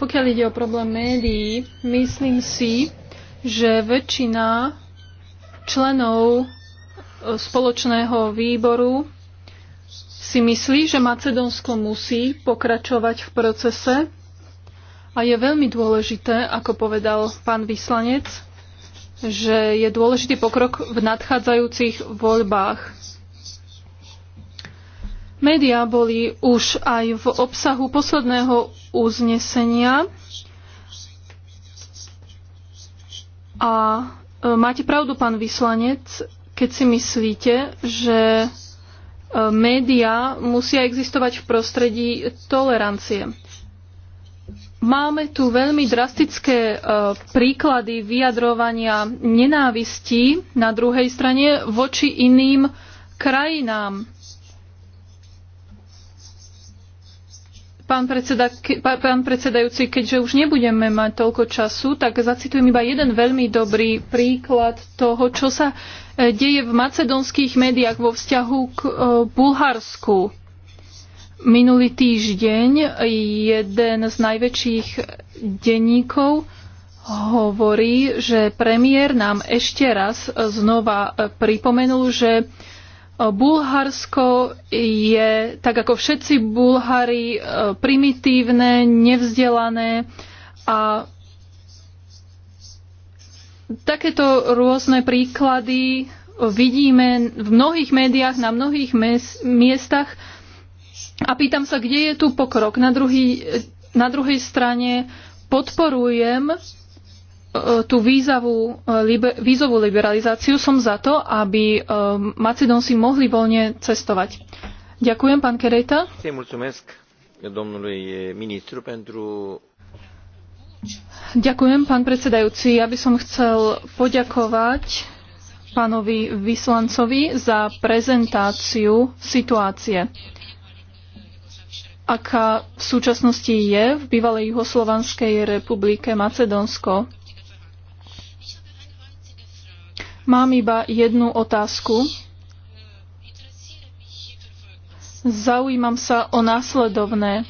Pokiaľ ide o problém médií, myslím si, že väčšina členov spoločného výboru si myslí, že Macedónsko musí pokračovať v procese a je veľmi dôležité, ako povedal pán vyslanec, že je dôležitý pokrok v nadchádzajúcich voľbách. Média boli už aj v obsahu posledného uznesenia a e, máte pravdu, pán vyslanec, keď si myslíte, že e, médiá musia existovať v prostredí tolerancie. Máme tu veľmi drastické e, príklady vyjadrovania nenávistí na druhej strane voči iným krajinám. Pán, predseda, ke, pán predsedajúci, keďže už nebudeme mať toľko času, tak zacitujem iba jeden veľmi dobrý príklad toho, čo sa e, deje v macedónskych médiách vo vzťahu k e, Bulharsku. Minulý týždeň jeden z najväčších denníkov hovorí, že premiér nám ešte raz znova e, pripomenul, že Bulharsko je, tak ako všetci Bulhári, e, primitívne, nevzdelané a takéto rôzne príklady vidíme v mnohých médiách, na mnohých miestach a pýtam sa, kde je tu pokrok. Na, druhý, na druhej strane podporujem tú výzavu, liber, výzovú liberalizáciu, som za to, aby e, Macedónci mohli voľne cestovať. Ďakujem, pán Kerejta. Ďakujem, pán predsedajúci. Ja by som chcel poďakovať pánovi vyslancovi za prezentáciu situácie aká v súčasnosti je v bývalej Juhoslovanskej republike Macedónsko. Mám iba jednu otázku. Zaujímam sa o následovné.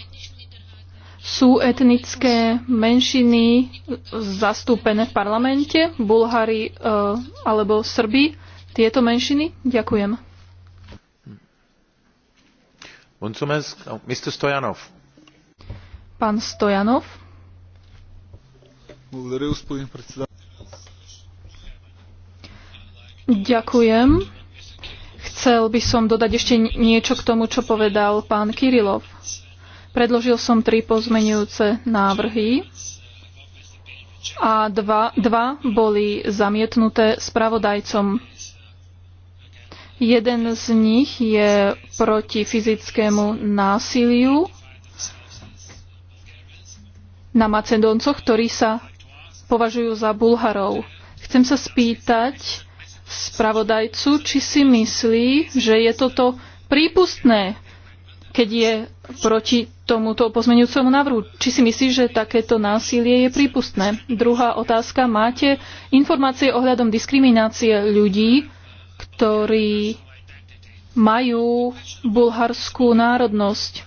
Sú etnické menšiny zastúpené v parlamente? Bulhári eh, alebo Srbi? Tieto menšiny? Ďakujem.
Mr. Oh, Stojanov.
Pán Stojanov. Ďakujem. Chcel by som dodať ešte niečo k tomu, čo povedal pán Kirilov. Predložil som tri pozmenujúce návrhy a dva, dva boli zamietnuté spravodajcom. Jeden z nich je proti fyzickému násiliu na Macedoncoch, ktorí sa považujú za Bulharov. Chcem sa spýtať, spravodajcu, či si myslí, že je toto prípustné, keď je proti tomuto pozmeňujúcemu návrhu. Či si myslí, že takéto násilie je prípustné? Druhá otázka. Máte informácie ohľadom diskriminácie ľudí, ktorí majú bulharskú národnosť?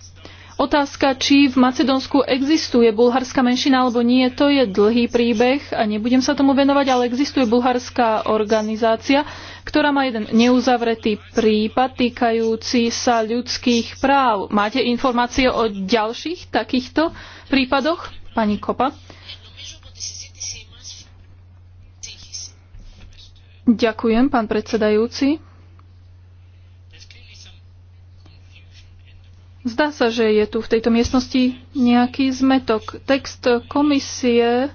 Otázka, či v Macedónsku existuje bulharská menšina alebo nie, to je dlhý príbeh a nebudem sa tomu venovať, ale existuje bulharská organizácia, ktorá má jeden neuzavretý prípad týkajúci sa ľudských práv. Máte informácie o ďalších takýchto prípadoch? Pani Kopa. Ďakujem, pán predsedajúci. Zdá sa, že je tu v tejto miestnosti nejaký zmetok. Text komisie,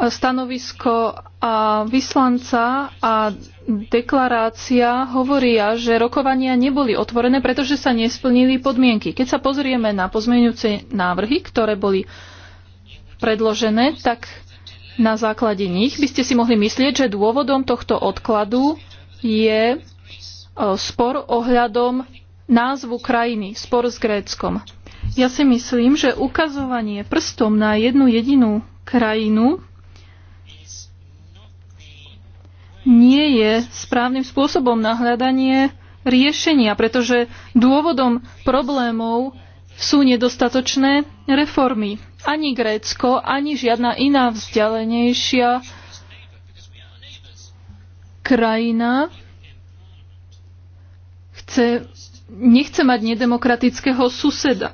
stanovisko a vyslanca a deklarácia hovoria, že rokovania neboli otvorené, pretože sa nesplnili podmienky. Keď sa pozrieme na pozmeňujúce návrhy, ktoré boli predložené, tak na základe nich by ste si mohli myslieť, že dôvodom tohto odkladu je E, spor ohľadom názvu krajiny, spor s Gréckom. Ja si myslím, že ukazovanie prstom na jednu jedinú krajinu nie je správnym spôsobom na hľadanie riešenia, pretože dôvodom problémov sú nedostatočné reformy. Ani Grécko, ani žiadna iná vzdialenejšia krajina chce, nechce mať nedemokratického suseda.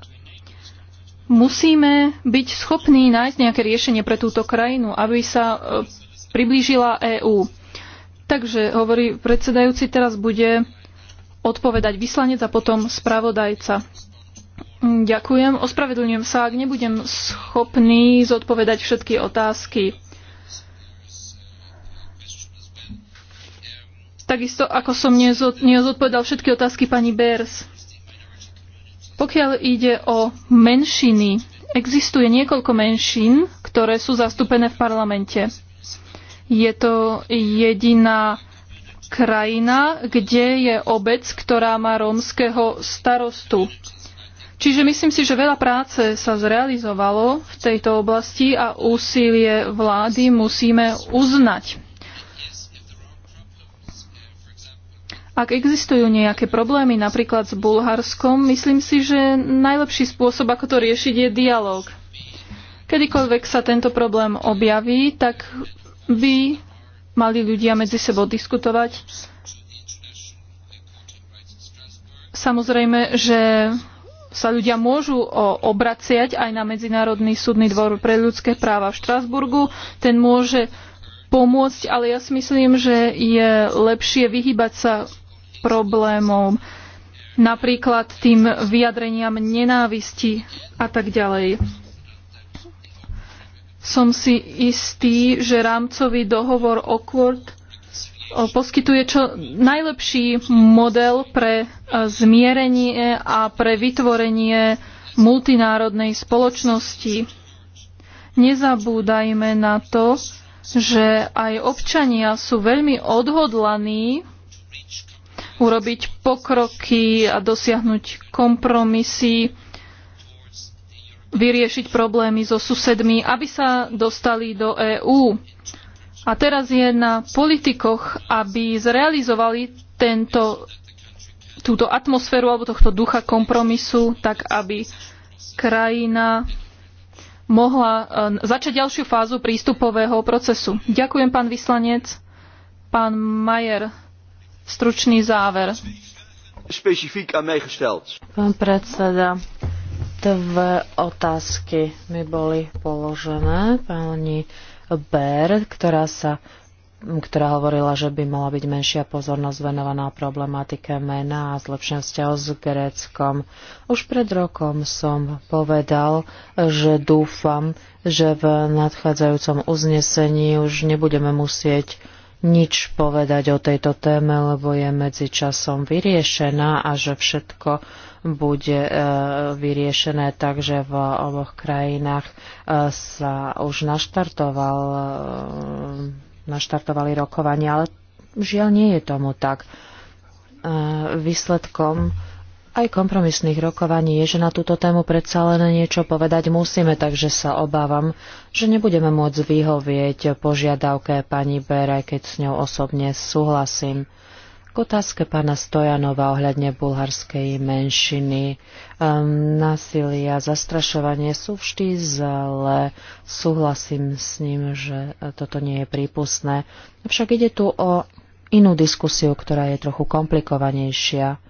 Musíme byť schopní nájsť nejaké riešenie pre túto krajinu, aby sa e, priblížila EÚ. Takže, hovorí predsedajúci, teraz bude odpovedať vyslanec a potom spravodajca. Ďakujem. Ospravedlňujem sa, ak nebudem schopný zodpovedať všetky otázky. Takisto ako som nezodpovedal všetky otázky pani Bers. Pokiaľ ide o menšiny, existuje niekoľko menšín, ktoré sú zastúpené v parlamente. Je to jediná krajina, kde je obec, ktorá má rómskeho starostu. Čiže myslím si, že veľa práce sa zrealizovalo v tejto oblasti a úsilie vlády musíme uznať. Ak existujú nejaké problémy, napríklad s Bulharskom, myslím si, že najlepší spôsob, ako to riešiť, je dialog. Kedykoľvek sa tento problém objaví, tak by mali ľudia medzi sebou diskutovať. Samozrejme, že sa ľudia môžu obraciať aj na Medzinárodný súdny dvor pre ľudské práva v Štrasburgu. Ten môže pomôcť, ale ja si myslím, že je lepšie vyhybať sa problémom, napríklad tým vyjadreniam nenávisti a tak ďalej. Som si istý, že rámcový dohovor Oakwood poskytuje čo najlepší model pre e, zmierenie a pre vytvorenie multinárodnej spoločnosti. Nezabúdajme na to, že aj občania sú veľmi odhodlaní urobiť pokroky a dosiahnuť kompromisy, vyriešiť problémy so susedmi, aby sa dostali do EÚ. A teraz je na politikoch, aby zrealizovali tento, túto atmosféru alebo tohto ducha kompromisu, tak aby krajina mohla eh, začať ďalšiu fázu prístupového procesu. Ďakujem, pán vyslanec. Pán Majer
stručný záver. Pán predseda, dve otázky mi boli položené. Pani Ber, ktorá sa ktorá hovorila, že by mala byť menšia pozornosť venovaná problematike mena a zlepšenia vzťahu s Gréckom. Už pred rokom som povedal, že dúfam, že v nadchádzajúcom uznesení už nebudeme musieť nič povedať o tejto téme, lebo je medzi časom vyriešená a že všetko bude e, vyriešené tak, že v oboch krajinách e, sa už naštartoval, e, naštartovali rokovania, ale žiaľ nie je tomu tak. Výsledkom aj kompromisných rokovaní je, že na túto tému predsa len niečo povedať musíme, takže sa obávam, že nebudeme môcť vyhovieť požiadavke pani Bere, keď s ňou osobne súhlasím. K otázke pána Stojanova ohľadne bulharskej menšiny. Um, ehm, násilia, zastrašovanie sú vždy zle. Súhlasím s ním, že toto nie je prípustné. Však ide tu o inú diskusiu, ktorá je trochu komplikovanejšia.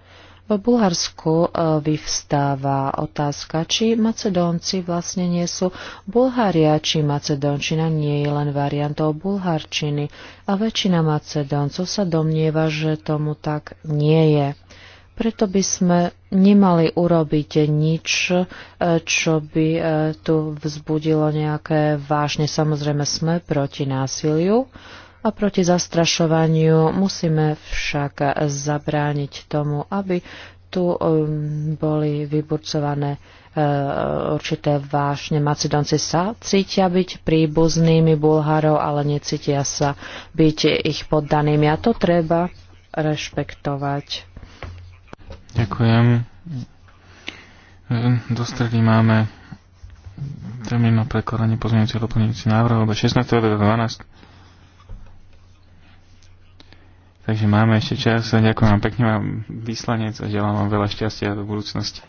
V Bulharsku e, vyvstáva otázka, či Macedónci vlastne nie sú Bulhária, či Macedónčina nie je len variantou Bulharčiny a väčšina Macedóncov sa domnieva, že tomu tak nie je. Preto by sme nemali urobiť nič, e, čo by e, tu vzbudilo nejaké vážne. Samozrejme sme proti násiliu, a proti zastrašovaniu. Musíme však zabrániť tomu, aby tu um, boli vyburcované uh, určité vášne. Macedonci sa cítia byť príbuznými Bulharov, ale necítia sa byť ich poddanými a to treba rešpektovať.
Ďakujem. Do stredy máme termín na prekladanie pozmeňujúcich doplňujúcich návrhov 16. 12. Takže máme ešte čas. Ďakujem vám pekne, vám vyslanec a želám vám veľa šťastia do budúcnosti.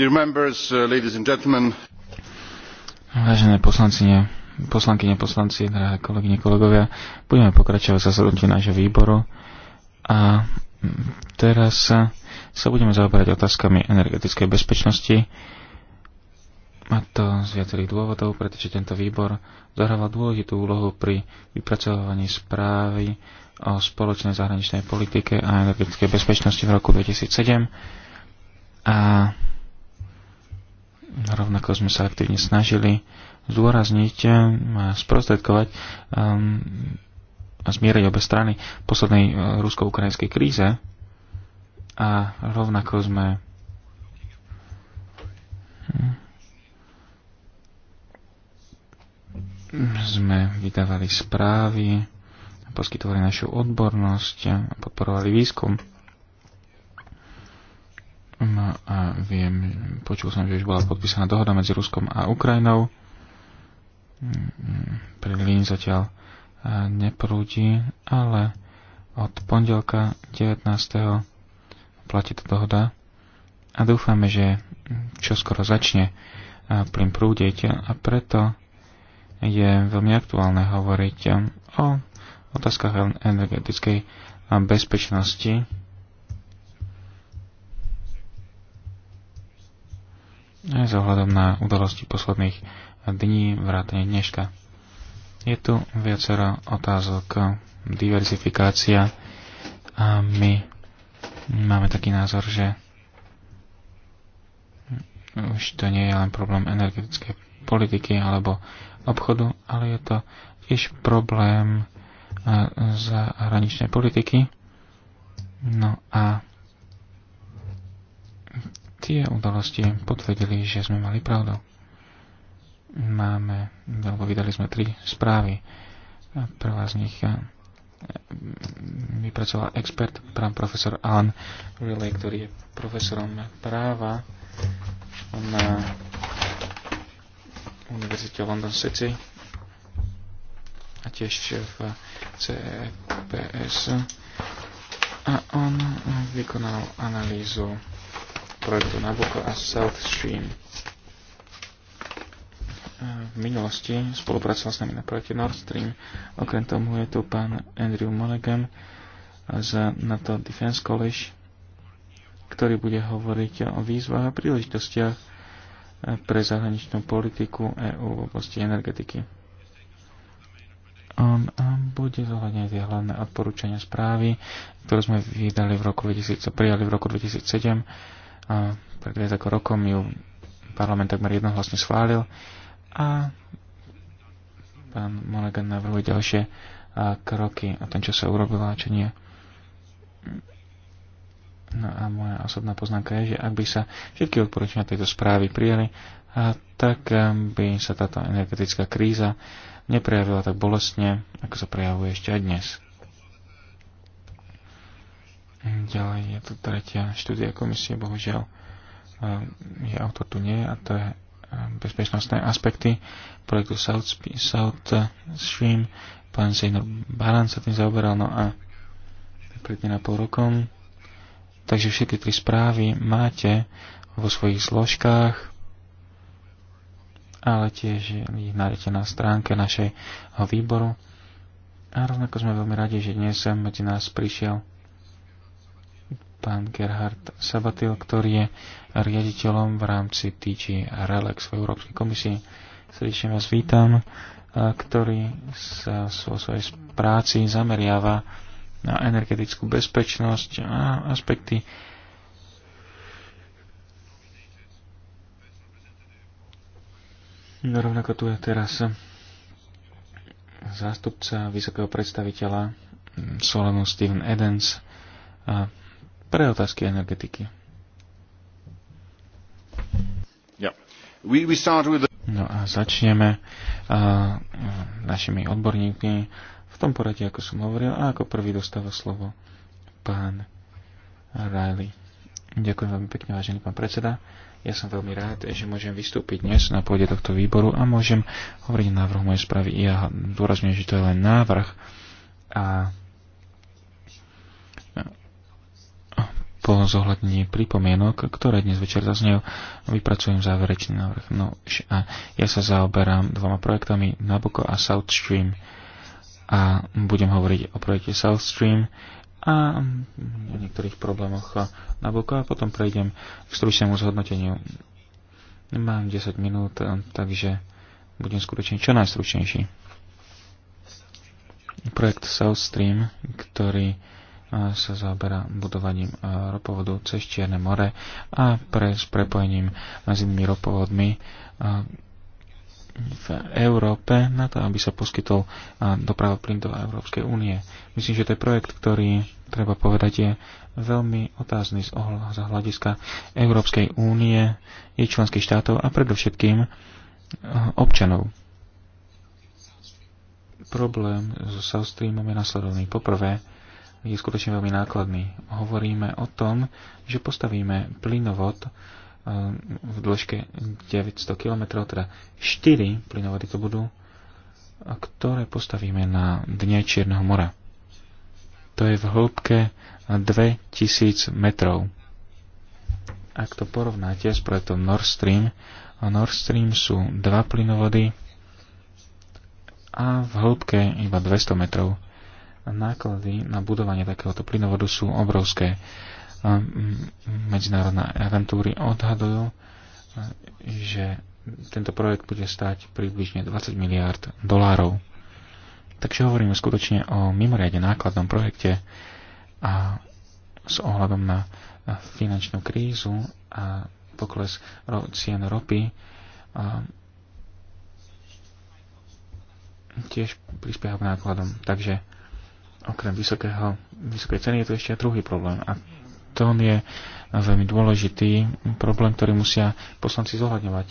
Uh, Vážené poslankyne, poslankyne, poslanci, drahé kolegyne, kolegovia, budeme pokračovať v zasadnutí nášho výboru a teraz sa, sa budeme zaoberať otázkami energetickej bezpečnosti a to z viacerých dôvodov, pretože tento výbor zahrával dôležitú úlohu pri vypracovaní správy o spoločnej zahraničnej politike a energetickej bezpečnosti v roku 2007 a ako sme sa aktívne snažili zdôrazniť eh, a sprostredkovať ehm, a zmieriť obe strany poslednej eh, rusko-ukrajinskej kríze a rovnako sme hm, sme vydávali správy, poskytovali našu odbornosť a podporovali výskum. Viem, počul som, že už bola podpísaná dohoda medzi Ruskom a Ukrajinou. Pre lín zatiaľ neprúdi, ale od pondelka 19. platí tá dohoda a dúfame, že čo skoro začne plyn prúdiť a preto je veľmi aktuálne hovoriť o otázkach energetickej bezpečnosti aj z ohľadom na udalosti posledných dní vrátane dneška. Je tu viacero otázok diverzifikácia a my máme taký názor, že už to nie je len problém energetickej politiky alebo obchodu, ale je to tiež problém eh, zahraničnej politiky. No a Tie udalosti potvrdili, že sme mali pravdu. Máme, alebo vydali sme tri správy. Prvá z nich eh, vypracoval expert, pán profesor Alan Riley, ktorý je profesorom práva na Univerzite London City a tiež v CPS A on vykonal analýzu projektu Nabucco a South Stream. V minulosti spolupracoval s nami na projekte Nord Stream. Okrem tomu je tu pán Andrew Mulligan z NATO Defense College, ktorý bude hovoriť o výzvach a príležitostiach pre zahraničnú politiku EÚ v oblasti energetiky. On bude zohľadňať tie hlavné odporúčania správy, ktoré sme vydali v roku 2000, prijali v roku 2007 a pred viac ako rokom ju parlament takmer jednohlasne schválil a pán Monaghan navrhuje ďalšie kroky o tom, čo sa urobilo a čo nie. No a moja osobná poznámka je, že ak by sa všetky odporúčania tejto správy prijali, a tak by sa táto energetická kríza neprejavila tak bolestne, ako sa prejavuje ešte aj dnes. Ďalej je tu tretia štúdia komisie, bohužiaľ ehm, je autor tu nie a to je ehm, bezpečnostné aspekty projektu South, South Stream. Pán Zejno Baran sa tým zaoberal, no a pred na pol rokom. Takže všetky tri správy máte vo svojich zložkách, ale tiež ich nájdete na stránke našej výboru. A rovnako sme veľmi radi, že dnes sem medzi nás prišiel pán Gerhard Sabatil, ktorý je riaditeľom v rámci TG Relax v Európskej komisii. Srdečne vás vítam, eh, ktorý sa vo svojej práci zameriava na energetickú bezpečnosť a aspekty No rovnako tu je teraz zástupca vysokého predstaviteľa Solomon Steven Edens, a pre otázky energetiky. No a začneme uh, našimi odborníkmi v tom poradí, ako som hovoril, a ako prvý dostáva slovo pán Riley. Ďakujem veľmi pekne, vážený pán predseda. Ja som veľmi rád, že môžem vystúpiť dnes na pôde tohto výboru a môžem hovoriť o návrhu mojej správy. Ja dôrazňujem, že to je len návrh a po zohľadní pripomienok, ktoré dnes večer zaznejú, vypracujem záverečný návrh. No a ja sa zaoberám dvoma projektami Nabucco a South Stream a budem hovoriť o projekte South Stream a o niektorých problémoch Nabucco a potom prejdem k stručnému zhodnoteniu. Mám 10 minút, takže budem skutočne čo najstručnejší. Projekt South Stream, ktorý sa zaoberá budovaním e, ropovodu cez Čierne more a pre s prepojením medzi ropovodmi e, v Európe na to, aby sa poskytol e, doprava plyn do Európskej únie. Myslím, že to je projekt, ktorý, treba povedať, je veľmi otázny z, ohľadu z hľadiska Európskej únie, jej členských štátov a predovšetkým občanov problém so South Streamom je nasledovný. Poprvé, je skutočne veľmi nákladný. Hovoríme o tom, že postavíme plynovod e, v dĺžke 900 km, teda 4 plynovody to budú, ktoré postavíme na dne Čierneho mora. To je v hĺbke 2000 metrov. Ak to porovnáte s projektom Nord Stream, Nord Stream sú dva plynovody a v hĺbke iba 200 metrov náklady na budovanie takéhoto plynovodu sú obrovské. Medzinárodné agentúry odhadujú, že tento projekt bude stať približne 20 miliárd dolárov. Takže hovoríme skutočne o mimoriadne nákladnom projekte a s ohľadom na finančnú krízu a pokles cien ropy tiež prispieha k nákladom. Takže okrem vysokého, vysokej ceny je to ešte druhý problém. A to je veľmi dôležitý problém, ktorý musia poslanci zohľadňovať.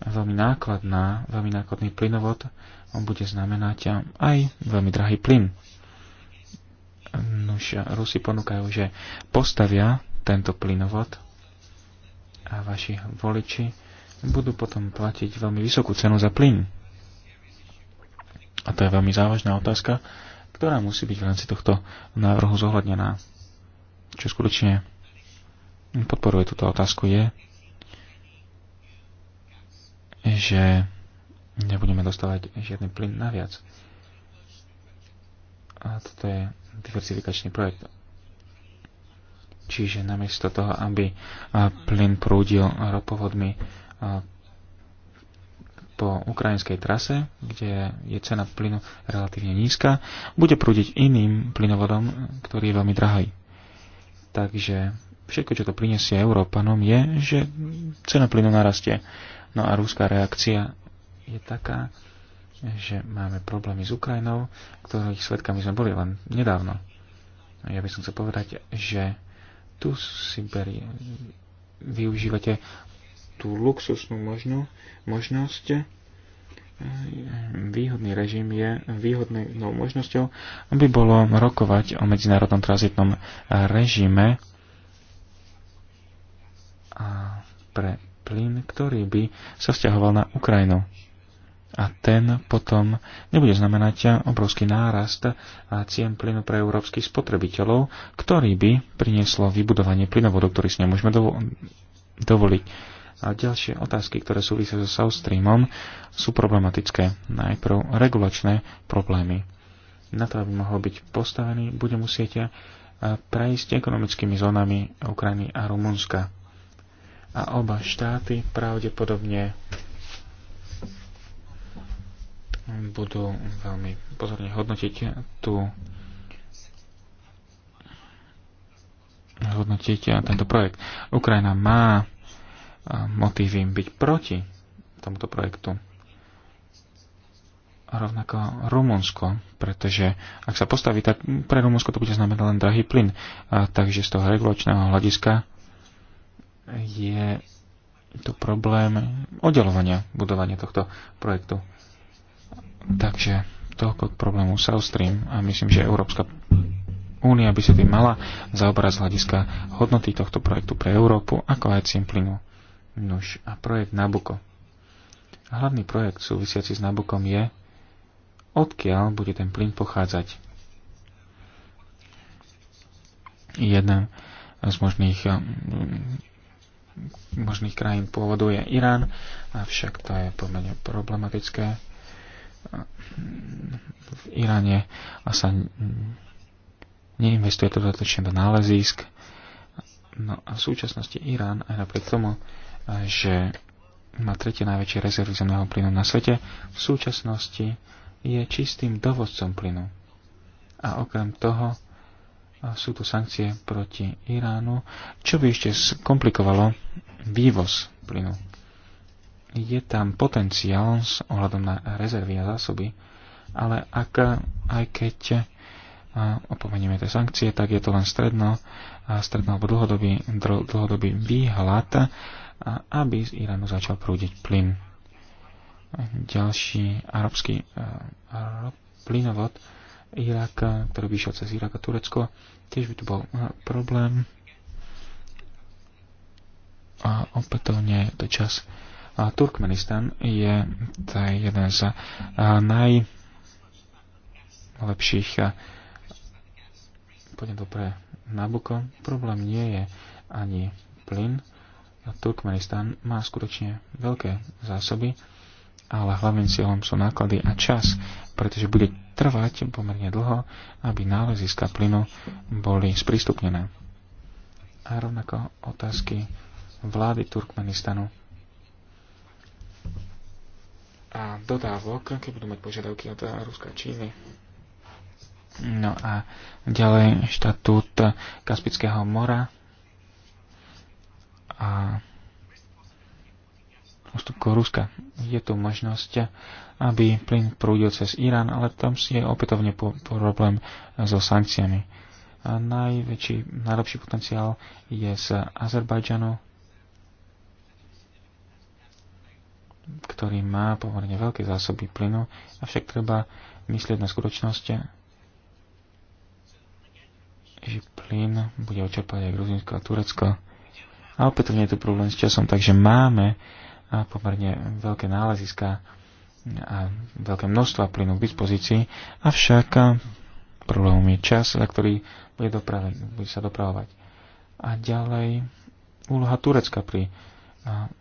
Veľmi nákladná, veľmi nákladný plynovod on bude znamenať aj veľmi drahý plyn. Nož Rusi ponúkajú, že postavia tento plynovod a vaši voliči budú potom platiť veľmi vysokú cenu za plyn. A to je veľmi závažná otázka, ktorá musí byť v rámci tohto návrhu zohľadnená. Čo skutočne podporuje túto otázku je, že nebudeme dostávať žiadny plyn naviac. A toto je diversifikačný projekt. Čiže namiesto toho, aby plyn prúdil ropovodmi po ukrajinskej trase, kde je cena plynu relatívne nízka, bude prúdiť iným plynovodom, ktorý je veľmi drahý. Takže všetko, čo to prinesie Európanom, je, že cena plynu narastie. No a ruská reakcia je taká, že máme problémy s Ukrajinou, ktorých svetkami sme boli len nedávno. No, ja by som chcel povedať, že tu si berie, využívate tú luxusnú možno, možnosť, e, výhodný režim je výhodnou možnosťou, aby bolo rokovať o medzinárodnom tranzitnom režime a pre plyn, ktorý by sa vzťahoval na Ukrajinu. A ten potom nebude znamenať obrovský nárast a cien plynu pre európskych spotrebiteľov, ktorý by prinieslo vybudovanie plynovodu, ktorý si nemôžeme dovoliť. A ďalšie otázky, ktoré súvisia so South Streamom, sú problematické. Najprv regulačné problémy. Na to, aby mohol byť postavený, bude musieť e, prejsť ekonomickými zónami Ukrajiny a Rumunska. A oba štáty pravdepodobne budú veľmi pozorne hodnotiť tú hodnotiť e, tento projekt. Ukrajina má motívy byť proti tomuto projektu. A rovnako Rumunsko, pretože ak sa postaví, tak pre Rumunsko to bude znamenať len drahý plyn. A takže z toho regulačného hľadiska je tu problém oddelovania budovania tohto projektu. Takže toľko k problému South Stream a myslím, že Európska únia by sa tým mala zaobrať z hľadiska hodnoty tohto projektu pre Európu, ako aj cien plynu. Nuž a projekt Nabuko. Hlavný projekt súvisiaci s Nabukom je, odkiaľ bude ten plyn pochádzať. Jeden z možných, um, možných krajín pôvodu je Irán, avšak to je pomerne problematické. V Iráne sa neinvestuje to dodatočne do nálezísk. No a v súčasnosti Irán aj napriek tomu, že má tretie najväčšie rezervy zemného plynu na svete, v súčasnosti je čistým dovozcom plynu. A okrem toho sú tu sankcie proti Iránu, čo by ešte skomplikovalo vývoz plynu. Je tam potenciál s ohľadom na rezervy a zásoby, ale ak, aj keď opomenieme tie sankcie, tak je to len stredno, stredno alebo dlhodobý, dlhodobý výhľad a aby z Iránu začal prúdiť plyn. Ďalší arabský eh, plynovod Irak, ktorý by išiel cez Irak a Turecko, tiež by tu bol eh, problém. A opätovne to čas. A Turkmenistan je to je jeden z eh, najlepších podnetov pre Nabuko. Problém nie je ani plyn, Turkmenistan má skutočne veľké zásoby, ale hlavným cieľom sú náklady a čas, pretože bude trvať pomerne dlho, aby náleziska plynu boli sprístupnené. A rovnako otázky vlády Turkmenistanu a dodávok, aké budú mať požiadavky od Ruska a Číny. No a ďalej štatút Kaspického mora a ústupku Ruska. Je tu možnosť, aby plyn prúdil cez Irán, ale tam si je opätovne problém so sankciami. A najväčší, najlepší potenciál je z Azerbajdžanu, ktorý má pomerne veľké zásoby plynu, avšak treba myslieť na skutočnosť, že plyn bude očerpať aj Gruzinsko a Turecko a opätovne je tu problém s časom, takže máme pomerne veľké náleziska a veľké množstva plynu k dispozícii, avšak problémom je čas, za ktorý bude, dopravi, bude sa dopravovať. A ďalej úloha Turecka pri a,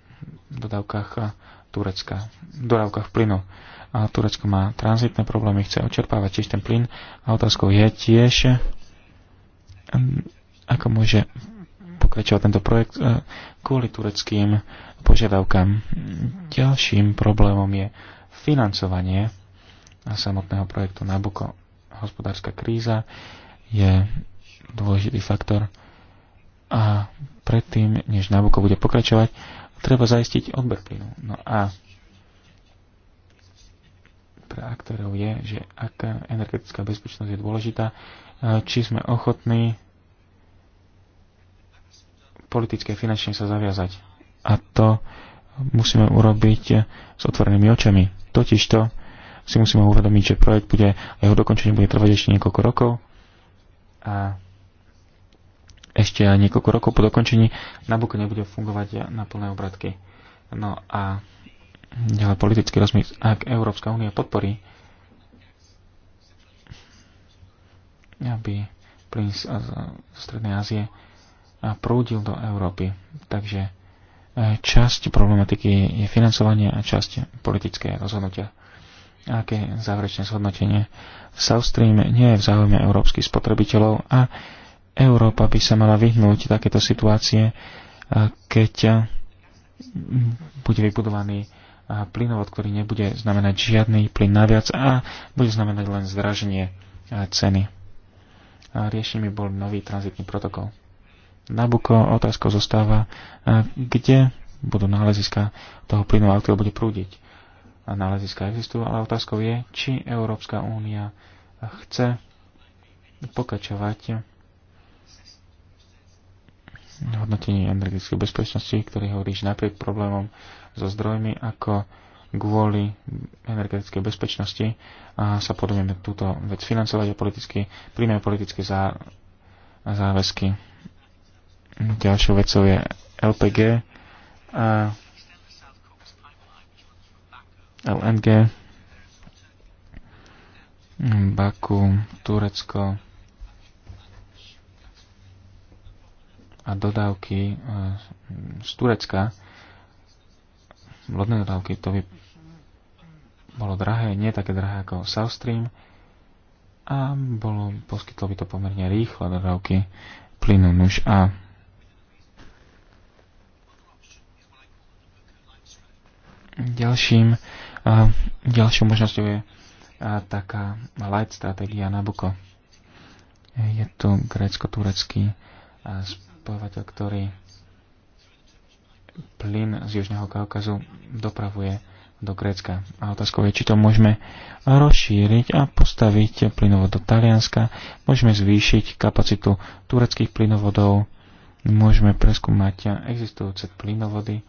dodávkach a, Turecka, dodávkach plynu. A Turecko má tranzitné problémy, chce očerpávať tiež ten plyn a otázkou je tiež, ako môže pokračoval tento projekt e, kvôli tureckým požiadavkám. Ďalším problémom je financovanie samotného projektu Nabuko. Hospodárska kríza je dôležitý faktor a predtým, než Nabuko bude pokračovať, treba zaistiť odber plynu. No a pre aktorov je, že aká energetická bezpečnosť je dôležitá, e, či sme ochotní politicky a finančne sa zaviazať. A to musíme urobiť eh, s otvorenými očami. Totižto si musíme uvedomiť, že projekt bude, jeho dokončenie bude trvať ešte niekoľko rokov a ešte niekoľko rokov po dokončení Nabucco nebude fungovať eh, na plné obratky. No a ďalej politický rozmix, ak Európska únia podporí, aby plyn z, z Strednej Ázie a prúdil do Európy. Takže e, časť problematiky je financovanie a časť politické rozhodnutia. Aké záverečné zhodnotenie? South Stream nie je v záujme európskych spotrebiteľov a Európa by sa mala vyhnúť takéto situácie, e, keď e, bude vybudovaný plynovod, ktorý nebude znamenať žiadny plyn naviac a bude znamenať len zdraženie ceny. Riešením by bol nový tranzitný protokol. Nabuko otázkou zostáva, e, kde budú náleziska toho plynu, ktorý bude prúdiť. A náleziska existujú, ale otázkou je, či Európska únia chce pokračovať hodnotení energetickej bezpečnosti, ktorý hovorí, že napriek problémom so zdrojmi, ako kvôli energetickej bezpečnosti a sa podujeme túto vec financovať a politicky, príjme politické zá, záväzky. Ďalšou vecou je LPG a LNG. Baku, Turecko a dodávky e, z Turecka, lodné dodávky, to by bolo drahé, nie také drahé ako South Stream a bolo, poskytlo by to pomerne rýchle dodávky plynu nuž a Ďalším, ďalšou možnosťou je taká light stratégia Nabuko. Je tu grécko-turecký spojovateľ, ktorý plyn z Južného Kaukazu dopravuje do Grécka. A otázkou je, či to môžeme rozšíriť a postaviť plynovod do Talianska, môžeme zvýšiť kapacitu tureckých plynovodov, môžeme preskúmať existujúce plynovody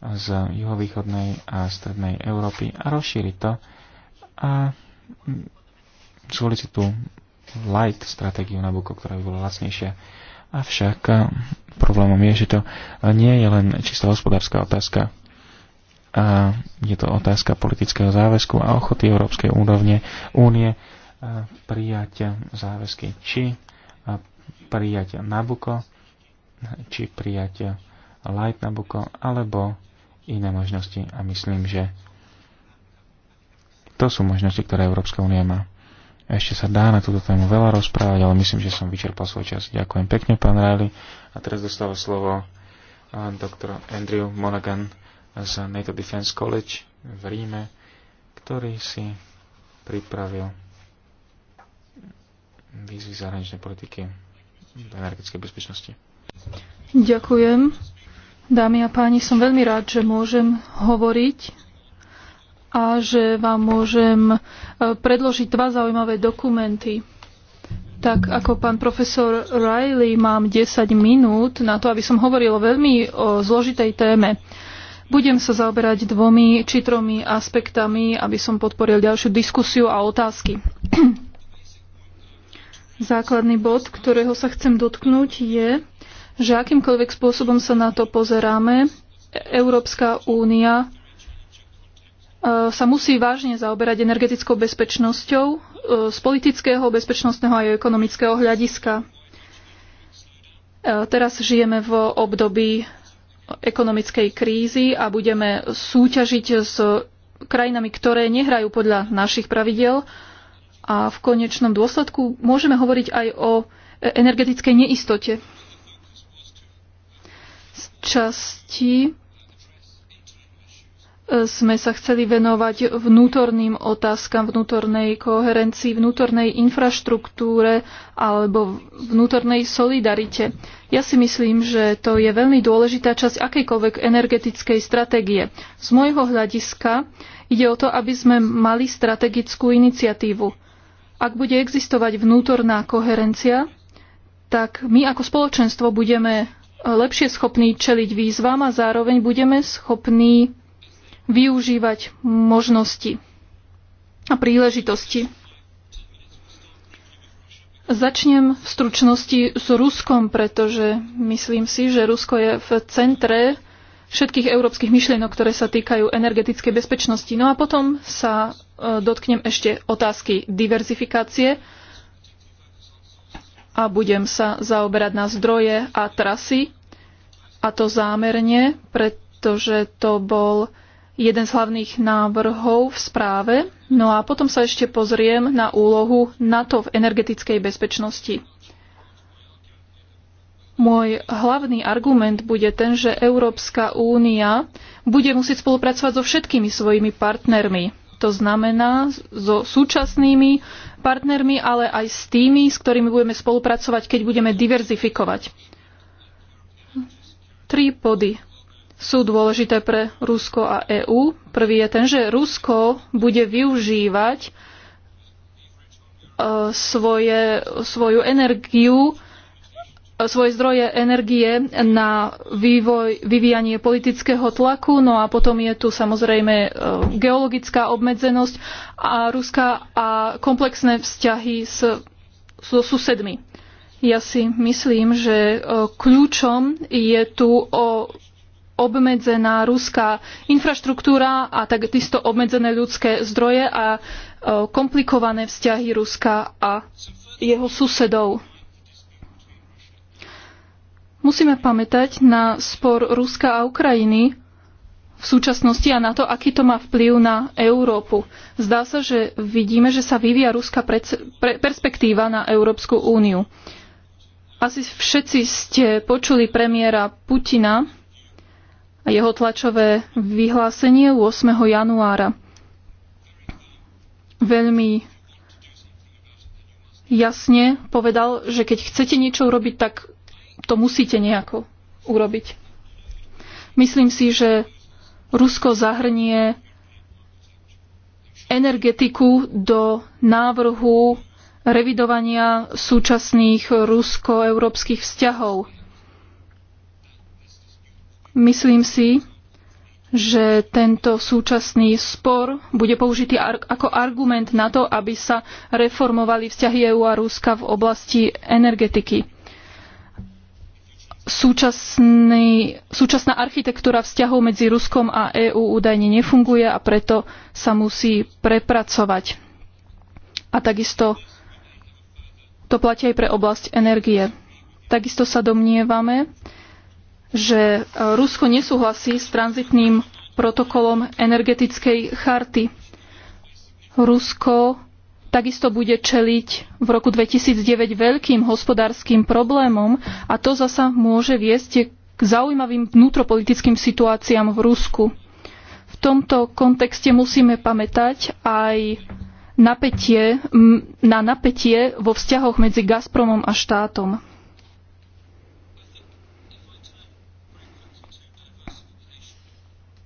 z juhovýchodnej a strednej Európy a rozšíriť to a zvoliť si tú light stratégiu Nabucco, ktorá by bola lacnejšia. Avšak problémom je, že to nie je len čistá hospodárska otázka. A je to otázka politického záväzku a ochoty Európskej úrovne únie prijať záväzky či prijať Nabuko, či prijať Light Nabuko, alebo iné možnosti a myslím, že to sú možnosti, ktoré Európska únia má. Ešte sa dá na túto tému veľa rozprávať, ale myslím, že som vyčerpal svoj čas. Ďakujem pekne, pán Riley. A teraz dostáva slovo doktor Andrew Monaghan z NATO Defense College v Ríme, ktorý si pripravil výzvy zahraničnej politiky v energetickej bezpečnosti.
Ďakujem. Dámy a páni, som veľmi rád, že môžem hovoriť a že vám môžem e, predložiť dva zaujímavé dokumenty. Tak ako pán profesor Riley, mám 10 minút na to, aby som hovoril o veľmi o e, zložitej téme. Budem sa zaoberať dvomi či tromi aspektami, aby som podporil ďalšiu diskusiu a otázky. Základný bod, ktorého sa chcem dotknúť, je, že akýmkoľvek spôsobom sa na to pozeráme, Európska únia e, sa musí vážne zaoberať energetickou bezpečnosťou e, z politického, bezpečnostného a ekonomického hľadiska. E, teraz žijeme v období ekonomickej krízy a budeme súťažiť s krajinami, ktoré nehrajú podľa našich pravidel a v konečnom dôsledku môžeme hovoriť aj o energetickej neistote časti e, sme sa chceli venovať vnútorným otázkam, vnútornej koherencii, vnútornej infraštruktúre alebo vnútornej solidarite. Ja si myslím, že to je veľmi dôležitá časť akejkoľvek energetickej stratégie. Z môjho hľadiska ide o to, aby sme mali strategickú iniciatívu. Ak bude existovať vnútorná koherencia, tak my ako spoločenstvo budeme lepšie schopní čeliť výzvam a zároveň budeme schopní využívať možnosti a príležitosti. Začnem v stručnosti s Ruskom, pretože myslím si, že Rusko je v centre všetkých európskych myšlienok, ktoré sa týkajú energetickej bezpečnosti. No a potom sa e, dotknem ešte otázky diverzifikácie a budem sa zaoberať na zdroje a trasy. A to zámerne, pretože to bol jeden z hlavných návrhov v správe. No a potom sa ešte pozriem na úlohu NATO v energetickej bezpečnosti. Môj hlavný argument bude ten, že Európska únia bude musieť spolupracovať so všetkými svojimi partnermi to znamená so súčasnými partnermi, ale aj s tými, s ktorými budeme spolupracovať, keď budeme diverzifikovať. Tri body sú dôležité pre Rusko a EÚ. Prvý je ten, že Rusko bude využívať e, svoje, svoju energiu svoje zdroje energie na vývoj, vyvíjanie politického tlaku, no a potom je tu samozrejme e, geologická obmedzenosť a Ruska a komplexné vzťahy s, so susedmi. Ja si myslím, že e, kľúčom je tu o obmedzená ruská infraštruktúra a takisto obmedzené ľudské zdroje a e, komplikované vzťahy Ruska a jeho susedov. Musíme pamätať na spor Ruska a Ukrajiny v súčasnosti a na to, aký to má vplyv na Európu. Zdá sa, že vidíme, že sa vyvíja ruská perspektíva na Európsku úniu. Asi všetci ste počuli premiéra Putina a jeho tlačové vyhlásenie 8. januára. Veľmi jasne povedal, že keď chcete niečo urobiť, tak to musíte nejako urobiť. Myslím si, že Rusko zahrnie energetiku do návrhu revidovania súčasných rusko-európskych vzťahov. Myslím si, že tento súčasný spor bude použitý ako argument na to, aby sa reformovali vzťahy EU a Ruska v oblasti energetiky súčasný, súčasná architektúra vzťahov medzi Ruskom a EÚ údajne nefunguje a preto sa musí prepracovať. A takisto to platí aj pre oblasť energie. Takisto sa domnievame, že Rusko nesúhlasí s tranzitným protokolom energetickej charty. Rusko takisto bude čeliť v roku 2009 veľkým hospodárskym problémom a to zasa môže viesť k zaujímavým vnútropolitickým situáciám v Rusku. V tomto kontexte musíme pamätať aj napätie, na napätie vo vzťahoch medzi Gazpromom a štátom.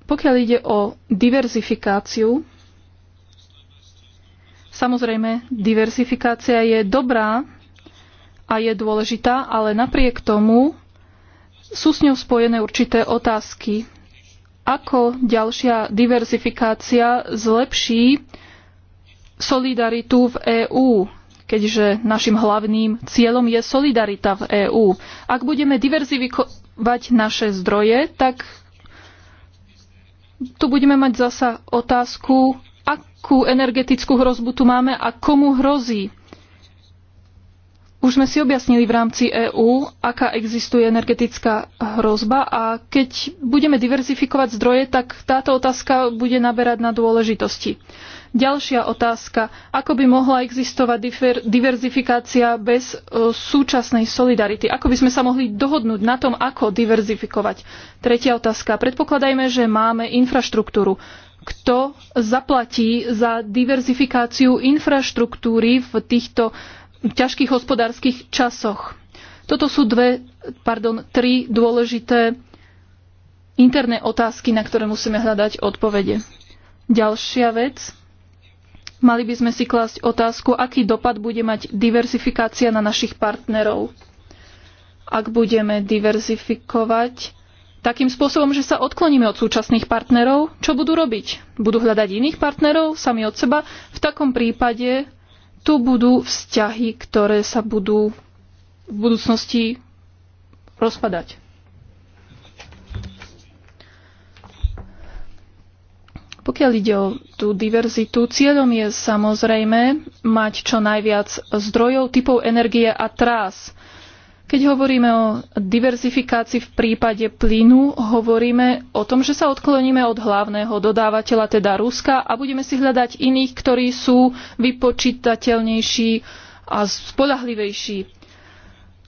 Pokiaľ ide o diverzifikáciu, Samozrejme, diversifikácia je dobrá a je dôležitá, ale napriek tomu sú s ňou spojené určité otázky. Ako ďalšia diversifikácia zlepší solidaritu v EÚ, keďže našim hlavným cieľom je solidarita v EÚ. Ak budeme diverzifikovať naše zdroje, tak tu budeme mať zasa otázku akú energetickú hrozbu tu máme a komu hrozí. Už sme si objasnili v rámci EÚ, aká existuje energetická hrozba a keď budeme diverzifikovať zdroje, tak táto otázka bude naberať na dôležitosti. Ďalšia otázka. Ako by mohla existovať diverzifikácia bez e, súčasnej solidarity? Ako by sme sa mohli dohodnúť na tom, ako diverzifikovať? Tretia otázka. Predpokladajme, že máme infraštruktúru kto zaplatí za diverzifikáciu infraštruktúry v týchto ťažkých hospodárskych časoch. Toto sú dve, pardon, tri dôležité interné otázky, na ktoré musíme hľadať odpovede. Ďalšia vec. Mali by sme si klásť otázku, aký dopad bude mať diversifikácia na našich partnerov. Ak budeme diverzifikovať, takým spôsobom, že sa odkloníme od súčasných partnerov, čo budú robiť? Budú hľadať iných partnerov sami od seba? V takom prípade tu budú vzťahy, ktoré sa budú v budúcnosti rozpadať. Pokiaľ ide o tú diverzitu, cieľom je samozrejme mať čo najviac zdrojov, typov energie a trás. Keď hovoríme o diverzifikácii v prípade plynu, hovoríme o tom, že sa odkloníme od hlavného dodávateľa, teda Ruska, a budeme si hľadať iných, ktorí sú vypočítateľnejší a spolahlivejší.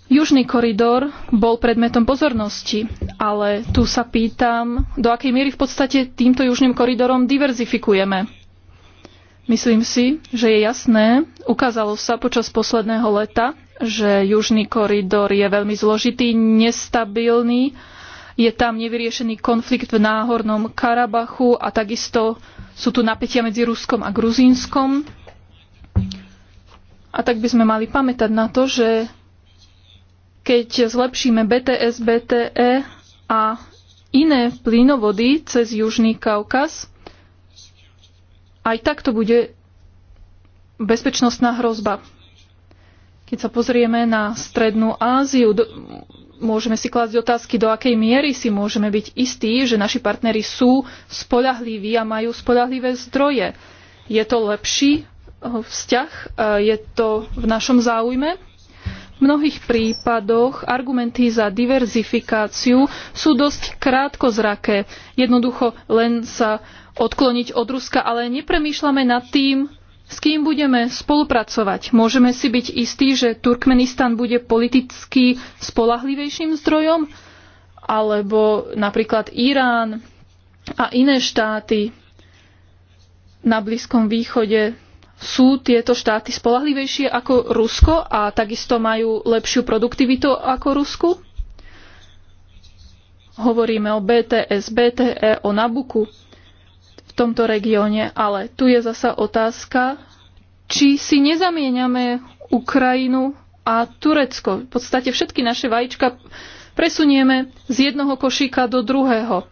Južný koridor bol predmetom pozornosti, ale tu sa pýtam, do akej miery v podstate týmto južným koridorom diverzifikujeme. Myslím si, že je jasné, ukázalo sa počas posledného leta, že južný koridor je veľmi zložitý, nestabilný, je tam nevyriešený konflikt v Náhornom Karabachu a takisto sú tu napätia medzi Ruskom a Gruzínskom. A tak by sme mali pamätať na to, že keď zlepšíme BTS, BTE a iné plynovody cez Južný Kaukaz, aj tak to bude bezpečnostná hrozba. Keď sa pozrieme na Strednú Áziu, do, môžeme si klásť otázky, do akej miery si môžeme byť istí, že naši partnery sú spolahliví a majú spolahlivé zdroje. Je to lepší eh, vzťah? Eh, je to v našom záujme? V mnohých prípadoch argumenty za diverzifikáciu sú dosť krátkozraké. Jednoducho len sa odkloniť od Ruska, ale nepremýšľame nad tým, s kým budeme spolupracovať. Môžeme si byť istí, že Turkmenistan bude politicky spolahlivejším zdrojom, alebo napríklad Irán a iné štáty na Blízkom východe sú tieto štáty spolahlivejšie ako Rusko a takisto majú lepšiu produktivitu ako Rusku? Hovoríme o BTS, BTE, o Nabuku tomto regióne. Ale tu je zasa otázka, či si nezamieňame Ukrajinu a Turecko. V podstate všetky naše vajíčka presunieme z jednoho košíka do druhého.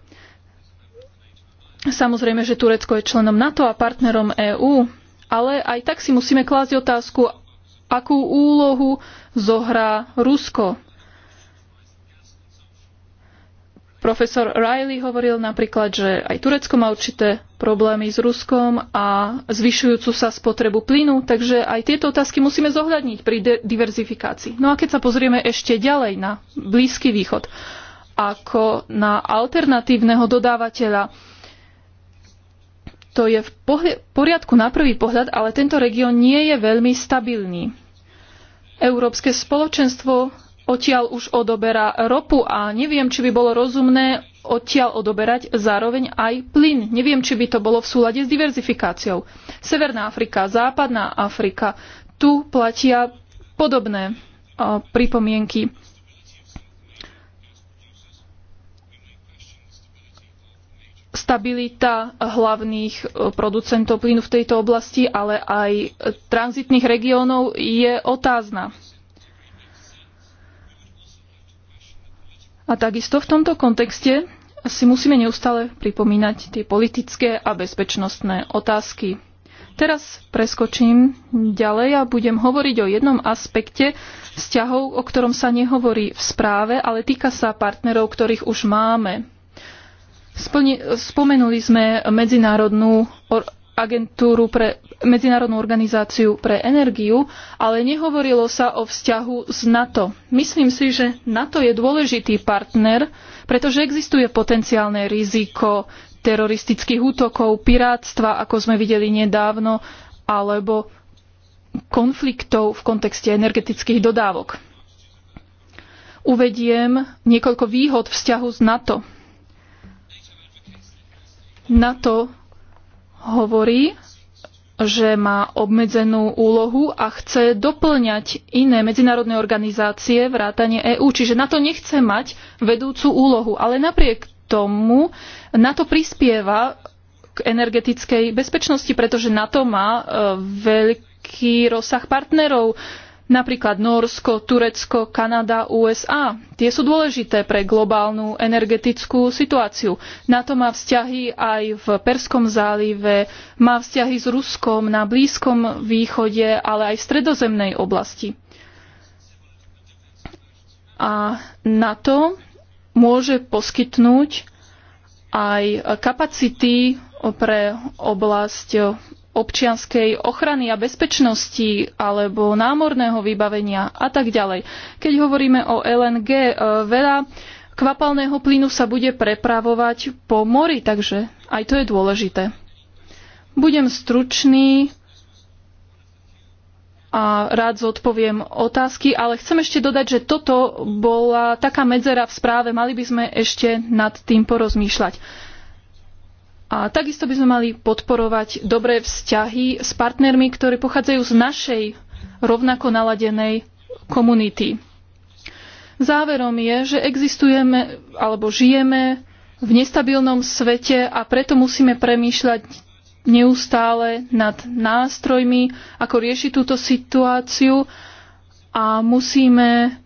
Samozrejme, že Turecko je členom NATO a partnerom EÚ, ale aj tak si musíme klásť otázku, akú úlohu zohrá Rusko Profesor Riley hovoril napríklad, že aj Turecko má určité problémy s Ruskom a zvyšujúcu sa spotrebu plynu, takže aj tieto otázky musíme zohľadniť pri diverzifikácii. No a keď sa pozrieme ešte ďalej na Blízky východ ako na alternatívneho dodávateľa, to je v poriadku na prvý pohľad, ale tento región nie je veľmi stabilný. Európske spoločenstvo odtiaľ už odoberá ropu a neviem, či by bolo rozumné odtiaľ odoberať zároveň aj plyn. Neviem, či by to bolo v súlade s diverzifikáciou. Severná Afrika, Západná Afrika, tu platia podobné e, pripomienky. stabilita hlavných e, producentov plynu v tejto oblasti, ale aj tranzitných regiónov je otázna. A takisto v tomto kontexte si musíme neustále pripomínať tie politické a bezpečnostné otázky. Teraz preskočím ďalej a budem hovoriť o jednom aspekte vzťahov, o ktorom sa nehovorí v správe, ale týka sa partnerov, ktorých už máme. spomenuli sme Medzinárodnú agentúru pre Medzinárodnú organizáciu pre energiu, ale nehovorilo sa o vzťahu s NATO. Myslím si, že NATO je dôležitý partner, pretože existuje potenciálne riziko teroristických útokov, pirátstva, ako sme videli nedávno, alebo konfliktov v kontexte energetických dodávok. Uvediem niekoľko výhod vzťahu s NATO. NATO hovorí, že má obmedzenú úlohu a chce doplňať iné medzinárodné organizácie vrátanie EÚ. Čiže na to nechce mať vedúcu úlohu. Ale napriek tomu na to prispieva k energetickej bezpečnosti, pretože na to má e, veľký rozsah partnerov, napríklad Norsko, Turecko, Kanada, USA. Tie sú dôležité pre globálnu energetickú situáciu. NATO má vzťahy aj v Perskom zálive, má vzťahy s Ruskom na Blízkom východe, ale aj v stredozemnej oblasti. A NATO môže poskytnúť aj kapacity pre oblasť občianskej ochrany a bezpečnosti alebo námorného vybavenia a tak ďalej. Keď hovoríme o LNG, e, veľa kvapalného plynu sa bude prepravovať po mori, takže aj to je dôležité. Budem stručný a rád zodpoviem otázky, ale chcem ešte dodať, že toto bola taká medzera v správe, mali by sme ešte nad tým porozmýšľať. A takisto by sme mali podporovať dobré vzťahy s partnermi, ktorí pochádzajú z našej rovnako naladenej komunity. Záverom je, že existujeme alebo žijeme v nestabilnom svete a preto musíme premýšľať neustále nad nástrojmi, ako riešiť túto situáciu a musíme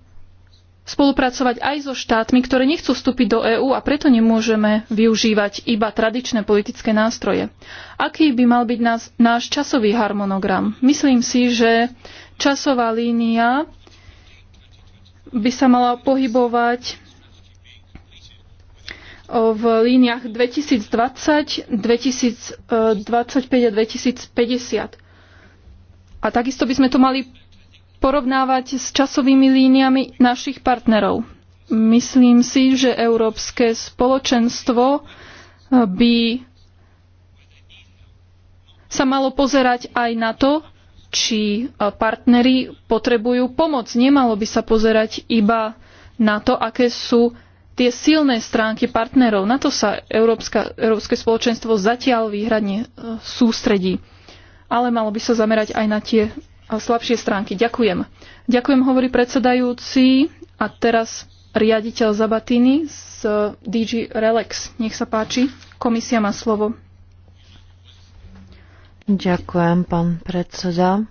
spolupracovať aj so štátmi, ktoré nechcú vstúpiť do EÚ a preto nemôžeme využívať iba tradičné politické nástroje. Aký by mal byť nás, náš časový harmonogram? Myslím si, že časová línia by sa mala pohybovať v líniách 2020, 2025 a 2050. A takisto by sme to mali porovnávať s časovými líniami našich partnerov. Myslím si, že Európske spoločenstvo eh, by sa malo pozerať aj na to, či eh, partneri potrebujú pomoc. Nemalo by sa pozerať iba na to, aké sú tie silné stránky partnerov. Na to sa Európska, Európske spoločenstvo zatiaľ výhradne eh, sústredí. Ale malo by sa zamerať aj na tie slabšie stránky. Ďakujem. Ďakujem, hovorí predsedajúci. A teraz riaditeľ Zabatiny z eh, DG Relax. Nech sa páči, komisia má slovo.
Ďakujem, pán predseda.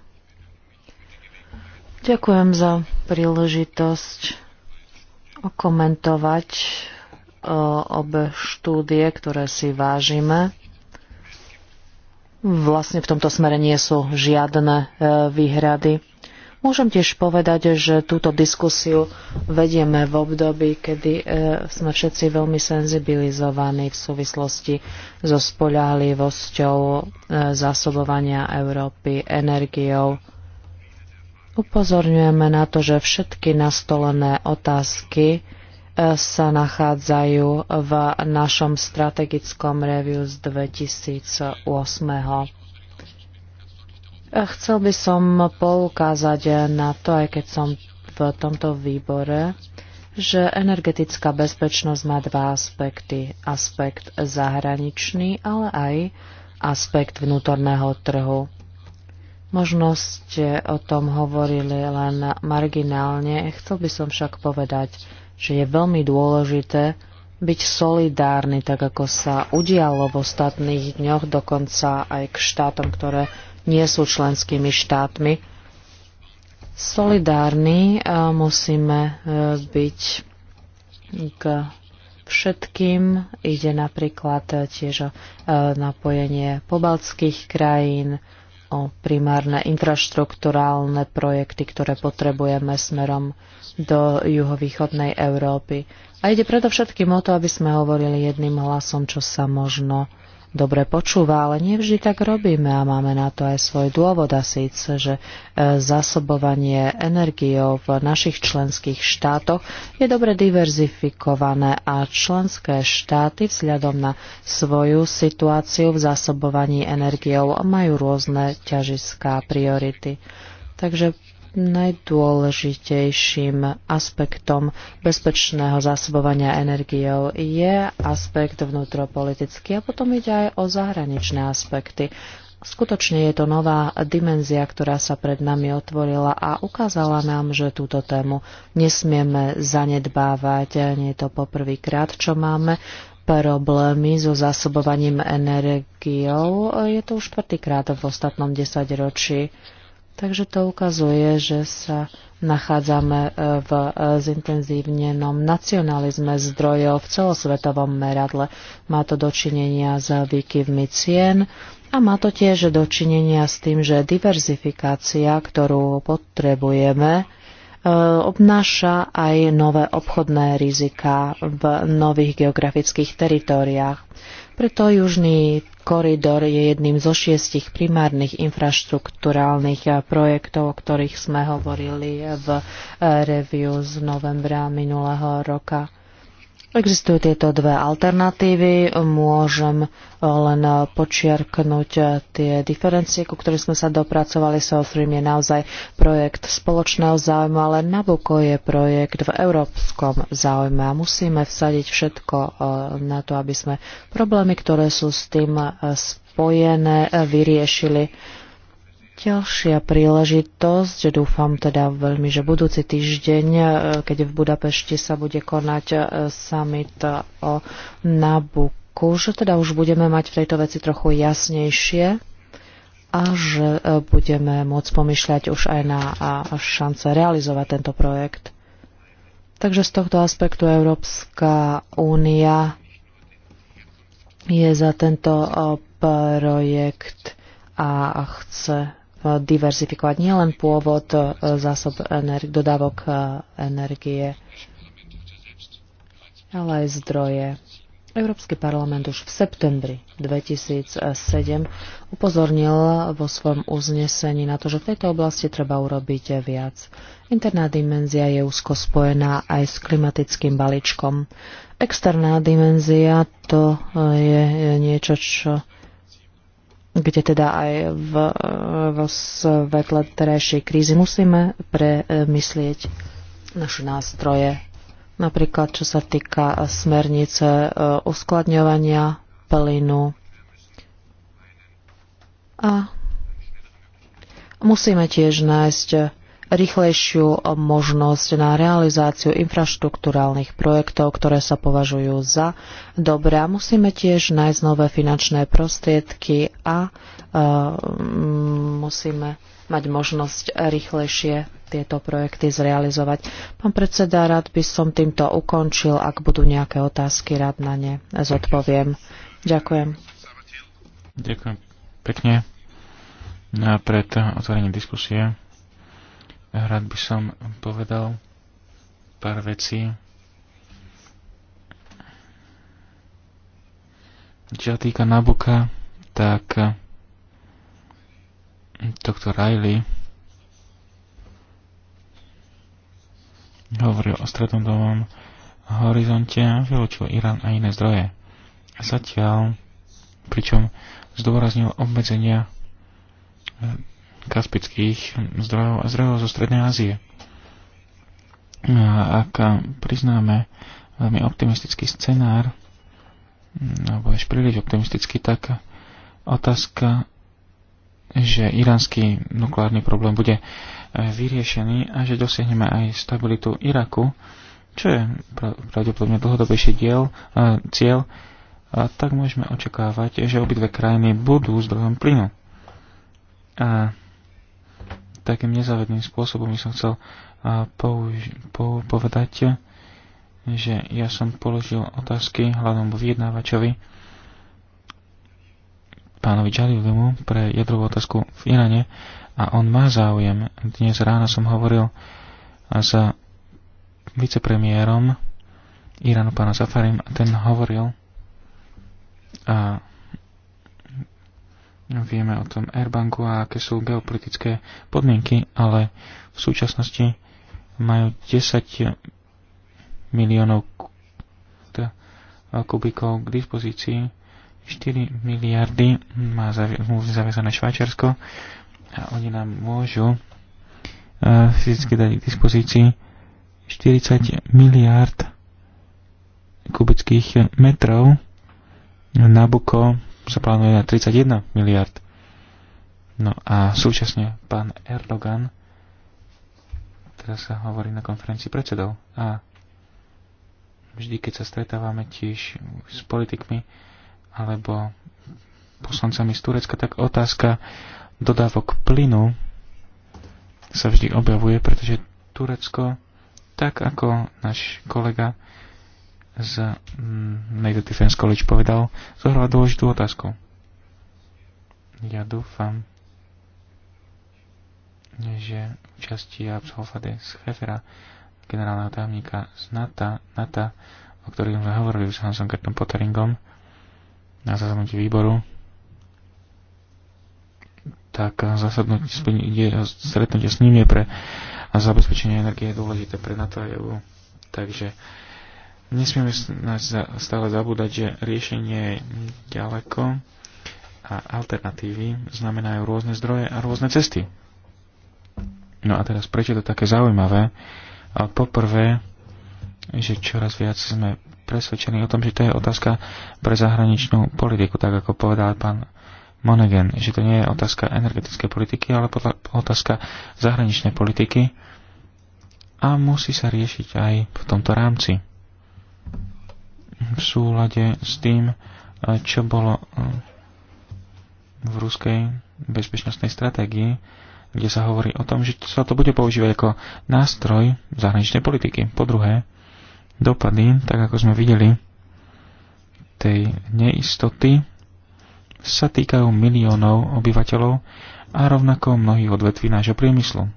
Ďakujem za príležitosť okomentovať eh, obe štúdie, ktoré si vážime. Vlastne v tomto smere nie sú žiadne e, výhrady. Môžem tiež povedať, že túto diskusiu vedieme v období, kedy e, sme všetci veľmi senzibilizovaní v súvislosti so spoľahlivosťou e, zásobovania Európy energiou. Upozorňujeme na to, že všetky nastolené otázky sa nachádzajú v našom strategickom review z 2008. Chcel by som poukázať na to, aj keď som v tomto výbore, že energetická bezpečnosť má dva aspekty. Aspekt zahraničný, ale aj aspekt vnútorného trhu. Možno ste o tom hovorili len marginálne, chcel by som však povedať, že je veľmi dôležité byť solidárny, tak ako sa udialo v ostatných dňoch, dokonca aj k štátom, ktoré nie sú členskými štátmi. Solidárni e, musíme e, byť k všetkým. Ide napríklad e, tiež o napojenie pobaltských krajín, o primárne infraštruktúrálne projekty, ktoré potrebujeme smerom do juhovýchodnej Európy. A ide predovšetkým o to, aby sme hovorili jedným hlasom, čo sa možno dobre počúva, ale nevždy tak robíme a máme na to aj svoj dôvod a síce, že e, zásobovanie energiou v našich členských štátoch je dobre diverzifikované a členské štáty vzhľadom na svoju situáciu v zásobovaní energiou majú rôzne ťažiská priority. Takže najdôležitejším aspektom bezpečného zásobovania energiou je aspekt vnútropolitický a potom ide aj o zahraničné aspekty. Skutočne je to nová dimenzia, ktorá sa pred nami otvorila a ukázala nám, že túto tému nesmieme zanedbávať. Nie je to poprvýkrát, čo máme problémy so zásobovaním energiou. Je to už štvrtýkrát v ostatnom desaťročí. ročí. Takže to ukazuje, že sa nachádzame e, v e, zintenzívnenom nacionalizme zdrojov v celosvetovom meradle. Má to dočinenia s výkyvmi cien a má to tiež dočinenia s tým, že diverzifikácia, ktorú potrebujeme, e, obnáša aj nové obchodné rizika v nových geografických teritóriách. Preto južný koridor je jedným zo šiestich primárnych infraštruktúrálnych eh, projektov, o ktorých sme hovorili v eh, review z novembra minulého roka. Existujú tieto dve alternatívy. Môžem eh, len eh, počiarknúť eh, tie diferencie, ku ktorým sme sa dopracovali. South je naozaj projekt spoločného záujmu, ale Nabucco je projekt v európskom záujme a musíme vsadiť všetko na to, aby sme problémy, ktoré sú s tým spojené, vyriešili ďalšia príležitosť, dúfam teda veľmi, že budúci týždeň, e, keď v Budapešti sa bude konať e, summit o Nabuku, že teda už budeme mať v tejto veci trochu jasnejšie a že e, budeme môcť pomyšľať už aj na šance realizovať tento projekt. Takže z tohto aspektu Európska únia je za tento projekt a chce diverzifikovať nielen pôvod e, zásob energi- dodávok e, energie, ale aj zdroje. Európsky parlament už v septembri 2007 upozornil vo svojom uznesení na to, že v tejto oblasti treba urobiť viac. Interná dimenzia je úzko spojená aj s klimatickým balíčkom. Externá dimenzia to e, je niečo, čo kde teda aj v, v svetle terajšej krízy musíme premyslieť naše nástroje. Napríklad, čo sa týka smernice e, uskladňovania plynu. A musíme tiež nájsť rýchlejšiu možnosť na realizáciu infraštruktúrálnych projektov, ktoré sa považujú za dobré. A musíme tiež nájsť nové finančné prostriedky a e, musíme mať možnosť rýchlejšie tieto projekty zrealizovať. Pán predseda, rád by som týmto ukončil. Ak budú nejaké otázky, rád na ne zodpoviem. Ďakujem.
Ďakujem pekne. No a pred otvorením diskusie Rád by som povedal pár vecí. Čo sa týka Nabuka, tak doktor Riley hovoril o strednodobom horizonte a vylúčil Irán a iné zdroje. Zatiaľ, pričom zdôraznil obmedzenia kaspických zdrojov a zdrojov zo Strednej Ázie. A ak priznáme veľmi optimistický scenár, alebo až príliš optimistický, tak otázka, že iránsky nukleárny problém bude vyriešený a že dosiahneme aj stabilitu Iraku, čo je pravdepodobne dlhodobejší diel, cieľ, tak môžeme očakávať, že obidve krajiny budú zdrojom plynu. A takým nezávedným spôsobom by som chcel po povedať, že ja som položil otázky hľadom vyjednávačovi pánovi Jalilemu pre jadrovú otázku v Iráne a on má záujem. Dnes ráno som hovoril s vicepremiérom Iránu pána Zafarim a ten hovoril a Vieme o tom Airbanku a aké sú geopolitické podmienky, ale v súčasnosti majú 10 miliónov kubikov k dispozícii. 4 miliardy má zaviazané Švajčiarsko a oni nám môžu e, fyzicky dať k dispozícii 40 miliard kubických metrov. Nabuko sa plánuje na 31 miliard. No a súčasne pán Erdogan teraz sa hovorí na konferencii predsedov a vždy, keď sa stretávame tiež s politikmi alebo poslancami z Turecka, tak otázka dodávok plynu sa vždy objavuje, pretože Turecko, tak ako náš kolega z Nejde mm, Defense College povedal, zohráva dôležitú otázku. Ja dúfam, že časti Absolfade z Hefera, generálneho tajomníka z NATO, NATO o ktorých sme hovorili s Hansom Gertom Potteringom na zasadnutí výboru, tak stretnutie s ním je pre zabezpečenie energie je dôležité pre NATO a EU. Takže Nesmieme nás stále zabúdať, že riešenie je ďaleko a alternatívy znamenajú rôzne zdroje a rôzne cesty. No a teraz prečo je to také zaujímavé? A poprvé, že čoraz viac sme presvedčení o tom, že to je otázka pre zahraničnú politiku, tak ako povedal pán Monegen, že to nie je otázka energetickej politiky, ale otázka zahraničnej politiky a musí sa riešiť aj v tomto rámci v súlade s tým, e, čo bolo e, v ruskej bezpečnostnej stratégii, kde sa hovorí o tom, že sa to bude používať ako nástroj zahraničnej politiky. Po druhé, dopady, tak ako sme videli, tej neistoty sa týkajú miliónov obyvateľov a rovnako mnohých odvetví nášho priemyslu.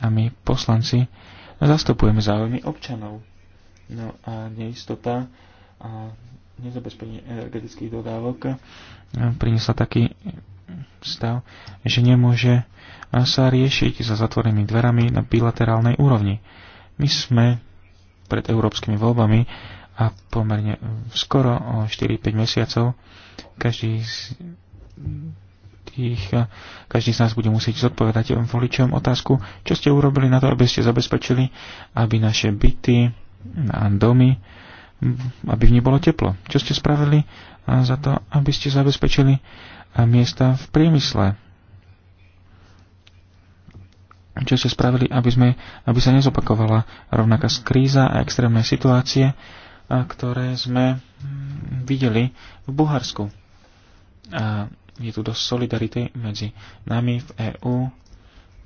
A my, poslanci, zastupujeme záujmy občanov. No a neistota a nezabezpečenie energetických dodávok priniesla taký stav, že nemôže sa riešiť za zatvorenými dverami na bilaterálnej úrovni. My sme pred európskymi voľbami a pomerne skoro o 4-5 mesiacov každý z tých, každý z nás bude musieť zodpovedať voličom otázku, čo ste urobili na to, aby ste zabezpečili, aby naše byty, a domy, aby v nich bolo teplo. Čo ste spravili eh, za to, aby ste zabezpečili eh, miesta v priemysle? Čo ste spravili, aby, sme, aby sa nezopakovala rovnaká kríza a extrémne situácie, eh, ktoré sme hm, videli v Bulharsku? A je tu dosť solidarity medzi nami v EÚ,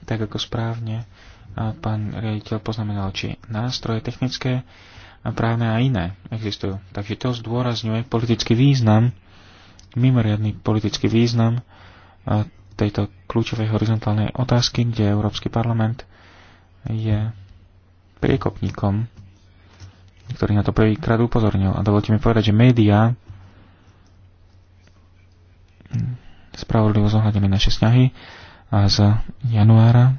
tak ako správne pán riaditeľ poznamenal, či nástroje technické, právne a iné existujú. Takže to zdôrazňuje politický význam, mimoriadný politický význam tejto kľúčovej horizontálnej otázky, kde Európsky parlament je priekopníkom, ktorý na to prvýkrát upozornil. A dovolte mi povedať, že médiá spravodlivo zohľadili naše snahy a z januára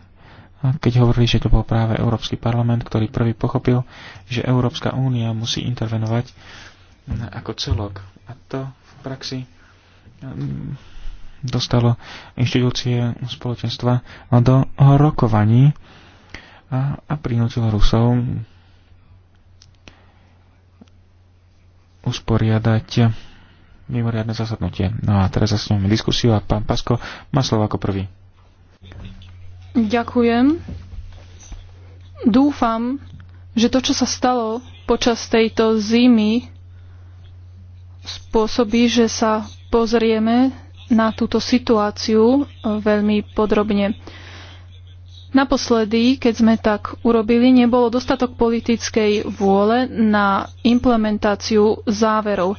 keď hovorili, že to bol práve Európsky parlament, ktorý prvý pochopil, že Európska únia musí intervenovať mm, ako celok. A to v praxi mm, dostalo inštitúcie spoločenstva do rokovaní a, a prinútilo Rusov usporiadať mimoriadne zasadnutie. No a teraz zasneme diskusiu a pán Pasko má slovo ako prvý.
Ďakujem. Dúfam, že to, čo sa stalo počas tejto zimy, spôsobí, že sa pozrieme na túto situáciu e, veľmi podrobne. Naposledy, keď sme tak urobili, nebolo dostatok politickej vôle na implementáciu záverov.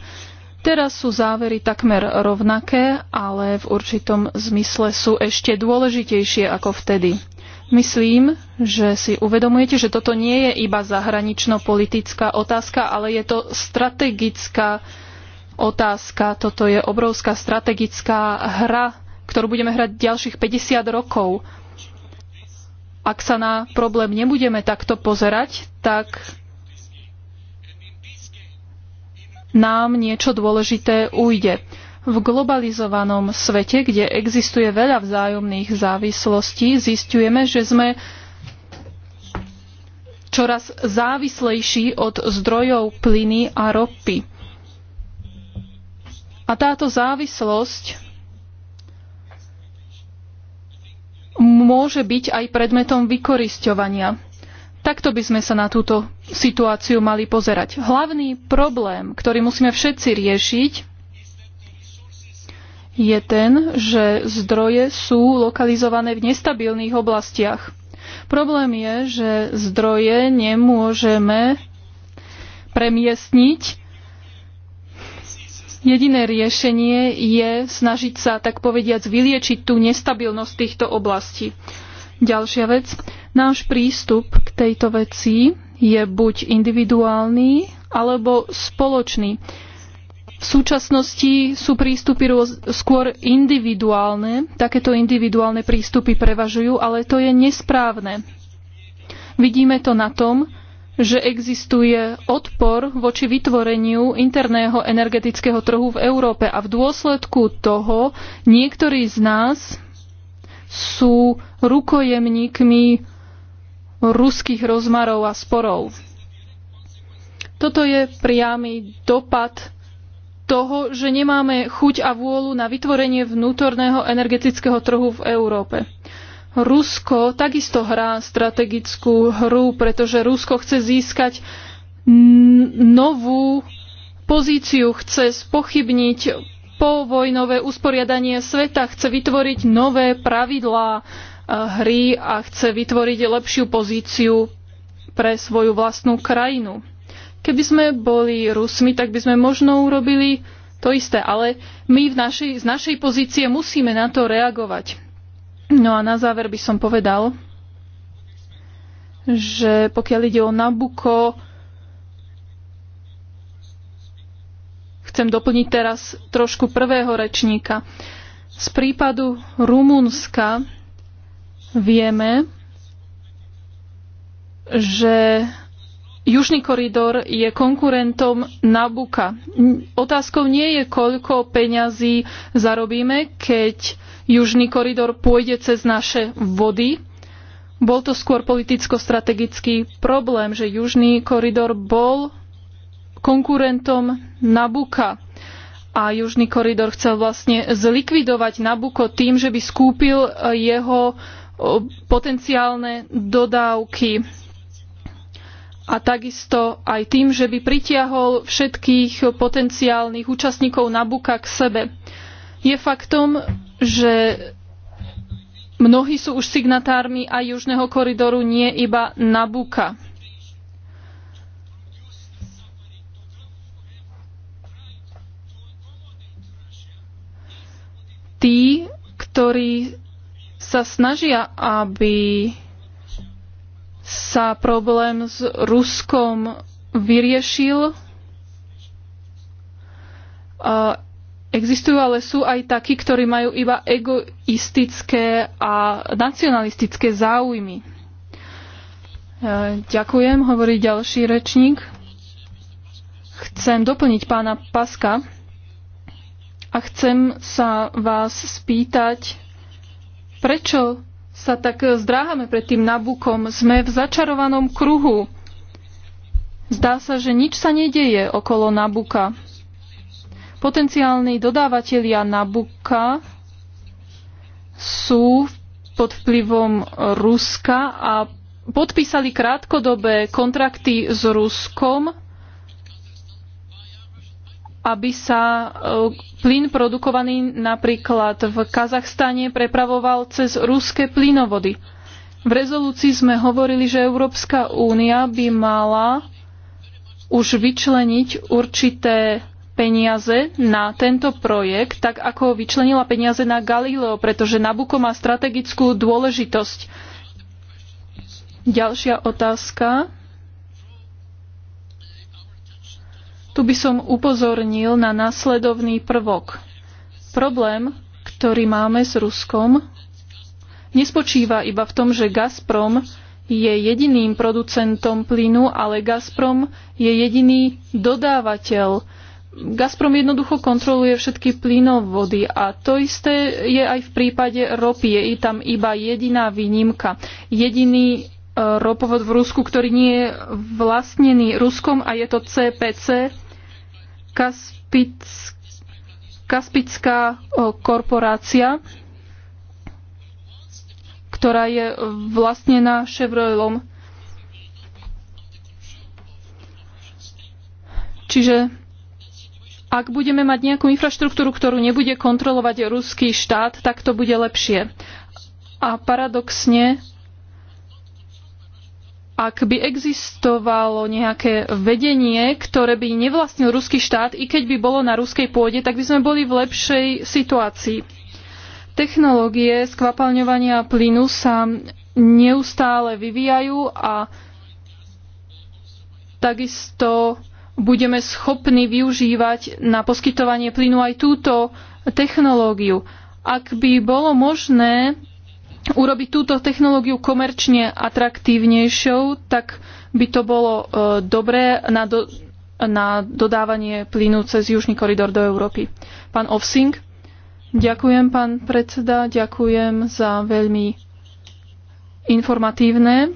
Teraz sú závery takmer rovnaké, ale v určitom zmysle sú ešte dôležitejšie ako vtedy. Myslím, že si uvedomujete, že toto nie je iba zahranično-politická otázka, ale je to strategická otázka. Toto je obrovská strategická hra, ktorú budeme hrať ďalších 50 rokov. Ak sa na problém nebudeme takto pozerať, tak nám niečo dôležité ujde. V globalizovanom svete, kde existuje veľa vzájomných závislostí, zistujeme, že sme čoraz závislejší od zdrojov plyny a ropy. A táto závislosť môže byť aj predmetom vykorisťovania. Takto by sme sa na túto situáciu mali pozerať. Hlavný problém, ktorý musíme všetci riešiť, je ten, že zdroje sú lokalizované v nestabilných oblastiach. Problém je, že zdroje nemôžeme premiestniť. Jediné riešenie je snažiť sa, tak povediac, vyliečiť tú nestabilnosť týchto oblastí. Ďalšia vec. Náš prístup k tejto veci je buď individuálny alebo spoločný. V súčasnosti sú prístupy skôr individuálne, takéto individuálne prístupy prevažujú, ale to je nesprávne. Vidíme to na tom, že existuje odpor voči vytvoreniu interného energetického trhu v Európe a v dôsledku toho niektorí z nás sú rukojemníkmi ruských rozmarov a sporov. Toto je priamy dopad toho, že nemáme chuť a vôľu na vytvorenie vnútorného energetického trhu v Európe. Rusko takisto hrá strategickú hru, pretože Rusko chce získať novú pozíciu, chce spochybniť povojnové usporiadanie sveta, chce vytvoriť nové pravidlá, hry a chce vytvoriť lepšiu pozíciu pre svoju vlastnú krajinu. Keby sme boli Rusmi, tak by sme možno urobili to isté, ale my v našej, z našej pozície musíme na to reagovať. No a na záver by som povedal, že pokiaľ ide o Nabuko, chcem doplniť teraz trošku prvého rečníka. Z prípadu Rumunska Vieme, že Južný koridor je konkurentom Nabuka. Otázkou nie je, koľko peňazí zarobíme, keď Južný koridor pôjde cez naše vody. Bol to skôr politicko-strategický problém, že Južný koridor bol konkurentom Nabuka. A Južný koridor chcel vlastne zlikvidovať Nabuko tým, že by skúpil eh, jeho potenciálne dodávky a takisto aj tým, že by pritiahol všetkých potenciálnych účastníkov Nabuka k sebe. Je faktom, že mnohí sú už signatármi aj Južného koridoru, nie iba Nabuka. Tí, ktorí sa snažia, aby sa problém s Ruskom vyriešil. Existujú ale sú aj takí, ktorí majú iba egoistické a nacionalistické záujmy. E, ďakujem, hovorí ďalší rečník. Chcem doplniť pána Paska a chcem sa vás spýtať, Prečo sa tak zdráhame pred tým Nabukom? Sme v začarovanom kruhu. Zdá sa, že nič sa nedieje okolo Nabuka. Potenciálni dodávateľia Nabuka sú pod vplyvom Ruska a podpísali krátkodobé kontrakty s Ruskom aby sa e, plyn produkovaný napríklad v Kazachstane prepravoval cez ruské plynovody. V rezolúcii sme hovorili, že Európska únia by mala už vyčleniť určité peniaze na tento projekt, tak ako vyčlenila peniaze na Galileo, pretože Nabuko má strategickú dôležitosť. Ďalšia otázka Tu by som upozornil na následovný prvok. Problém, ktorý máme s Ruskom, nespočíva iba v tom, že Gazprom je jediným producentom plynu, ale Gazprom je jediný dodávateľ. Gazprom jednoducho kontroluje všetky plynovody a to isté je aj v prípade ropy. Je tam iba jediná výnimka. Jediný e, ropovod v Rusku, ktorý nie je vlastnený Ruskom a je to CPC Kaspic, Kaspická korporácia, ktorá je vlastnená Chevroilom. Čiže ak budeme mať nejakú infraštruktúru, ktorú nebude kontrolovať ruský štát, tak to bude lepšie. A paradoxne ak by existovalo nejaké vedenie, ktoré by nevlastnil ruský štát, i keď by bolo na ruskej pôde, tak by sme boli v lepšej situácii. Technológie skvapalňovania plynu sa neustále vyvíjajú a takisto budeme schopní využívať na poskytovanie plynu aj túto technológiu. Ak by bolo možné urobiť túto technológiu komerčne atraktívnejšou, tak by to bolo e, dobré na, do, na dodávanie plynu cez južný koridor do Európy. Pán Ovsing, ďakujem pán predseda, ďakujem za veľmi informatívne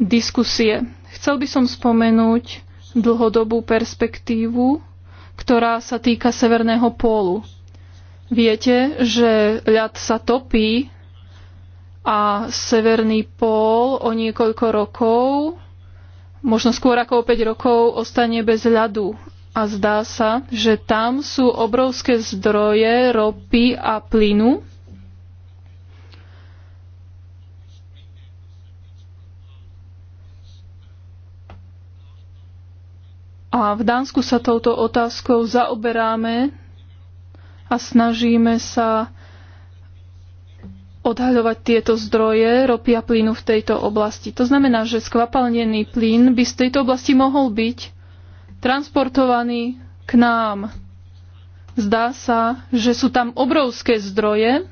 diskusie. Chcel by som spomenúť dlhodobú perspektívu, ktorá sa týka Severného pólu. Viete, že ľad sa topí a Severný pól o niekoľko rokov, možno skôr ako o 5 rokov, ostane bez ľadu. A zdá sa, že tam sú obrovské zdroje ropy a plynu, A v Dánsku sa touto otázkou zaoberáme a snažíme sa odhaľovať tieto zdroje ropy a plynu v tejto oblasti. To znamená, že skvapalnený plyn by z tejto oblasti mohol byť transportovaný k nám. Zdá sa, že sú tam obrovské zdroje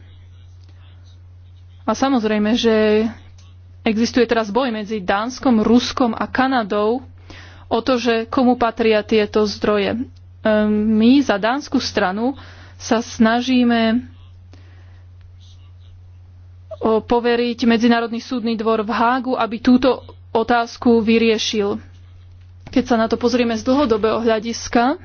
a samozrejme, že existuje teraz boj medzi Dánskom, Ruskom a Kanadou o to, že komu patria tieto zdroje. Ehm, my za dánsku stranu sa snažíme poveriť Medzinárodný súdny dvor v Hágu, aby túto otázku vyriešil. Keď sa na to pozrieme z dlhodobého hľadiska,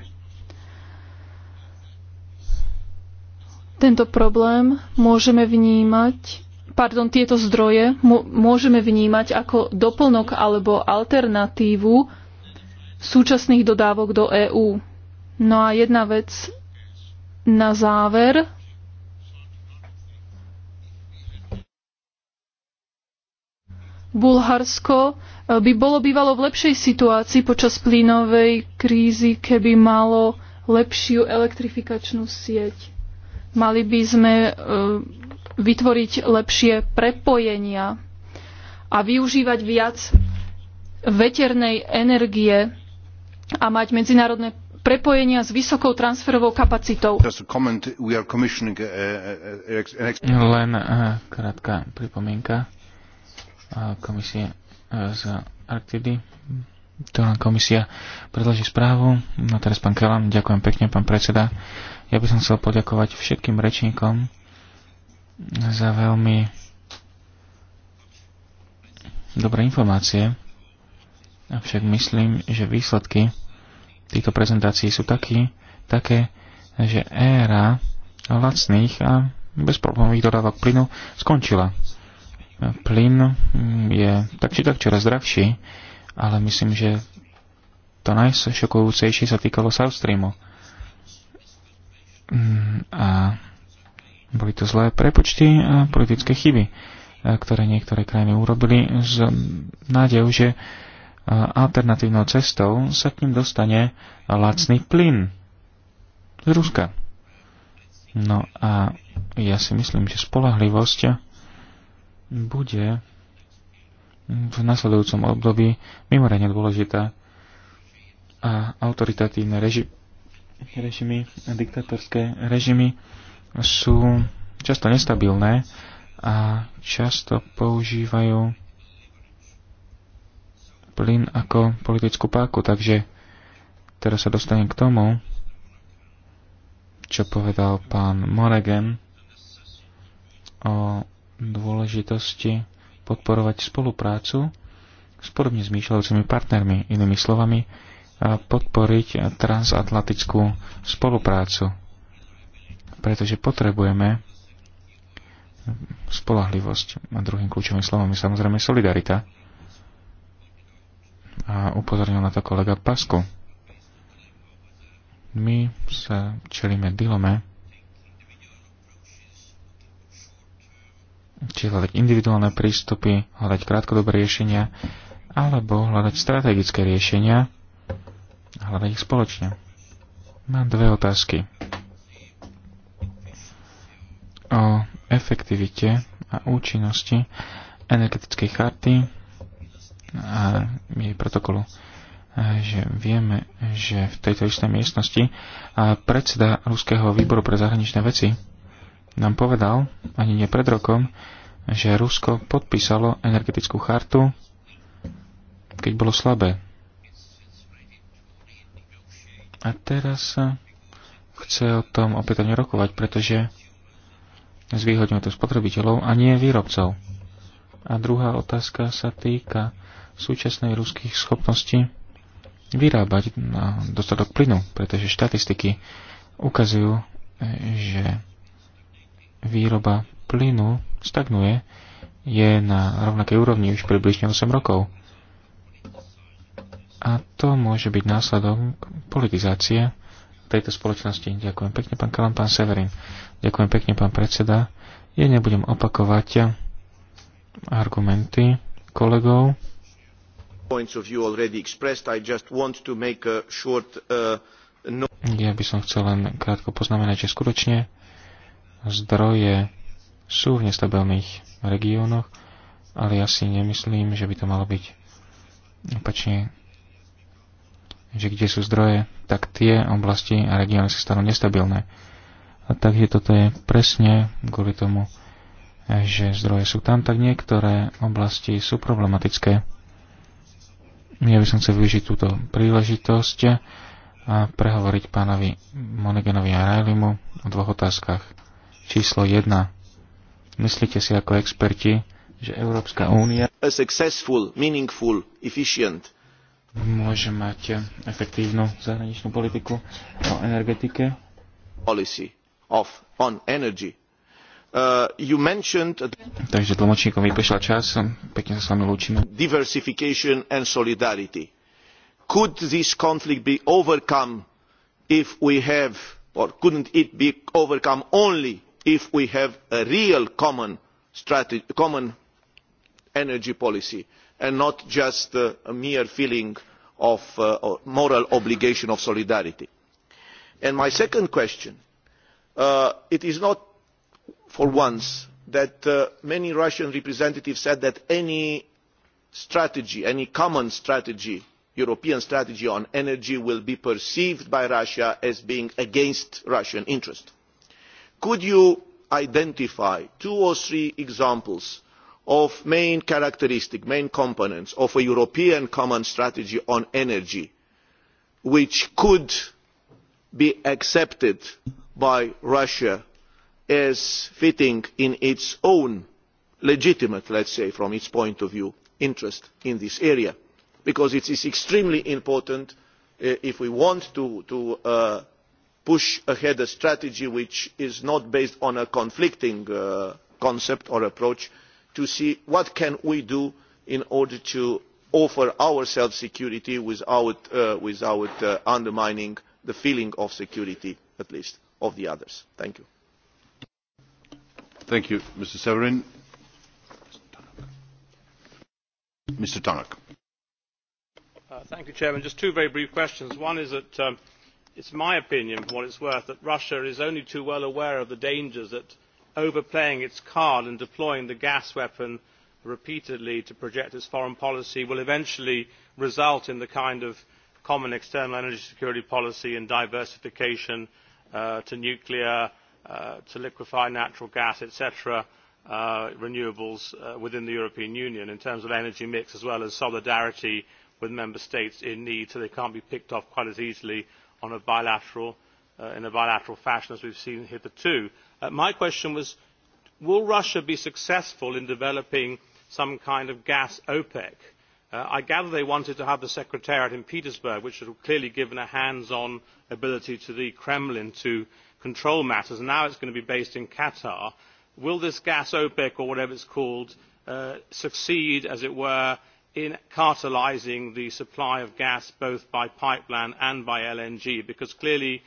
tento problém môžeme vnímať, pardon, tieto zdroje môžeme vnímať ako doplnok alebo alternatívu súčasných dodávok do EÚ. No a jedna vec na záver, Bulharsko e, by bolo bývalo v lepšej situácii počas plynovej krízy, keby malo lepšiu elektrifikačnú sieť. Mali by sme e, vytvoriť lepšie prepojenia a využívať viac veternej energie a mať medzinárodné prepojenia s vysokou transferovou kapacitou. Uh,
uh, uh,
Len krátka pripomienka komisie e, z Arktidy. To nám komisia predloží správu. No teraz pán Kelan, ďakujem pekne, pán predseda. Ja by som chcel poďakovať všetkým rečníkom za veľmi dobré informácie. Avšak myslím, že výsledky týchto prezentácií sú taký, také, že éra lacných a bezproblémových dodávok plynu skončila plyn je tak či tak čoraz drahší, ale myslím, že to najšokujúcejšie sa týkalo South Streamu. Mm, a boli to zlé prepočty a politické chyby, e, ktoré niektoré krajiny urobili s nádejou, že e, alternatívnou cestou sa k ním dostane lacný plyn z Ruska. No a ja si myslím, že spolahlivosť bude v nasledujúcom období mimoriadne dôležitá a autoritatívne reži- režimy a diktatorské režimy sú často nestabilné a často používajú plyn ako politickú páku. Takže teraz sa dostanem k tomu, čo povedal pán Moregen o dôležitosti podporovať spoluprácu s podobne zmýšľajúcimi partnermi, inými slovami, podporiť transatlantickú spoluprácu, pretože potrebujeme spolahlivosť. A druhým kľúčovým slovom je samozrejme solidarita. A upozornil na to kolega Pasku. My sa čelíme dilome, či hľadať individuálne prístupy, hľadať krátkodobé riešenia, alebo hľadať strategické riešenia a hľadať ich spoločne. Mám dve otázky. O efektivite a účinnosti energetickej charty a jej protokolu že vieme, že v tejto istej miestnosti predseda Ruského výboru pre zahraničné veci nám povedal, ani nie pred rokom, že Rusko podpísalo energetickú chartu, keď bolo slabé. A teraz chce o tom opätovne rokovať, pretože zvýhodňuje to spotrebiteľov a nie výrobcov. A druhá otázka sa týka súčasnej ruských schopností vyrábať na dostatok plynu, pretože štatistiky ukazujú, že výroba plynu stagnuje, je na rovnakej úrovni už približne 8 rokov. A to môže byť následok politizácie tejto spoločnosti. Ďakujem pekne, pán Kalan, pán Severin. Ďakujem pekne, pán predseda. Ja nebudem opakovať argumenty kolegov.
Uh, no-
ja by som chcel len krátko poznamenať, že skutočne zdroje sú v nestabilných regiónoch, ale ja si nemyslím, že by to malo byť opačne, že kde sú zdroje, tak tie oblasti a regióny sa stanú nestabilné. A takže toto je presne kvôli tomu, že zdroje sú tam, tak niektoré oblasti sú problematické. Ja by som chcel využiť túto príležitosť a prehovoriť pánovi Moneganovi a Rajlimu o dvoch otázkach číslo 1. Myslíte si ako experti, že Európska únia môže mať efektívnu zahraničnú politiku o energetike?
Policy of, on energy. Uh, you mentioned...
Takže tlmočníkom vypešla čas, pekne sa s vami lúčime.
Diversification and solidarity. Could this conflict be overcome if we have, or couldn't it be overcome only if we have a real common, energy policy and not just a mere feeling of uh, moral obligation of solidarity. And my second question uh, it is not for once that uh, many russian representatives said that any strategy any common strategy european strategy on energy will be perceived by russia as being against russian interests could you identify two or three examples of main characteristics main components of a european common strategy on energy which could be accepted by russia as fitting in its own legitimate let us say from its point of view interest in this area because it is extremely important eh, if we want to, uh, push ahead a strategy which is not based on a conflicting uh, concept or approach to see what can we do in order to offer ourselves security without, uh, uh, undermining the feeling of security at least of the others. Thank you.
Thank you, Mr. Severin. Mr. Tanak.
Uh, thank you, Chairman. Just two very brief questions. One is that um, it is my opinion for what it is worth that russia is only too well aware of the dangers that overplaying its card and deploying the gas weapon repeatedly to project its foreign policy will eventually result in the kind of common external energy security policy and diversification uh, to nuclear uh, to liquefy natural gas etc uh, renewables within the european union in terms of energy mix as well as solidarity with member states in need so they cannot be picked off quite as easily on a bilateral, uh, in a bilateral fashion, as we have seen hitherto. Uh, my question was, will Russia be successful in developing some kind of gas OPEC? Uh, I gather they wanted to have the Secretariat in Petersburg, which would have clearly given a hands-on ability to the Kremlin to control matters. and Now it is going to be based in Qatar. Will this gas OPEC, or whatever it is called, uh, succeed, as it were, in cartelising the supply of gas both by pipeline and by lng because clearly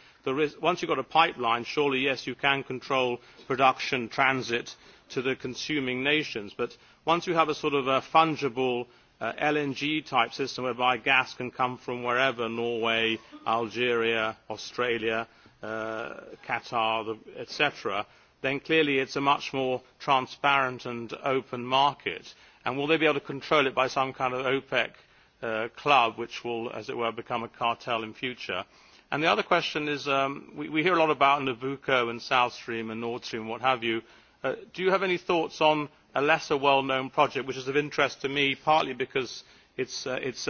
once you have got a pipeline surely yes you can control production transit to the consuming nations but once you have a sort of a fungible uh, lng type system whereby gas can come from wherever norway algeria australia uh, qatar etc then clearly it is a much more transparent and open market and will they be able to control it by some kind of opec uh, club which will as it were become a cartel in future? the other question is um, we, hear a lot about nabucco and south stream and nord stream and what have you. Uh, do you have any thoughts on a lesser well known project which is of interest to me partly because it uh, is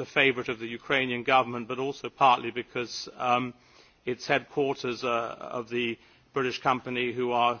a favourite of the ukrainian government but also partly because um, it is headquarters of the british company who are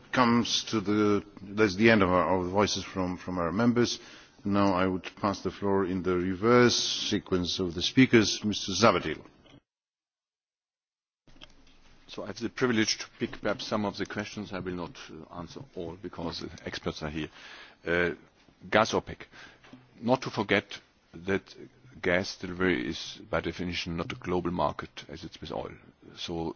comes to the that's the end of our voices from from our members. Now I would pass the floor in the reverse sequence of the speakers. Mr. Zavadil. So I have the
privilege to pick up some of the questions. I will not uh, answer all because the experts are here. Uh, gas OPEC. Not to forget that gas delivery is by definition not a global market as it's with oil. So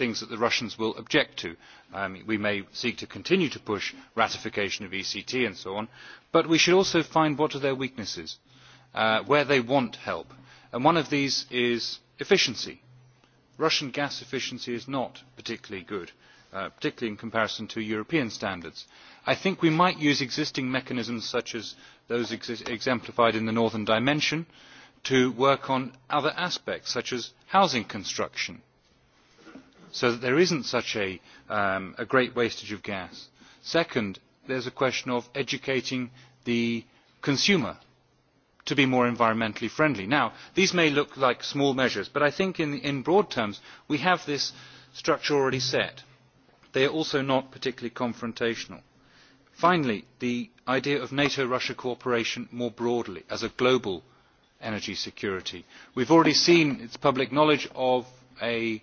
things that the Russians will object to. Um, we may seek to continue to push ratification of ECT and so on, but we should also find what are their weaknesses, uh, where they want help. And one of these is efficiency. Russian gas efficiency is not particularly good, uh, particularly in comparison to European standards. I think we might use existing mechanisms such as those exemplified in the Northern Dimension to work on other aspects such as housing construction so that there is not such um, a, great wastage of gas. second there is a question of educating the consumer to be more environmentally friendly. Now, these may look like small measures but i think in, broad terms we have this structure already set. they are also not particularly confrontational. finally the idea of nato russia cooperation more broadly as a global energy security. we have already seen it is public knowledge of a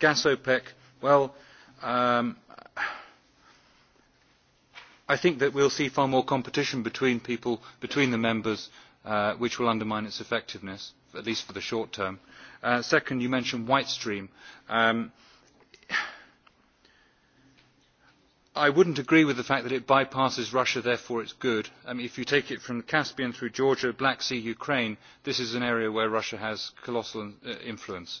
gas OPEC, well, um, I think that we will see far more competition between people, between the members, uh, which will undermine its effectiveness, at least for the short term. Uh, second, you mentioned White Stream. Um, I would not agree with the fact that it bypasses Russia, therefore it is good. I mean, if you take it from the Caspian through Georgia, Black Sea, Ukraine, this is an area where Russia has colossal uh, influence.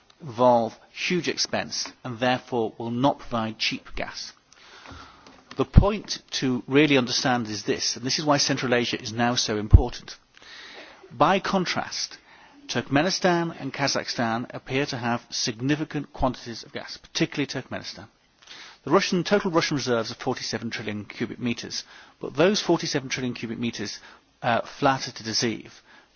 involve huge expense and therefore will not provide cheap gas. The point to really understand is this, and this is why Central Asia is now so important. By contrast, Turkmenistan and Kazakhstan appear to have significant quantities of gas, particularly Turkmenistan. The Russian, total Russian reserves are 47 trillion cubic metres, but those 47 trillion cubic metres uh, flatter to deceive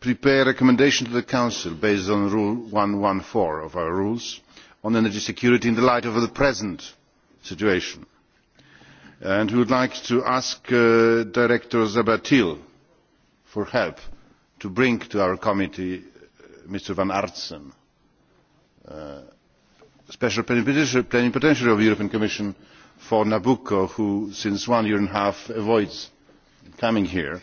prepare a recommendation to the council based on rule one hundred and fourteen of our rules on energy security in the light of the present situation and we would like to ask uh, director Zabatil for help to bring to our committee uh, mr van artsen uh, special plenipotentiary of the european commission for nabucco who for one year and a half avoids coming here